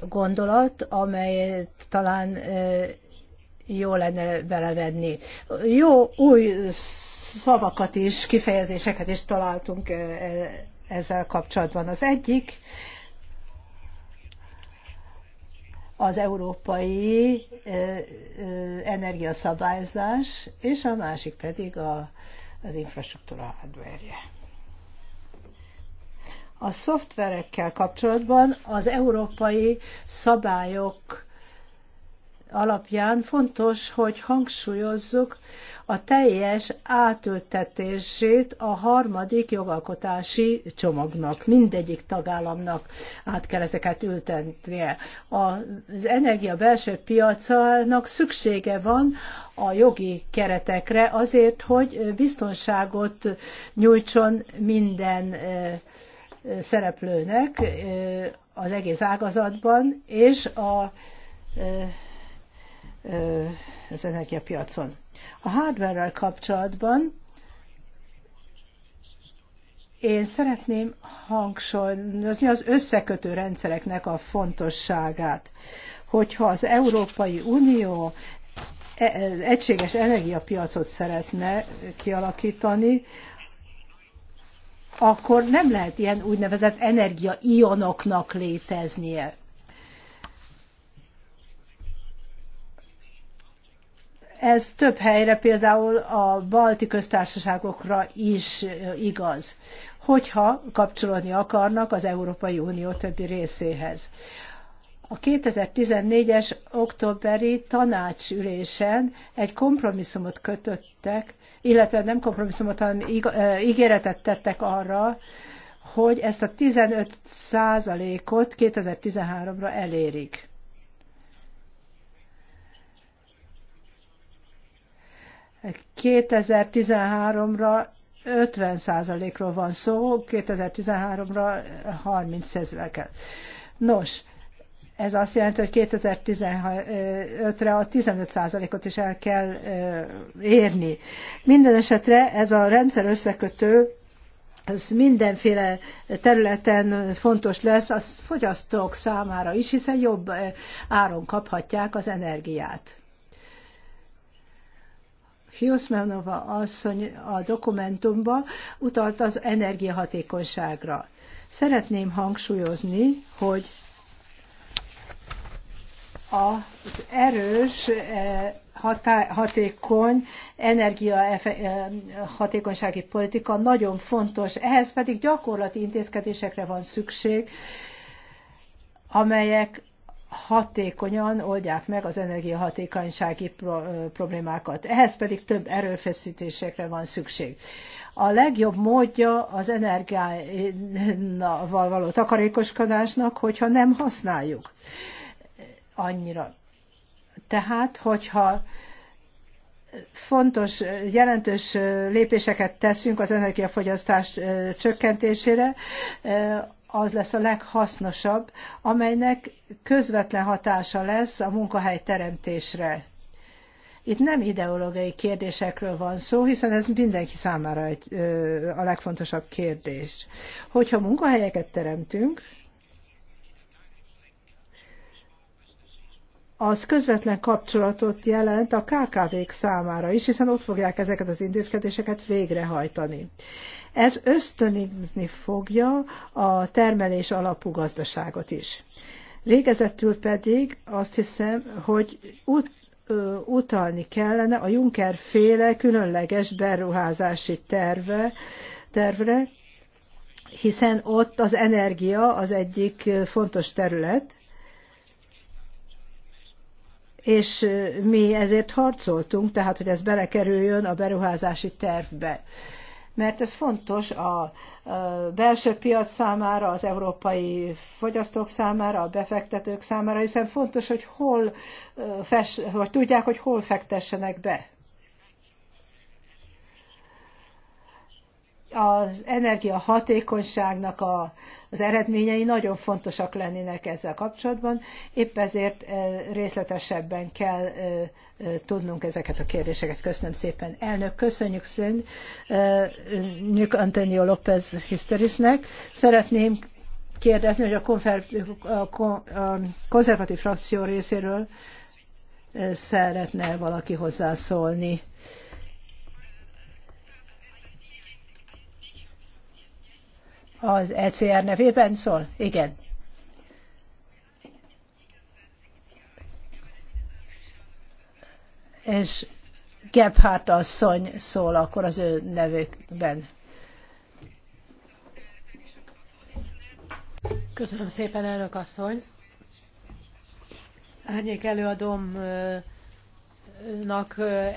gondolat, amelyet talán jó lenne belevenni. Jó új szavakat is, kifejezéseket is találtunk e, ezzel kapcsolatban. Az egyik az európai energiaszabályzás, és a másik pedig a, az infrastruktúra hardware A szoftverekkel kapcsolatban az európai szabályok alapján fontos, hogy hangsúlyozzuk a teljes átültetését a harmadik jogalkotási csomagnak. Mindegyik tagállamnak át kell ezeket ültetnie. Az energia belső piacának szüksége van a jogi keretekre azért, hogy biztonságot nyújtson minden szereplőnek az egész ágazatban és a, az energiapiacon. A hardware kapcsolatban én szeretném hangsúlyozni az összekötő rendszereknek a fontosságát. Hogyha az Európai Unió e- egységes energiapiacot szeretne kialakítani, akkor nem lehet ilyen úgynevezett energiaionoknak léteznie. Ez több helyre, például a balti köztársaságokra is igaz, hogyha kapcsolódni akarnak az Európai Unió többi részéhez. A 2014-es októberi tanácsülésen egy kompromisszumot kötöttek, illetve nem kompromisszumot, hanem ígéretet tettek arra, hogy ezt a 15 százalékot 2013-ra elérik. 2013-ra 50 ról van szó, 2013-ra 30%-kel. Nos, ez azt jelenti, hogy 2015-re a 15%-ot is el kell érni. Minden esetre ez a rendszer összekötő ez mindenféle területen fontos lesz a fogyasztók számára is, hiszen jobb áron kaphatják az energiát. Fiuszmanova asszony a dokumentumba utalt az energiahatékonyságra. Szeretném hangsúlyozni, hogy az erős, eh, hatékony eh, hatékonysági politika nagyon fontos, ehhez pedig gyakorlati intézkedésekre van szükség, amelyek hatékonyan oldják meg az energiahatékonysági problémákat. Ehhez pedig több erőfeszítésekre van szükség. A legjobb módja az energiával való takarékoskodásnak, hogyha nem használjuk annyira. Tehát, hogyha fontos, jelentős lépéseket teszünk az energiafogyasztás csökkentésére, az lesz a leghasznosabb, amelynek közvetlen hatása lesz a munkahely teremtésre. Itt nem ideológiai kérdésekről van szó, hiszen ez mindenki számára egy, ö, a legfontosabb kérdés. Hogyha munkahelyeket teremtünk, az közvetlen kapcsolatot jelent a KKV-k számára is, hiszen ott fogják ezeket az intézkedéseket végrehajtani. Ez ösztönizni fogja a termelés alapú gazdaságot is. Végezetül pedig azt hiszem, hogy út utalni kellene a Juncker féle különleges beruházási terve, tervre, hiszen ott az energia az egyik fontos terület, és mi ezért harcoltunk, tehát hogy ez belekerüljön a beruházási tervbe mert ez fontos a belső piac számára, az európai fogyasztók számára, a befektetők számára, hiszen fontos, hogy hol fes, hogy tudják, hogy hol fektessenek be. az energia hatékonyságnak a, az eredményei nagyon fontosak lennének ezzel kapcsolatban, épp ezért eh, részletesebben kell eh, eh, tudnunk ezeket a kérdéseket. Köszönöm szépen. Elnök, köszönjük szépen Antonio López Histerisnek. Szeretném kérdezni, hogy a konzervatív frakció részéről szeretne valaki hozzászólni Az ECR nevében szól? Igen. És Gebhardt asszony szól akkor az ő nevükben. Köszönöm szépen, elnök asszony. Árnyék előadom nak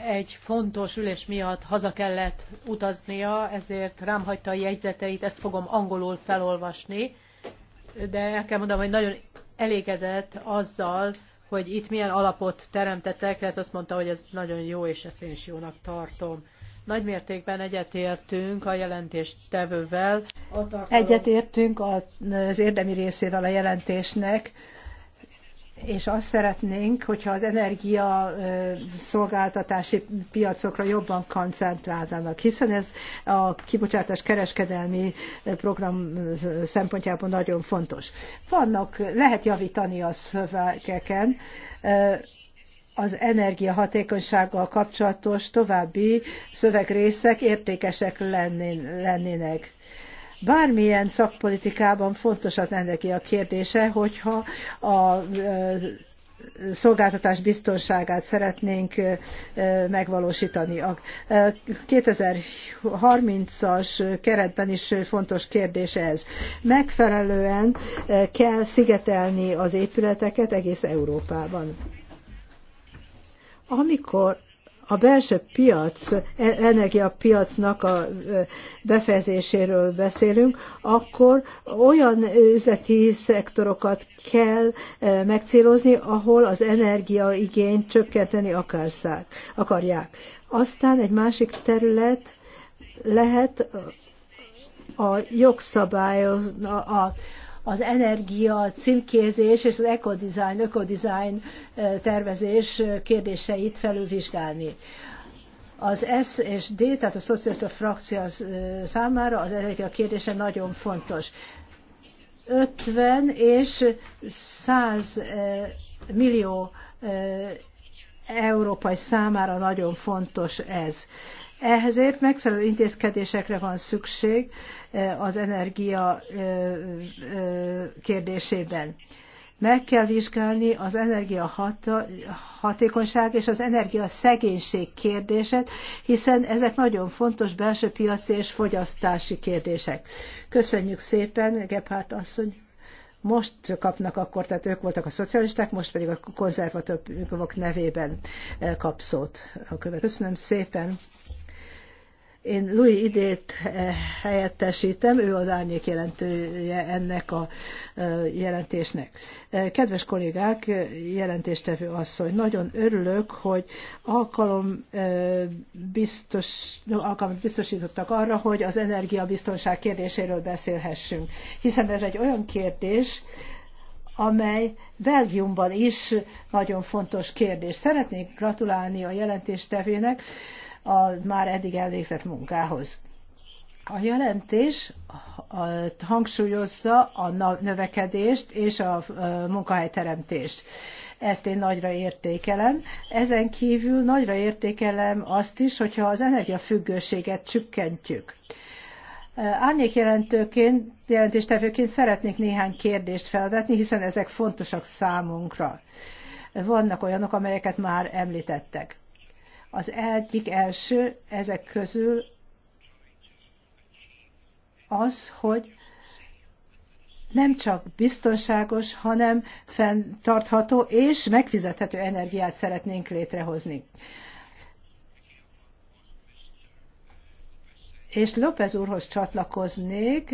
egy fontos ülés miatt haza kellett utaznia, ezért rám hagyta a jegyzeteit, ezt fogom angolul felolvasni, de el kell mondanom, hogy nagyon elégedett azzal, hogy itt milyen alapot teremtettek, tehát azt mondta, hogy ez nagyon jó, és ezt én is jónak tartom. Nagy mértékben egyetértünk a jelentéstevővel. Egyetértünk az érdemi részével a jelentésnek, és azt szeretnénk, hogyha az energia szolgáltatási piacokra jobban koncentrálnának, hiszen ez a kibocsátás kereskedelmi program szempontjából nagyon fontos. Vannak, lehet javítani a szövegeken, az energiahatékonysággal kapcsolatos további szövegrészek értékesek lennének Bármilyen szakpolitikában fontosak neki a kérdése, hogyha a szolgáltatás biztonságát szeretnénk megvalósítani. A 2030-as keretben is fontos kérdés ez. Megfelelően kell szigetelni az épületeket egész Európában. Amikor a belső piac, e, energiapiacnak a befejezéséről beszélünk, akkor olyan üzleti szektorokat kell e, megcélozni, ahol az energiaigényt csökkenteni akarják. Aztán egy másik terület lehet a jogszabályoz, a, a, az energia címkézés és az ekodizájn, ökodizájn tervezés kérdéseit felülvizsgálni. Az S és D, tehát a szocialista frakció számára az energia kérdése nagyon fontos. 50 és 100 millió európai számára nagyon fontos ez. Ehhezért megfelelő intézkedésekre van szükség eh, az energia eh, eh, kérdésében. Meg kell vizsgálni az energia hatékonyság és az energia szegénység kérdését, hiszen ezek nagyon fontos belső piaci és fogyasztási kérdések. Köszönjük szépen, Gebhardt asszony! most kapnak akkor, tehát ők voltak a szocialisták, most pedig a konzervatívok nevében kap szót. Köszönöm szépen. Én Louis idét eh, helyettesítem, ő az árnyék jelentője ennek a eh, jelentésnek. Eh, kedves kollégák, jelentéstevő asszony, nagyon örülök, hogy alkalom biztos, alkalmat biztosítottak arra, hogy az energiabiztonság kérdéséről beszélhessünk. Hiszen ez egy olyan kérdés, amely Belgiumban is nagyon fontos kérdés. Szeretnék gratulálni a jelentéstevének, a már eddig elvégzett munkához. A jelentés hangsúlyozza a növekedést és a munkahelyteremtést. Ezt én nagyra értékelem. Ezen kívül nagyra értékelem azt is, hogyha az energiafüggőséget csükkentjük. Árnyék jelentőként, jelentéstevőként szeretnék néhány kérdést felvetni, hiszen ezek fontosak számunkra. Vannak olyanok, amelyeket már említettek. Az egyik első ezek közül az, hogy nem csak biztonságos, hanem fenntartható és megfizethető energiát szeretnénk létrehozni. És López úrhoz csatlakoznék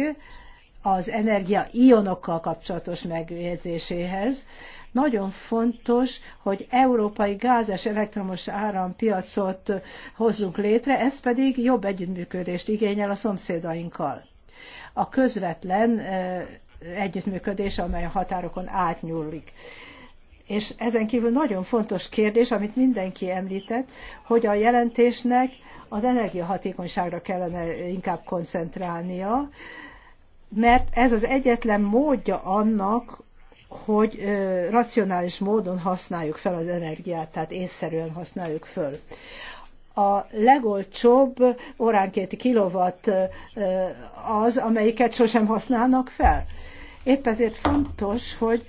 az energia ionokkal kapcsolatos megjegyzéséhez. Nagyon fontos, hogy európai gáz és elektromos árampiacot hozzunk létre, ez pedig jobb együttműködést igényel a szomszédainkkal. A közvetlen együttműködés, amely a határokon átnyúlik. És ezen kívül nagyon fontos kérdés, amit mindenki említett, hogy a jelentésnek az energiahatékonyságra kellene inkább koncentrálnia, mert ez az egyetlen módja annak, hogy racionális módon használjuk fel az energiát, tehát észszerűen használjuk föl. A legolcsóbb óránkéti kilovatt az, amelyiket sosem használnak fel. Épp ezért fontos, hogy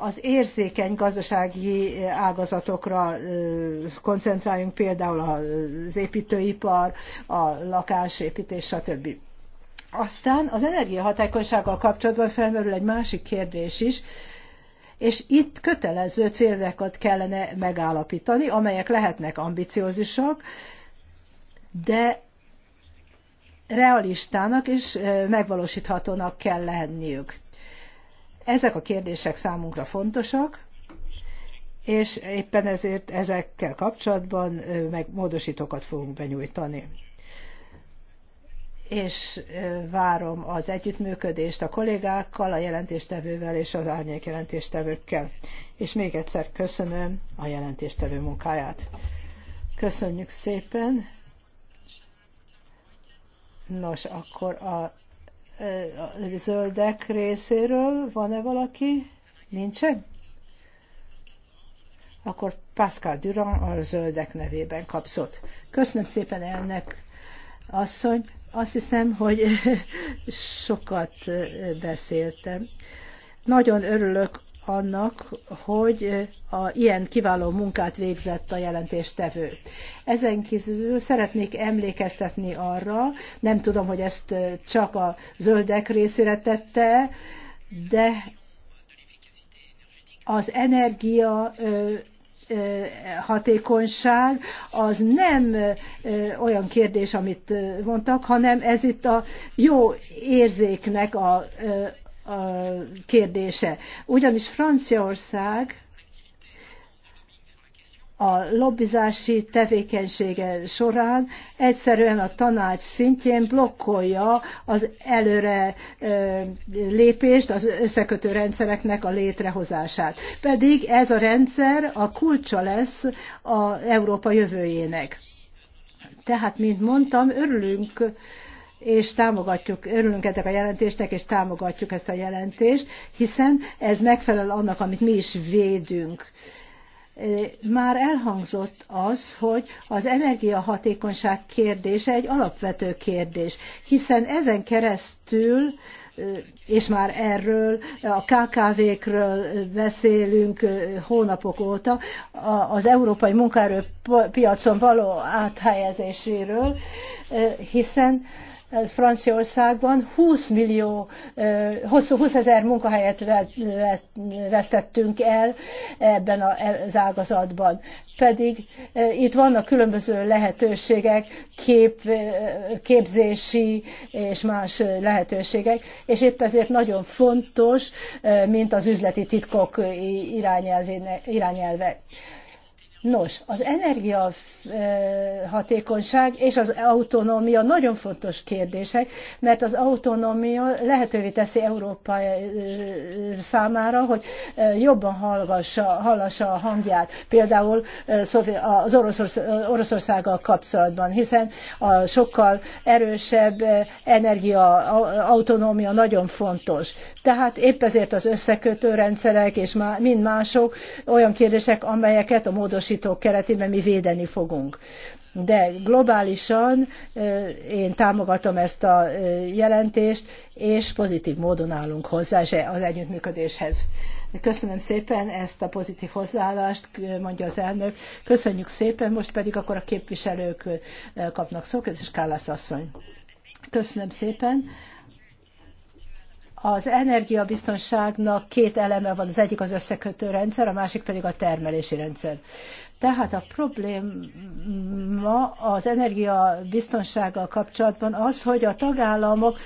az érzékeny gazdasági ágazatokra koncentráljunk, például az építőipar, a lakásépítés, stb. Aztán az energiahatékonysággal kapcsolatban felmerül egy másik kérdés is, és itt kötelező célokat kellene megállapítani, amelyek lehetnek ambiciózusak, de realistának és megvalósíthatónak kell lenniük. Ezek a kérdések számunkra fontosak, és éppen ezért ezekkel kapcsolatban meg módosítókat fogunk benyújtani és várom az együttműködést a kollégákkal, a jelentéstevővel és az árnyék jelentéstevőkkel. És még egyszer köszönöm a jelentéstevő munkáját. Köszönjük szépen. Nos, akkor a, a zöldek részéről van-e valaki? Nincsen? Akkor Pascal Durand a zöldek nevében kapszott. Köszönöm szépen ennek, asszony azt hiszem, hogy sokat beszéltem. Nagyon örülök annak, hogy a, ilyen kiváló munkát végzett a jelentéstevő. Ezen kívül szeretnék emlékeztetni arra, nem tudom, hogy ezt csak a zöldek részére tette, de az energia hatékonyság az nem olyan kérdés, amit mondtak, hanem ez itt a jó érzéknek a, a kérdése. Ugyanis Franciaország a lobbizási tevékenysége során egyszerűen a tanács szintjén blokkolja az előre lépést, az összekötő rendszereknek a létrehozását. Pedig ez a rendszer a kulcsa lesz a Európa jövőjének. Tehát, mint mondtam, örülünk és támogatjuk, örülünk ennek a jelentésnek, és támogatjuk ezt a jelentést, hiszen ez megfelel annak, amit mi is védünk már elhangzott az, hogy az energiahatékonyság kérdése egy alapvető kérdés, hiszen ezen keresztül és már erről, a KKV-kről beszélünk hónapok óta, az európai munkaerőpiacon való áthelyezéséről, hiszen Franciaországban 20 millió, hosszú 20 ezer munkahelyet vesztettünk el ebben az ágazatban. Pedig itt vannak különböző lehetőségek, kép, képzési és más lehetőségek, és épp ezért nagyon fontos, mint az üzleti titkok irányelve. Nos, az energiahatékonyság és az autonómia nagyon fontos kérdések, mert az autonómia lehetővé teszi Európa számára, hogy jobban hallgassa, hallassa a hangját, például az Oroszorsz, Oroszországgal kapcsolatban, hiszen a sokkal erősebb energia autonómia nagyon fontos. Tehát épp ezért az összekötő rendszerek és mind mások olyan kérdések, amelyeket a módosítás módosítók keretében mi védeni fogunk. De globálisan én támogatom ezt a jelentést, és pozitív módon állunk hozzá az együttműködéshez. Köszönöm szépen ezt a pozitív hozzáállást, mondja az elnök. Köszönjük szépen, most pedig akkor a képviselők kapnak szó, és Kállász asszony. Köszönöm szépen. Az energiabiztonságnak két eleme van, az egyik az összekötő rendszer, a másik pedig a termelési rendszer. Tehát a probléma az energia kapcsolatban az, hogy a tagállamok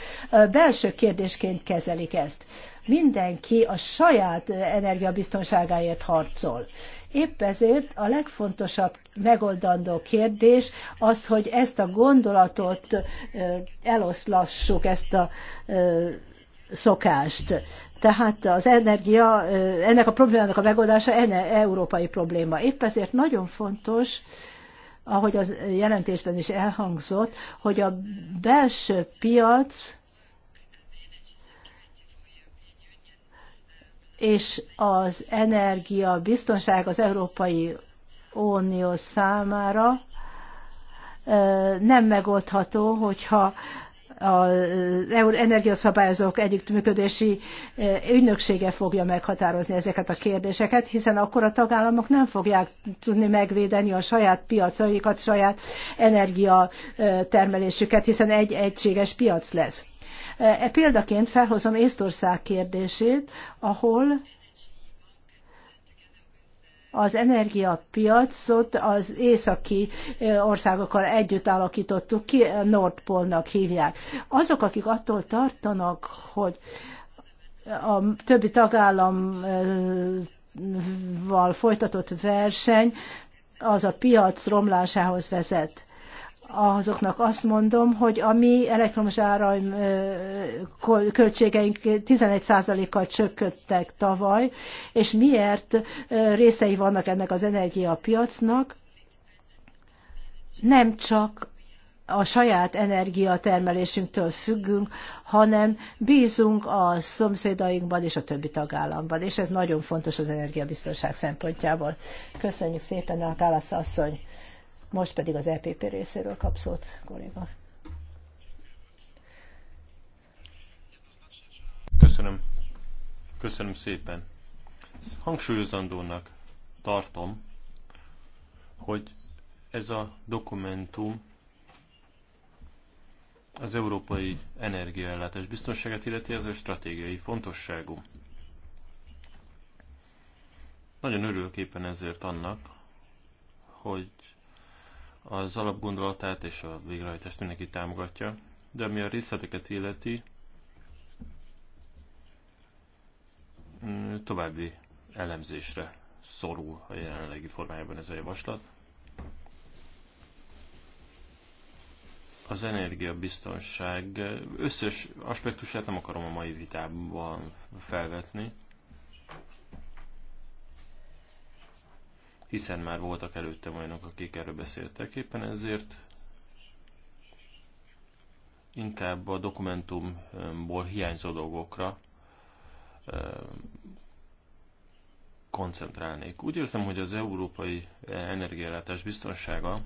belső kérdésként kezelik ezt. Mindenki a saját energiabiztonságáért harcol. Épp ezért a legfontosabb megoldandó kérdés az, hogy ezt a gondolatot eloszlassuk, ezt a szokást. Tehát az energia, ennek a problémának a megoldása enne, európai probléma. Épp ezért nagyon fontos, ahogy az jelentésben is elhangzott, hogy a belső piac és az energia biztonság az Európai Unió számára nem megoldható, hogyha az energiaszabályozók együttműködési ügynöksége fogja meghatározni ezeket a kérdéseket, hiszen akkor a tagállamok nem fogják tudni megvédeni a saját piacaikat, saját energiatermelésüket, hiszen egy egységes piac lesz. E Példaként felhozom Észtország kérdését, ahol az energiapiacot az északi országokkal együtt alakítottuk ki, Nordpolnak hívják. Azok, akik attól tartanak, hogy a többi tagállamval folytatott verseny az a piac romlásához vezet azoknak azt mondom, hogy a mi elektromos áram költségeink 11%-kal csökkentek tavaly, és miért részei vannak ennek az energiapiacnak? Nem csak a saját energiatermelésünktől függünk, hanem bízunk a szomszédainkban és a többi tagállamban, és ez nagyon fontos az energiabiztonság szempontjából. Köszönjük szépen, Kálasz asszony! Most pedig az EPP részéről kap szót, kolléga. Köszönöm. Köszönöm szépen. Hangsúlyozandónak tartom, hogy ez a dokumentum az európai energiaellátás biztonságát illeti, ez a stratégiai fontosságú. Nagyon örülök éppen ezért annak, hogy az alapgondolatát és a végrehajtást mindenki támogatja, de ami a részleteket illeti, mm, további elemzésre szorul a jelenlegi formájában ez a javaslat. Az energiabiztonság összes aspektusát nem akarom a mai vitában felvetni, hiszen már voltak előtte olyanok, akik erről beszéltek. Éppen ezért inkább a dokumentumból hiányzó dolgokra koncentrálnék. Úgy érzem, hogy az európai energiállátás biztonsága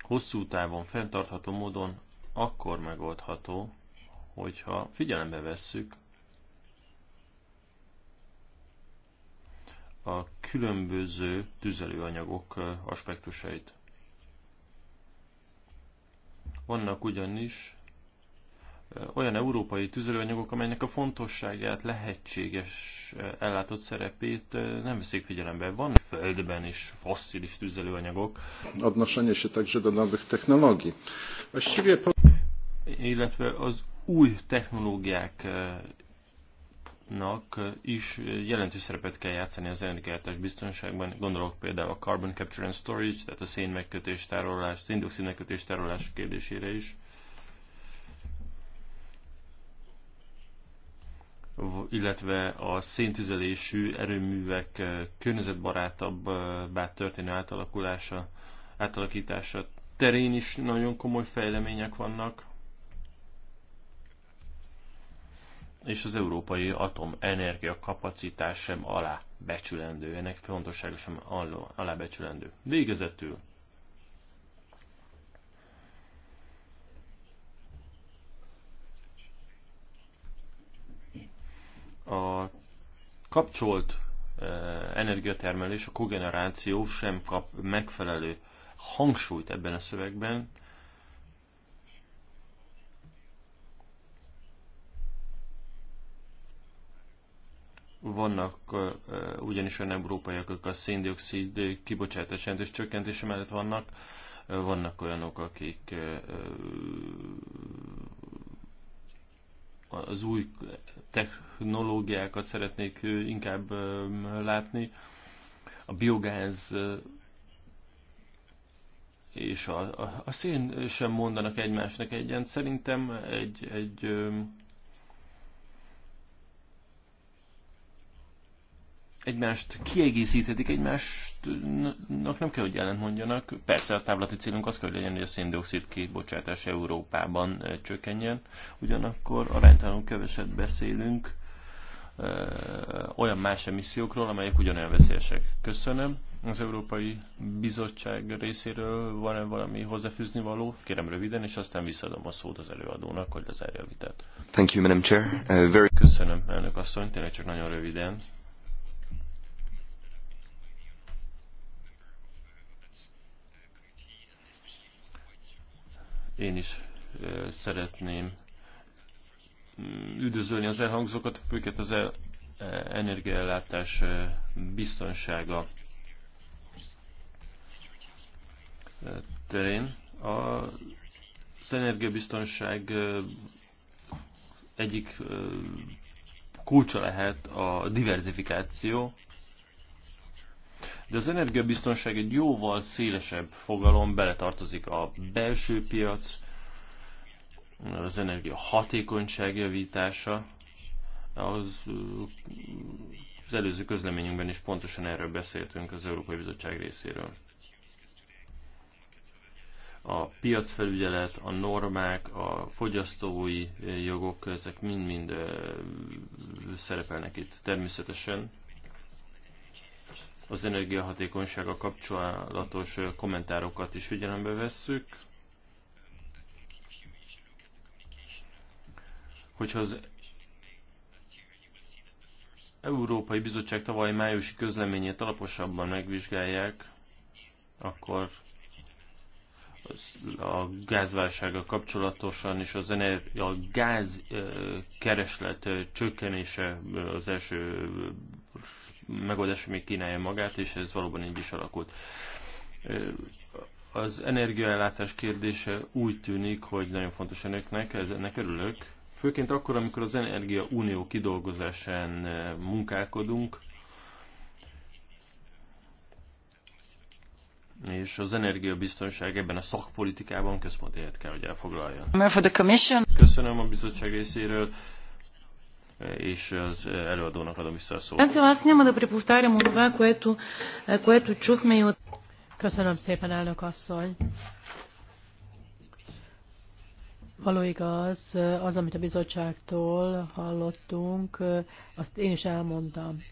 hosszú távon, fenntartható módon akkor megoldható, hogyha figyelembe vesszük a különböző tüzelőanyagok aspektusait. Vannak ugyanis olyan európai tüzelőanyagok, amelynek a fontosságát, lehetséges ellátott szerepét nem veszik figyelembe. Van földben is fosszilis tüzelőanyagok. Odnoszenie się także do Illetve az új technológiák nak is jelentős szerepet kell játszani az energiátás biztonságban. Gondolok például a carbon capture and storage, tehát a szén megkötés tárolás, széndiokszid megkötés tárolás kérdésére is. illetve a széntüzelésű erőművek környezetbarátabbá történő átalakulása, átalakítása terén is nagyon komoly fejlemények vannak. és az európai atomenergia kapacitás sem alábecsülendő, ennek fontossága sem alábecsülendő. Végezetül a kapcsolt eh, energiatermelés, a kogeneráció sem kap megfelelő hangsúlyt ebben a szövegben, Vannak ugyanis olyan európaiak, akik a széndiokszid kibocsátás jelentős csökkentése mellett vannak, vannak olyanok, akik az új technológiákat szeretnék inkább látni. A biogáz és a, a, a szén sem mondanak egymásnak egyen. Szerintem egy, egy egymást kiegészíthetik, egymástnak nem kell, hogy mondjanak. Persze a távlati célunk az kell, hogy legyen, hogy a széndiokszid kibocsátás Európában e, csökkenjen. Ugyanakkor aránytalanul keveset beszélünk e, olyan más emissziókról, amelyek ugyanolyan veszélyesek. Köszönöm. Az Európai Bizottság részéről van-e valami hozzáfűzni való? Kérem röviden, és aztán visszadom a szót az előadónak, hogy lezárja a vitát. Thank you, Madam Chair. Uh, very... Köszönöm, elnök asszony, tényleg csak nagyon röviden. Én is szeretném mm, üdvözölni az elhangzókat, főket az el, e, energiaellátás biztonsága terén. Az energiabiztonság egyik kulcsa lehet a diversifikáció, de az energiabiztonság egy jóval szélesebb fogalom, beletartozik a belső piac, az energia hatékonyság javítása. Az, az előző közleményünkben is pontosan erről beszéltünk az Európai Bizottság részéről. A piacfelügyelet, a normák, a fogyasztói jogok, ezek mind-mind szerepelnek itt. Természetesen az energiahatékonysága kapcsolatos kommentárokat is figyelembe vesszük. Hogyha az Európai Bizottság tavaly májusi közleményét alaposabban megvizsgálják, akkor a gázválsága kapcsolatosan és az energia, a gáz kereslet csökkenése az első megoldás még kínálja magát, és ez valóban így is alakult. Az energiaellátás kérdése úgy tűnik, hogy nagyon fontos önöknek, ez ennek örülök. Főként akkor, amikor az Energia Unió kidolgozásán munkálkodunk, és az energiabiztonság ebben a szakpolitikában központi helyet kell, hogy elfoglaljon. Köszönöm a bizottság részéről és az előadónak adom vissza a szót. Köszönöm szépen, elnök asszony. Való igaz, az, amit a bizottságtól hallottunk, azt én is elmondtam.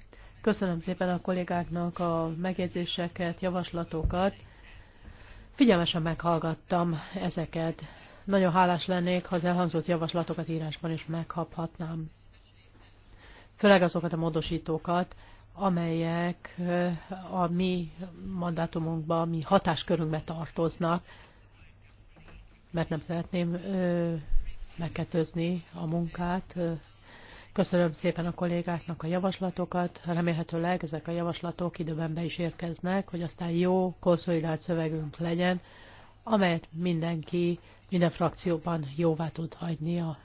Köszönöm szépen a kollégáknak a megjegyzéseket, javaslatokat. Figyelmesen meghallgattam ezeket. Nagyon hálás lennék, ha az elhangzott javaslatokat írásban is megkaphatnám főleg azokat a módosítókat, amelyek eh, a mi mandátumunkba, a mi hatáskörünkbe tartoznak, mert nem szeretném eh, megkettőzni a munkát. Eh, köszönöm szépen a kollégáknak a javaslatokat, remélhetőleg ezek a javaslatok időben be is érkeznek, hogy aztán jó, konszolidált szövegünk legyen, amelyet mindenki, minden frakcióban jóvá tud hagyni a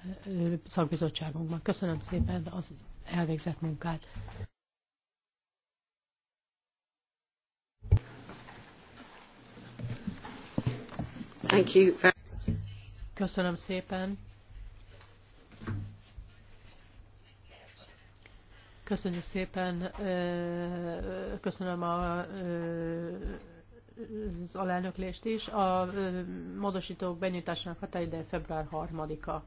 szakbizottságunkban. Köszönöm szépen az elvégzett munkát. Thank you. Köszönöm szépen. Köszönjük szépen, köszönöm a, az alelnöklést is. A módosítók benyújtásának határideje február 3-a.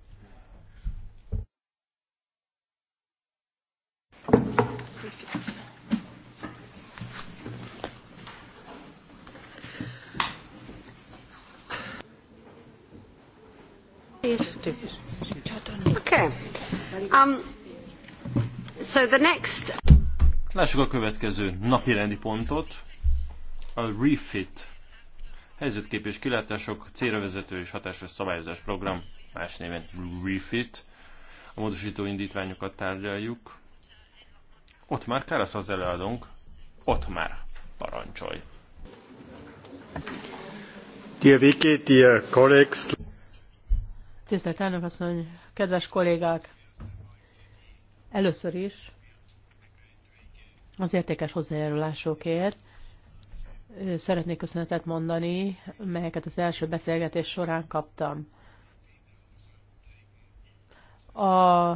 Um, so the next... Lássuk a következő napirendi pontot. A REFIT. Helyzetkép és kilátások, célra vezető és hatásos szabályozás program, más néven REFIT. A módosító indítványokat tárgyaljuk. Ott már Kárasz az előadónk. Ott már parancsolj. Dear Viki, dear Tisztelt elnök asszony, kedves kollégák! Először is az értékes hozzájárulásokért szeretnék köszönetet mondani, melyeket az első beszélgetés során kaptam. A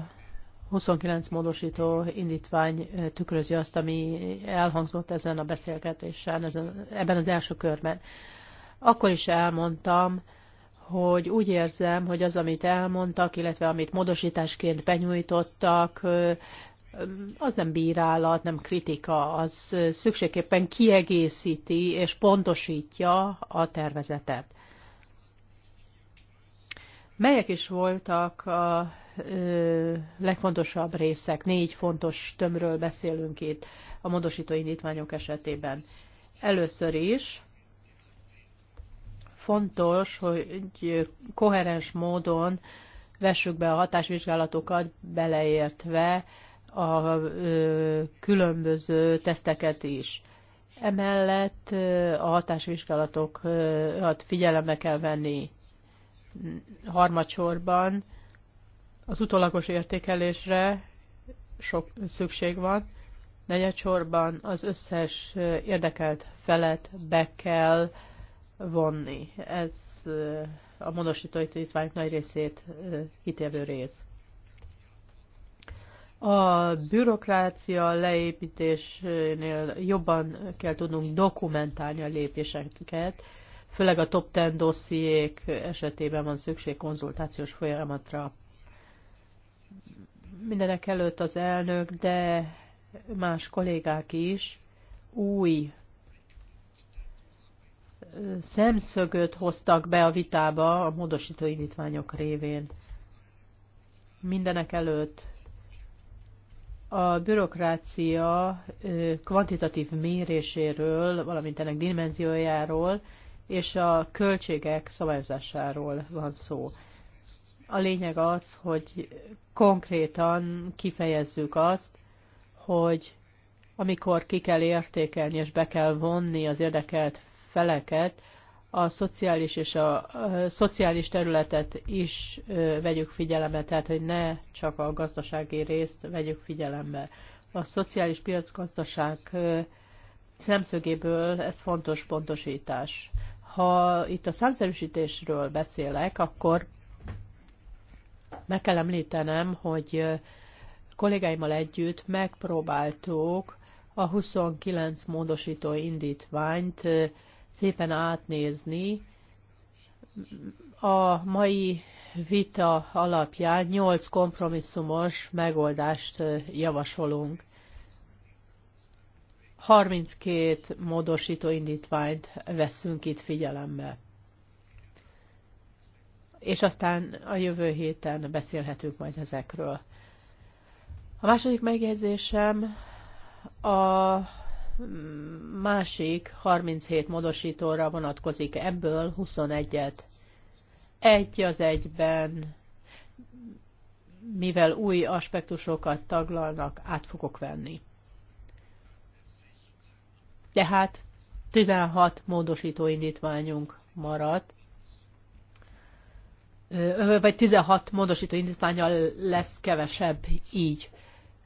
29 módosító indítvány tükrözi azt, ami elhangzott ezen a beszélgetésen, ezen, ebben az első körben. Akkor is elmondtam, hogy úgy érzem, hogy az, amit elmondtak, illetve amit módosításként benyújtottak, az nem bírálat, nem kritika, az szükségképpen kiegészíti és pontosítja a tervezetet. Melyek is voltak a legfontosabb részek? Négy fontos tömről beszélünk itt a módosító indítványok esetében. Először is fontos, hogy koherens módon vessük be a hatásvizsgálatokat, beleértve a különböző teszteket is. Emellett a hatásvizsgálatokat figyelembe kell venni harmadsorban. Az utolagos értékelésre sok szükség van. Negyedsorban az összes érdekelt felet be kell vonni. Ez eh, a módosítóitványok nagy részét eh, kitevő rész. A bürokrácia leépítésnél jobban kell tudnunk dokumentálni a lépéseket, főleg a top 10 dossziék esetében van szükség konzultációs folyamatra. Mindenek előtt az elnök, de más kollégák is új szemszögöt hoztak be a vitába a módosító indítványok révén. Mindenek előtt a bürokrácia kvantitatív méréséről, valamint ennek dimenziójáról és a költségek szabályozásáról van szó. A lényeg az, hogy konkrétan kifejezzük azt, hogy amikor ki kell értékelni és be kell vonni az érdekelt feleket, a szociális és a, a szociális területet is ö, vegyük figyelembe, tehát hogy ne csak a gazdasági részt vegyük figyelembe. A szociális piacgazdaság ö, szemszögéből ez fontos pontosítás. Ha itt a számszerűsítésről beszélek, akkor meg kell említenem, hogy kollégáimmal együtt megpróbáltuk a 29 módosító indítványt szépen átnézni. A mai vita alapján nyolc kompromisszumos megoldást javasolunk. 32 módosító indítványt veszünk itt figyelembe. És aztán a jövő héten beszélhetünk majd ezekről. A második megjegyzésem a másik 37 módosítóra vonatkozik, ebből 21-et. Egy az egyben, mivel új aspektusokat taglalnak, át fogok venni. Tehát 16 módosító indítványunk maradt, vagy 16 módosító indítványa lesz kevesebb így.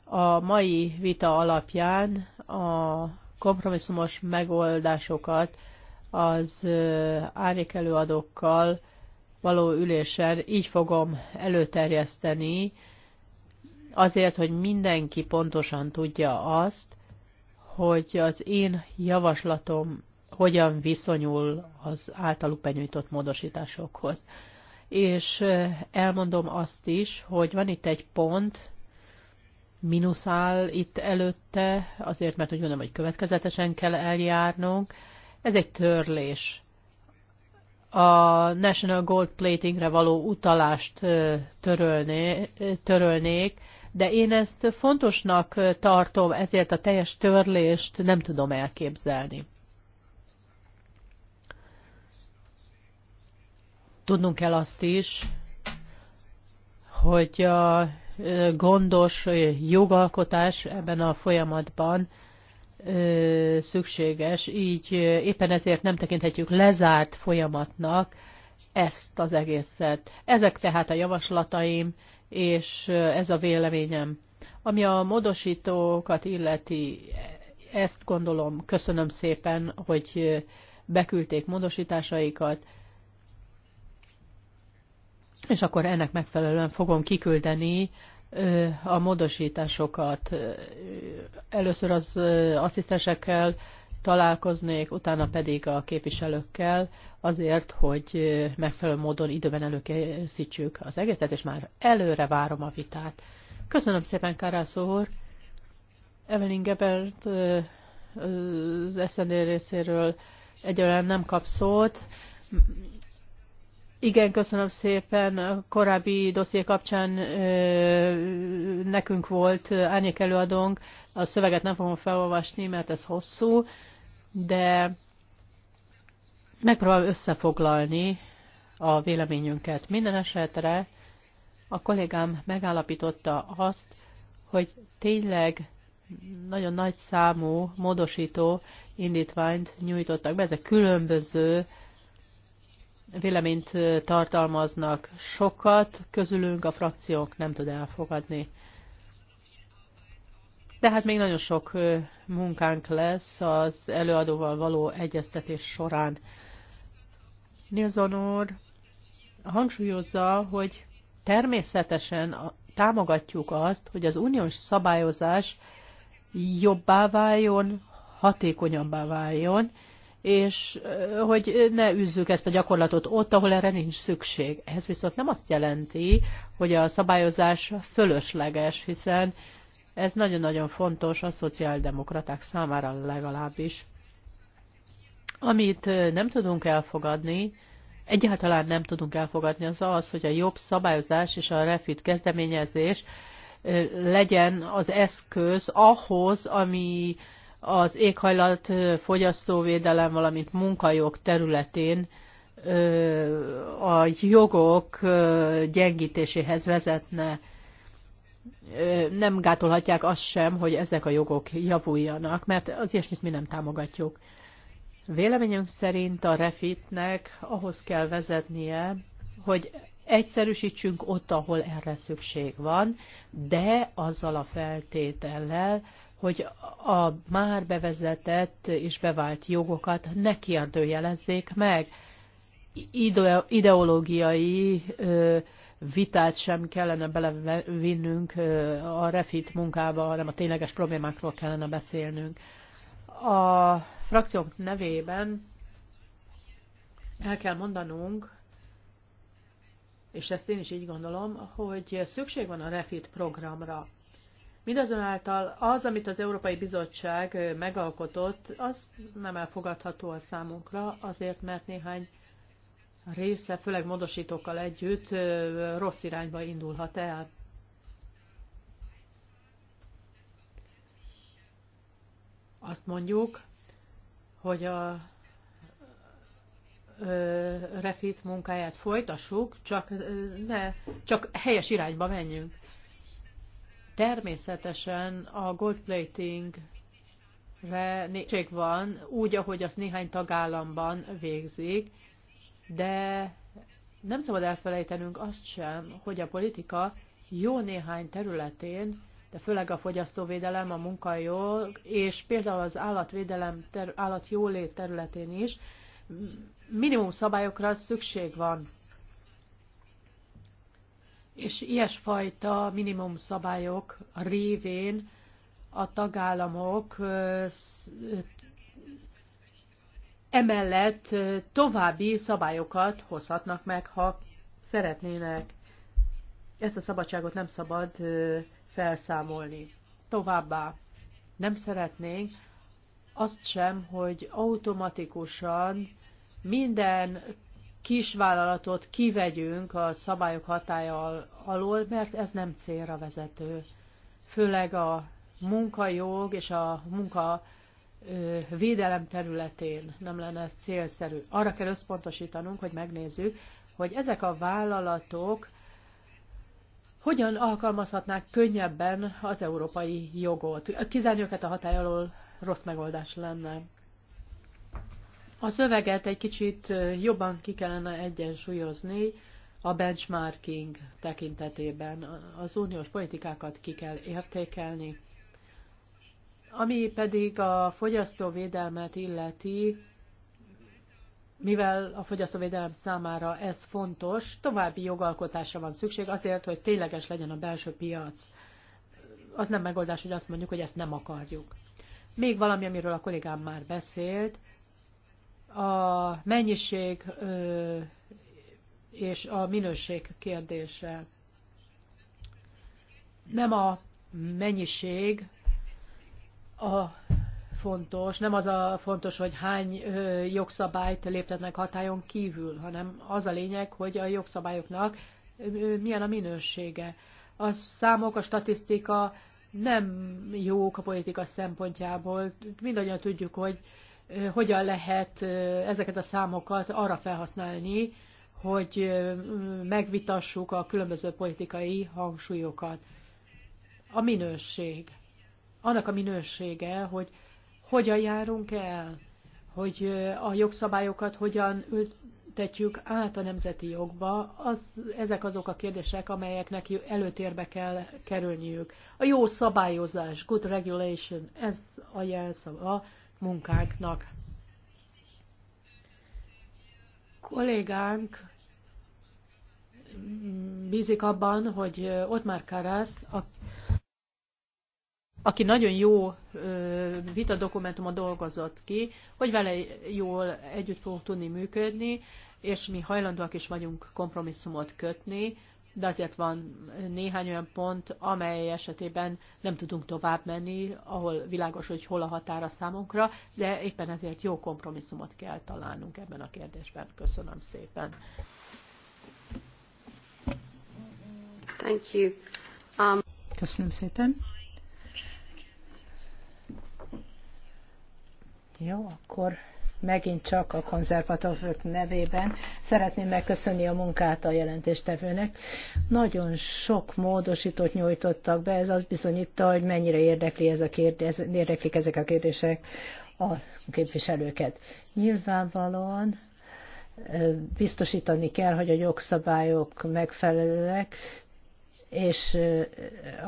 A mai vita alapján a kompromisszumos megoldásokat az árnyék előadókkal való ülésen így fogom előterjeszteni, azért, hogy mindenki pontosan tudja azt, hogy az én javaslatom hogyan viszonyul az általuk benyújtott módosításokhoz. És elmondom azt is, hogy van itt egy pont, minuszál itt előtte, azért mert úgy gondolom, hogy következetesen kell eljárnunk. Ez egy törlés. A National Gold Platingre való utalást törölné, törölnék, de én ezt fontosnak tartom, ezért a teljes törlést nem tudom elképzelni. Tudnunk kell azt is, hogy a gondos jogalkotás ebben a folyamatban szükséges, így éppen ezért nem tekinthetjük lezárt folyamatnak ezt az egészet. Ezek tehát a javaslataim, és ez a véleményem. Ami a módosítókat illeti, ezt gondolom, köszönöm szépen, hogy beküldték módosításaikat, és akkor ennek megfelelően fogom kiküldeni a módosításokat. Először az asszisztensekkel találkoznék, utána pedig a képviselőkkel azért, hogy megfelelő módon időben előkészítsük az egészet, és már előre várom a vitát. Köszönöm szépen, Karász úr! Evelyn Gebert az SZND részéről egyelően nem kap szót, igen, köszönöm szépen. A korábbi dosszié kapcsán ö, nekünk volt árnyék előadónk. A szöveget nem fogom felolvasni, mert ez hosszú, de megpróbálom összefoglalni a véleményünket. Minden esetre a kollégám megállapította azt, hogy tényleg nagyon nagy számú módosító indítványt nyújtottak be. Ezek különböző véleményt tartalmaznak sokat, közülünk a frakciók nem tud elfogadni. De hát még nagyon sok munkánk lesz az előadóval való egyeztetés során. Nilsson úr hangsúlyozza, hogy természetesen támogatjuk azt, hogy az uniós szabályozás jobbá váljon, hatékonyabbá váljon, és hogy ne üzzük ezt a gyakorlatot ott, ahol erre nincs szükség. Ez viszont nem azt jelenti, hogy a szabályozás fölösleges, hiszen ez nagyon-nagyon fontos a szociáldemokraták számára legalábbis. Amit nem tudunk elfogadni, egyáltalán nem tudunk elfogadni, az az, hogy a jobb szabályozás és a refit kezdeményezés legyen az eszköz ahhoz, ami az éghajlat fogyasztóvédelem, valamint munkajog területén a jogok gyengítéséhez vezetne. Nem gátolhatják azt sem, hogy ezek a jogok javuljanak, mert az ilyesmit mi nem támogatjuk. Véleményünk szerint a refitnek ahhoz kell vezetnie, hogy egyszerűsítsünk ott, ahol erre szükség van, de azzal a feltétellel, hogy a már bevezetett és bevált jogokat ne kérdőjelezzék meg. Ideológiai vitát sem kellene belevinnünk a refit munkába, hanem a tényleges problémákról kellene beszélnünk. A frakciók nevében el kell mondanunk, és ezt én is így gondolom, hogy szükség van a refit programra. Mindazonáltal az, amit az Európai Bizottság megalkotott, az nem elfogadható a számunkra, azért mert néhány része, főleg módosítókkal együtt rossz irányba indulhat el. Azt mondjuk, hogy a refit munkáját folytassuk, csak ne, csak helyes irányba menjünk. Természetesen a gold platingre szükség van, úgy, ahogy azt néhány tagállamban végzik, de nem szabad elfelejtenünk azt sem, hogy a politika jó néhány területén, de főleg a fogyasztóvédelem, a munkajog, és például az állatvédelem, ter, állatjólét területén is minimum szabályokra szükség van és ilyesfajta minimum szabályok révén a tagállamok emellett további szabályokat hozhatnak meg, ha szeretnének. Ezt a szabadságot nem szabad felszámolni. Továbbá nem szeretnénk azt sem, hogy automatikusan minden kisvállalatot kivegyünk a szabályok hatája alól, mert ez nem célra vezető. Főleg a munkajog és a munka védelem területén nem lenne célszerű. Arra kell összpontosítanunk, hogy megnézzük, hogy ezek a vállalatok hogyan alkalmazhatnák könnyebben az európai jogot. Kizárni őket a hatály alól rossz megoldás lenne. A szöveget egy kicsit jobban ki kellene egyensúlyozni a benchmarking tekintetében. Az uniós politikákat ki kell értékelni. Ami pedig a fogyasztóvédelmet illeti, mivel a fogyasztóvédelem számára ez fontos, további jogalkotásra van szükség azért, hogy tényleges legyen a belső piac. Az nem megoldás, hogy azt mondjuk, hogy ezt nem akarjuk. Még valami, amiről a kollégám már beszélt, a mennyiség és a minőség kérdése. Nem a mennyiség a fontos, nem az a fontos, hogy hány jogszabályt léptetnek hatályon kívül, hanem az a lényeg, hogy a jogszabályoknak milyen a minősége. A számok, a statisztika nem jók a politika szempontjából. Mindannyian tudjuk, hogy hogyan lehet ezeket a számokat arra felhasználni, hogy megvitassuk a különböző politikai hangsúlyokat. A minőség. Annak a minősége, hogy hogyan járunk el, hogy a jogszabályokat hogyan ültetjük át a nemzeti jogba, az, ezek azok a kérdések, amelyeknek előtérbe kell kerülniük. A jó szabályozás, good regulation, ez a jelszava munkánknak. Kollégánk bízik abban, hogy ott már Karász, aki nagyon jó vita dokumentumot dolgozott ki, hogy vele jól együtt fogunk tudni működni, és mi hajlandóak is vagyunk kompromisszumot kötni, de azért van néhány olyan pont, amely esetében nem tudunk tovább menni, ahol világos, hogy hol a határa számunkra, de éppen ezért jó kompromisszumot kell találnunk ebben a kérdésben. Köszönöm szépen. Thank you. Um... Köszönöm szépen. Jó, akkor megint csak a konzervatívok nevében. Szeretném megköszönni a munkát a jelentéstevőnek. Nagyon sok módosítót nyújtottak be, ez az bizonyítta, hogy mennyire érdekli ez a kérdés, érdeklik ezek a kérdések a képviselőket. Nyilvánvalóan biztosítani kell, hogy a jogszabályok megfelelőek, és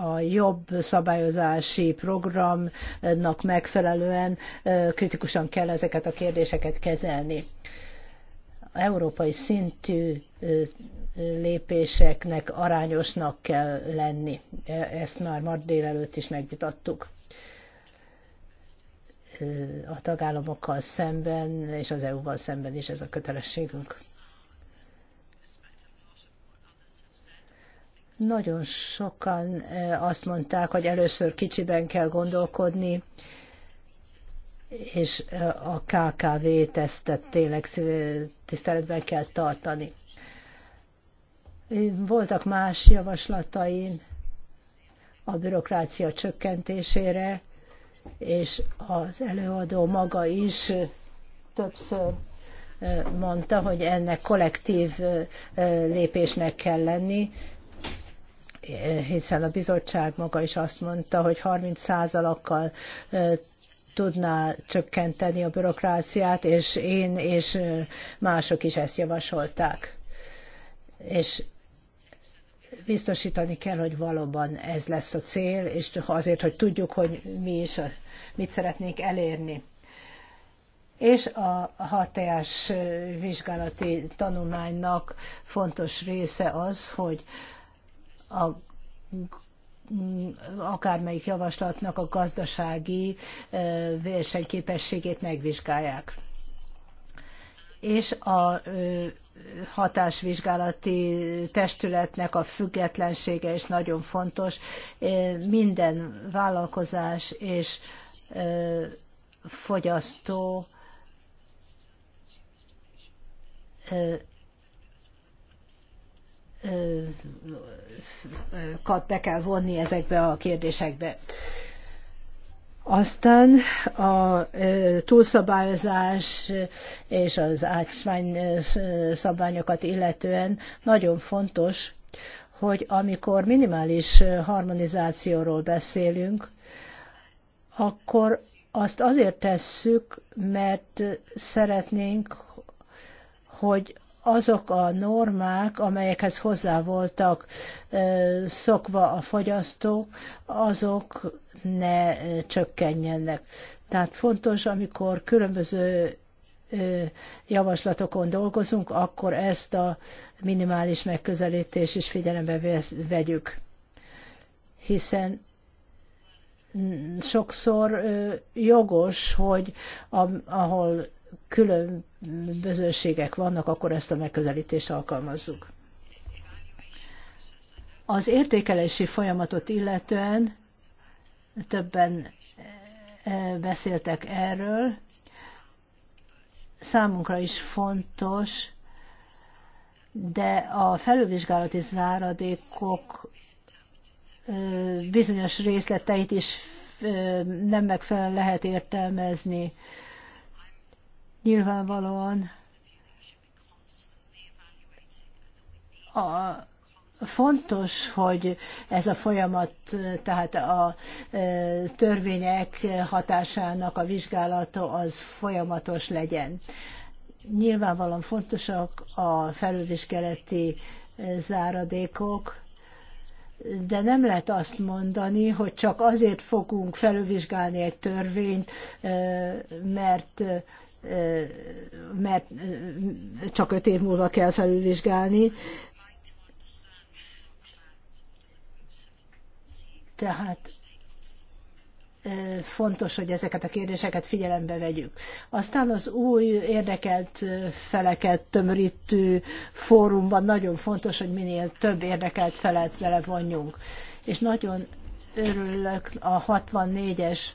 a jobb szabályozási programnak megfelelően kritikusan kell ezeket a kérdéseket kezelni. európai szintű lépéseknek arányosnak kell lenni. E, ezt már ma délelőtt is megvitattuk a tagállamokkal szemben és az EU-val szemben is ez a kötelességünk. Nagyon sokan e, azt mondták, hogy először kicsiben kell gondolkodni, és e, a KKV-tesztet tényleg tiszteletben kell tartani. Voltak más javaslataim a bürokrácia csökkentésére, és az előadó maga is többször e, mondta, hogy ennek kollektív lépésnek kell lenni, hiszen a bizottság maga is azt mondta, hogy 30 százalakkal tudná csökkenteni a bürokráciát, és én és mások is ezt javasolták. És biztosítani kell, hogy valóban ez lesz a cél, és azért, hogy tudjuk, hogy mi is, mit szeretnénk elérni. És a hatályás vizsgálati tanulmánynak fontos része az, hogy a akármelyik javaslatnak a gazdasági versenyképességét megvizsgálják. És a hatásvizsgálati testületnek a függetlensége is nagyon fontos. Minden vállalkozás és fogyasztó kat be kell vonni ezekbe a kérdésekbe. Aztán a túlszabályozás és az ácsvány szabványokat illetően nagyon fontos, hogy amikor minimális harmonizációról beszélünk, akkor azt azért tesszük, mert szeretnénk, hogy azok a normák, amelyekhez hozzá voltak szokva a fogyasztók, azok ne csökkenjenek. Tehát fontos, amikor különböző javaslatokon dolgozunk, akkor ezt a minimális megközelítést is figyelembe vegyük. Hiszen sokszor jogos, hogy ahol külön különbözőségek vannak, akkor ezt a megközelítést alkalmazzuk. Az értékelési folyamatot illetően többen eh, beszéltek erről. Számunkra is fontos, de a felülvizsgálati záradékok eh, bizonyos részleteit is eh, nem megfelelően lehet értelmezni. Nyilvánvalóan a, fontos, hogy ez a folyamat, tehát a e, törvények hatásának a vizsgálata az folyamatos legyen. Nyilvánvalóan fontosak a felülvizsgálati e, záradékok, de nem lehet azt mondani, hogy csak azért fogunk felülvizsgálni egy törvényt, e, mert mert csak öt év múlva kell felülvizsgálni. Tehát fontos, hogy ezeket a kérdéseket figyelembe vegyük. Aztán az új érdekelt feleket tömörítő fórumban nagyon fontos, hogy minél több érdekelt felet vonjunk. És nagyon örülök a 64-es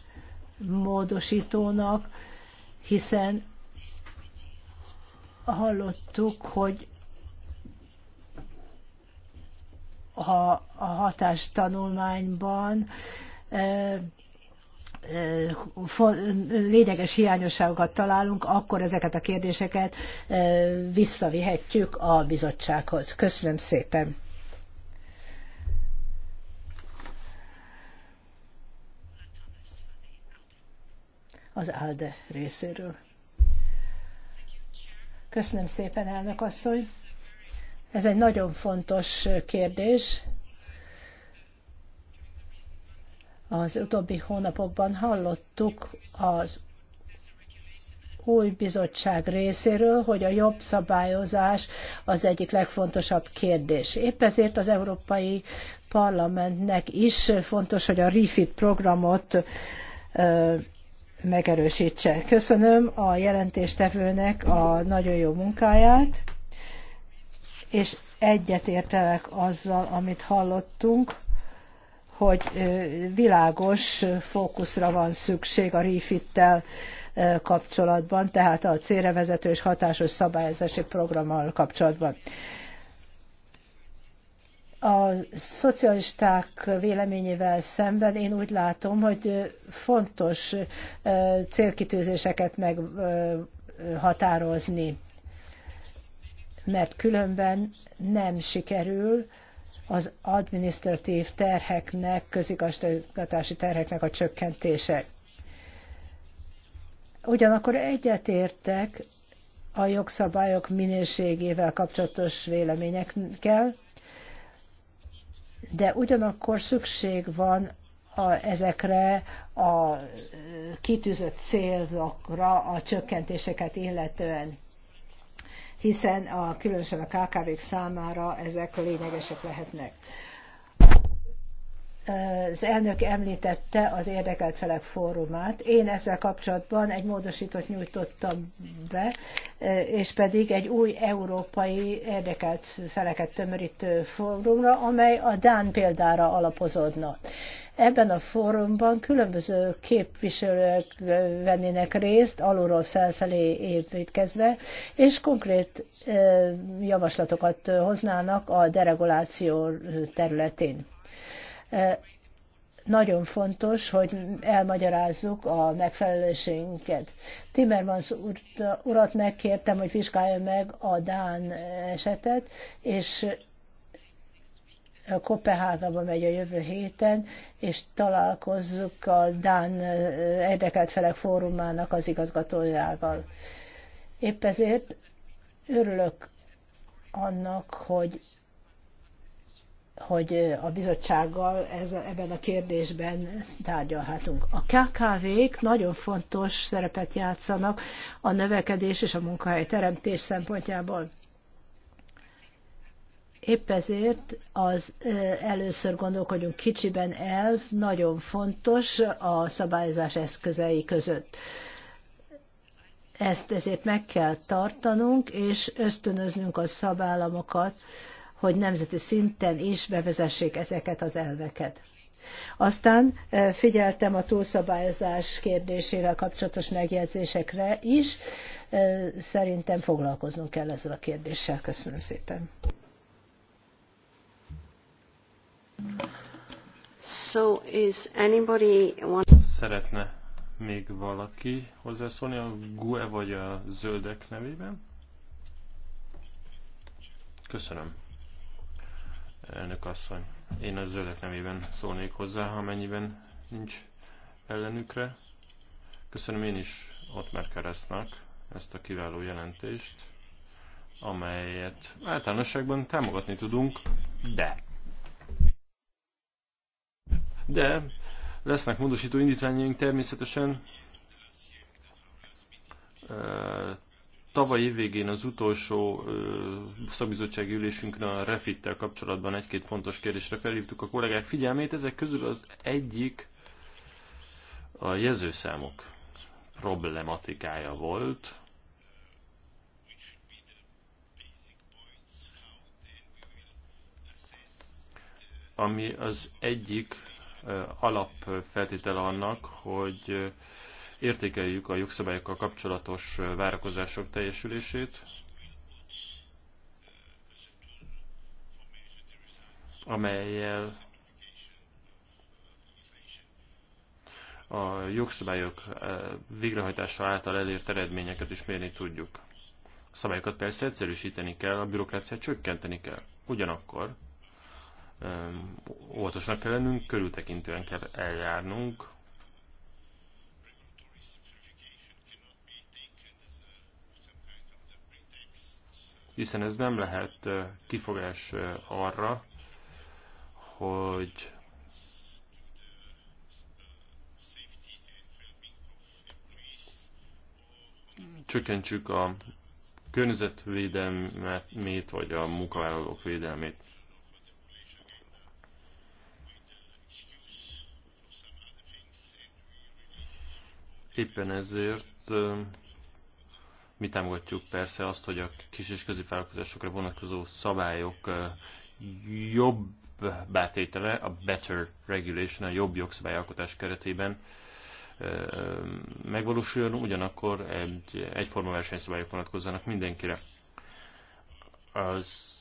módosítónak, hiszen hallottuk, hogy ha a hatástanulmányban lényeges hiányosságokat találunk, akkor ezeket a kérdéseket visszavihetjük a bizottsághoz. Köszönöm szépen! az ALDE részéről. Köszönöm szépen, elnök asszony. Ez egy nagyon fontos kérdés. Az utóbbi hónapokban hallottuk az új bizottság részéről, hogy a jobb szabályozás az egyik legfontosabb kérdés. Épp ezért az Európai Parlamentnek is fontos, hogy a REFIT programot megerősítse. Köszönöm a jelentéstevőnek a nagyon jó munkáját, és egyetértelek azzal, amit hallottunk, hogy világos fókuszra van szükség a refittel kapcsolatban, tehát a célrevezető és hatásos szabályozási programmal kapcsolatban a szocialisták véleményével szemben én úgy látom, hogy fontos célkitűzéseket meghatározni, mert különben nem sikerül az adminisztratív terheknek, közigazgatási terheknek a csökkentése. Ugyanakkor egyetértek a jogszabályok minőségével kapcsolatos véleményekkel, de ugyanakkor szükség van a, ezekre a kitűzött célokra a csökkentéseket illetően hiszen a, különösen a KKV-k számára ezek lényegesek lehetnek az elnök említette az érdekelt felek fórumát. Én ezzel kapcsolatban egy módosítót nyújtottam be, és pedig egy új európai érdekelt feleket tömörítő fórumra, amely a Dán példára alapozódna. Ebben a fórumban különböző képviselők vennének részt, alulról felfelé építkezve, és konkrét javaslatokat hoznának a dereguláció területén nagyon fontos, hogy elmagyarázzuk a megfelelőségünket. Timmermans urat megkértem, hogy vizsgálja meg a Dán esetet, és Kopenhágába megy a jövő héten, és találkozzuk a Dán érdekelt felek fórumának az igazgatójával. Épp ezért örülök annak, hogy hogy a bizottsággal ez, ebben a kérdésben tárgyalhatunk. A KKV-k nagyon fontos szerepet játszanak a növekedés és a munkahely teremtés szempontjából. Épp ezért az először gondolkodjunk kicsiben el. nagyon fontos a szabályozás eszközei között. Ezt ezért meg kell tartanunk, és ösztönöznünk a szabállamokat, hogy nemzeti szinten is bevezessék ezeket az elveket. Aztán eh, figyeltem a túlszabályozás kérdésével kapcsolatos megjegyzésekre is. Eh, szerintem foglalkoznunk kell ezzel a kérdéssel. Köszönöm szépen. So is anybody want... Szeretne még valaki hozzászólni a GUE vagy a zöldek nevében? Köszönöm. Elnök asszony, én a zöldek nevében szólnék hozzá, mennyiben nincs ellenükre. Köszönöm én is Ottmer Keresztnek ezt a kiváló jelentést, amelyet általánosságban támogatni tudunk, de. De lesznek módosító indítványaink természetesen Tavaly évvégén az utolsó szakbizottsági ülésünkre a refittel kapcsolatban egy-két fontos kérdésre felhívtuk a kollégák figyelmét. Ezek közül az egyik a jezőszámok problematikája volt. ami az egyik alapfeltétele annak, hogy értékeljük a jogszabályokkal kapcsolatos várakozások teljesülését, amelyel a jogszabályok végrehajtása által elért eredményeket is mérni tudjuk. A szabályokat persze egyszerűsíteni kell, a bürokráciát csökkenteni kell. Ugyanakkor óvatosnak kell lennünk, körültekintően kell eljárnunk, hiszen ez nem lehet kifogás arra, hogy csökkentsük a környezetvédelmét, vagy a munkavállalók védelmét. Éppen ezért mi támogatjuk persze azt, hogy a kis és középvállalkozásokra vonatkozó szabályok jobb bátétele a Better Regulation, a jobb jogszabályalkotás keretében megvalósuljon, ugyanakkor egy, egyforma versenyszabályok vonatkozzanak mindenkire. Az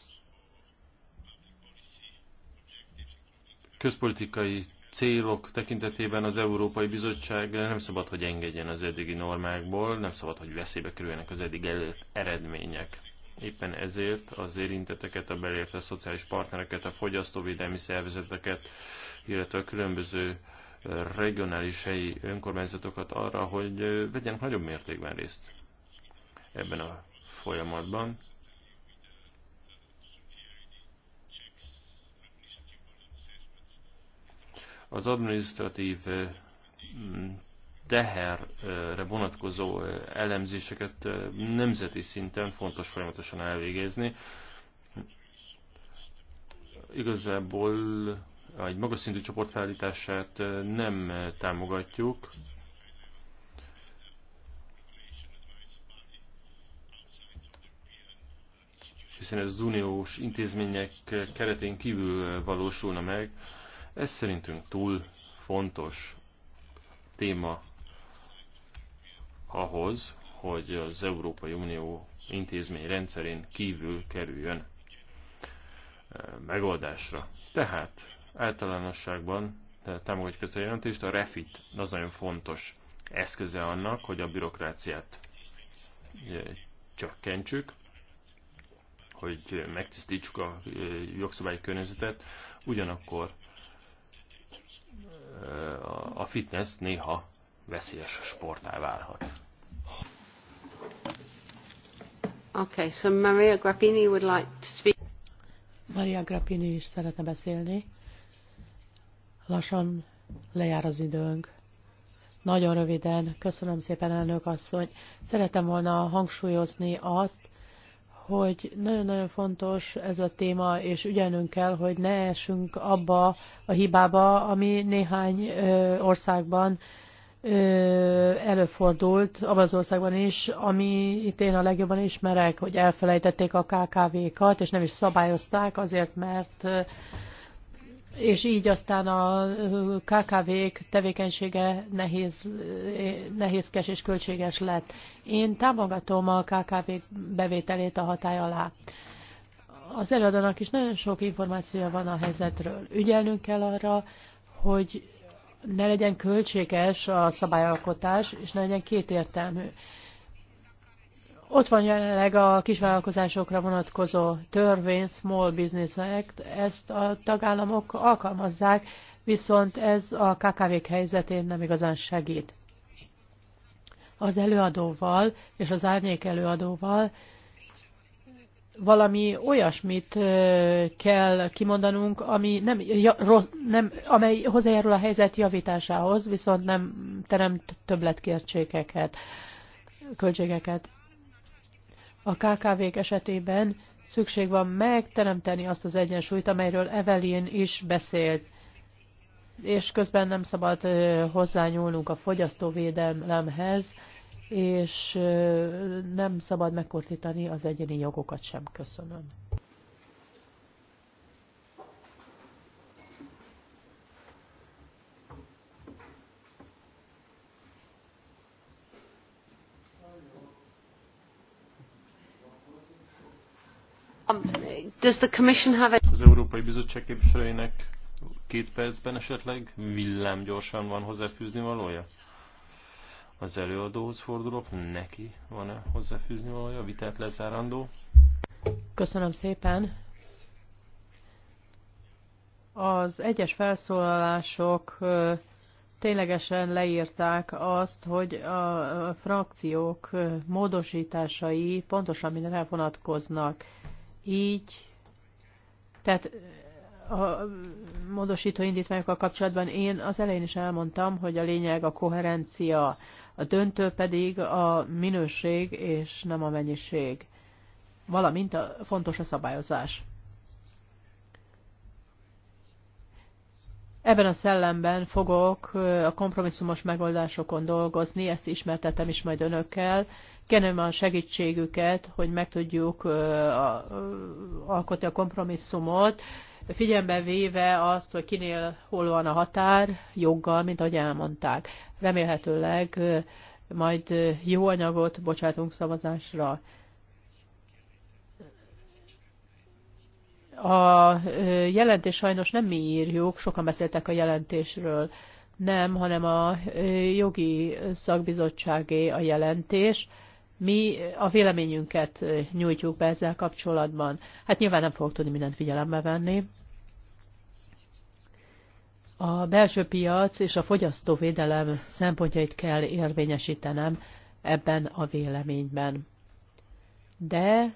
közpolitikai célok tekintetében az Európai Bizottság nem szabad, hogy engedjen az eddigi normákból, nem szabad, hogy veszélybe kerüljenek az eddig elért eredmények. Éppen ezért az érinteteket, a belérte szociális partnereket, a fogyasztóvédelmi szervezeteket, illetve a különböző regionális helyi önkormányzatokat arra, hogy vegyenek nagyobb mértékben részt ebben a folyamatban. Az administratív teherre vonatkozó elemzéseket nemzeti szinten fontos folyamatosan elvégezni. Igazából egy magas szintű csoportfelállítását nem támogatjuk. hiszen ez az uniós intézmények keretén kívül valósulna meg. Ez szerintünk túl fontos téma ahhoz, hogy az Európai Unió intézmény rendszerén kívül kerüljön e, megoldásra. Tehát általánosságban e, támogatjuk ezt a jelentést, a refit az nagyon fontos eszköze annak, hogy a bürokráciát e, csökkentsük, hogy megtisztítsuk a jogszabályi környezetet, ugyanakkor a fitness néha veszélyes sportá válhat. Okay, so Maria Grappini would like to speak. Maria Grappini is szeretne beszélni. Lassan lejár az időnk. Nagyon röviden, köszönöm szépen elnök asszony. Szeretem volna hangsúlyozni azt, hogy nagyon-nagyon fontos ez a téma, és ügyelnünk kell, hogy ne esünk abba a hibába, ami néhány országban előfordult, abban az országban is, amit én a legjobban ismerek, hogy elfelejtették a KKV-kat, és nem is szabályozták azért, mert és így aztán a KKV-k tevékenysége nehéz, nehézkes és költséges lett. Én támogatom a KKV bevételét a hatály alá. Az előadónak is nagyon sok információja van a helyzetről. Ügyelnünk kell arra, hogy ne legyen költséges a szabályalkotás, és ne legyen kétértelmű. Ott van jelenleg a kisvállalkozásokra vonatkozó törvény, Small Business Act, ezt a tagállamok alkalmazzák, viszont ez a KKV-k helyzetén nem igazán segít. Az előadóval és az árnyék előadóval valami olyasmit kell kimondanunk, ami nem, ja, rossz, nem, amely hozzájárul a helyzet javításához, viszont nem teremt többletkértségeket, költségeket. A KKV-k esetében szükség van megteremteni azt az egyensúlyt, amelyről Evelyn is beszélt, és közben nem szabad hozzányúlnunk a fogyasztóvédelemhez, és nem szabad megkortítani az egyéni jogokat sem. Köszönöm. Um, Az Európai Bizottság képviselőinek két percben esetleg villám gyorsan van hozzáfűzni valója? Az előadóhoz fordulok, neki van-e hozzáfűzni valója, vitát lezárandó? Köszönöm szépen. Az egyes felszólalások ténylegesen leírták azt, hogy a frakciók módosításai pontosan mindenre vonatkoznak. Így, tehát a módosító indítványokkal kapcsolatban én az elején is elmondtam, hogy a lényeg a koherencia, a döntő pedig a minőség és nem a mennyiség, valamint a, fontos a szabályozás. Ebben a szellemben fogok a kompromisszumos megoldásokon dolgozni, ezt ismertetem is majd önökkel, kérem a segítségüket, hogy meg tudjuk alkotni a kompromisszumot, figyelembe véve azt, hogy kinél hol van a határ, joggal, mint ahogy elmondták. Remélhetőleg majd jó anyagot bocsátunk szavazásra. A jelentés sajnos nem mi írjuk, sokan beszéltek a jelentésről, nem, hanem a jogi szakbizottságé a jelentés, mi a véleményünket nyújtjuk be ezzel kapcsolatban. Hát nyilván nem fogok tudni mindent figyelembe venni. A belső piac és a fogyasztóvédelem szempontjait kell érvényesítenem ebben a véleményben. De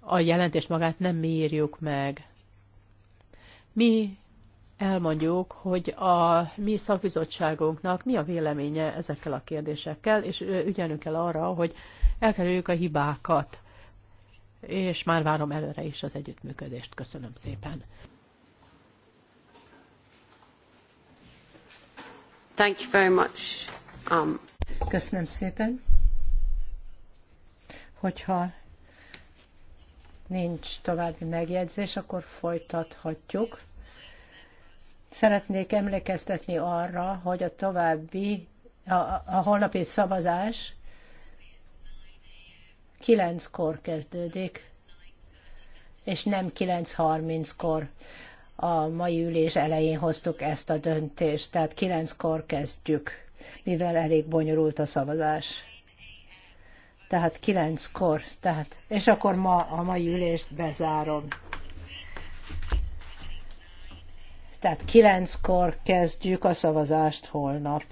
a jelentést magát nem mi írjuk meg. Mi elmondjuk, hogy a mi szakbizottságunknak mi a véleménye ezekkel a kérdésekkel, és ügyelnünk kell arra, hogy elkerüljük a hibákat. És már várom előre is az együttműködést. Köszönöm szépen. Thank you very much. Um... Köszönöm szépen. Hogyha nincs további megjegyzés, akkor folytathatjuk. Szeretnék emlékeztetni arra, hogy a további, a, a holnapi szavazás kilenckor kezdődik, és nem 9.30-kor. A mai ülés elején hoztuk ezt a döntést, tehát kilenckor kezdjük, mivel elég bonyolult a szavazás. Tehát kilenckor, tehát, és akkor ma a mai ülést bezárom. Tehát kilenckor kezdjük a szavazást holnap.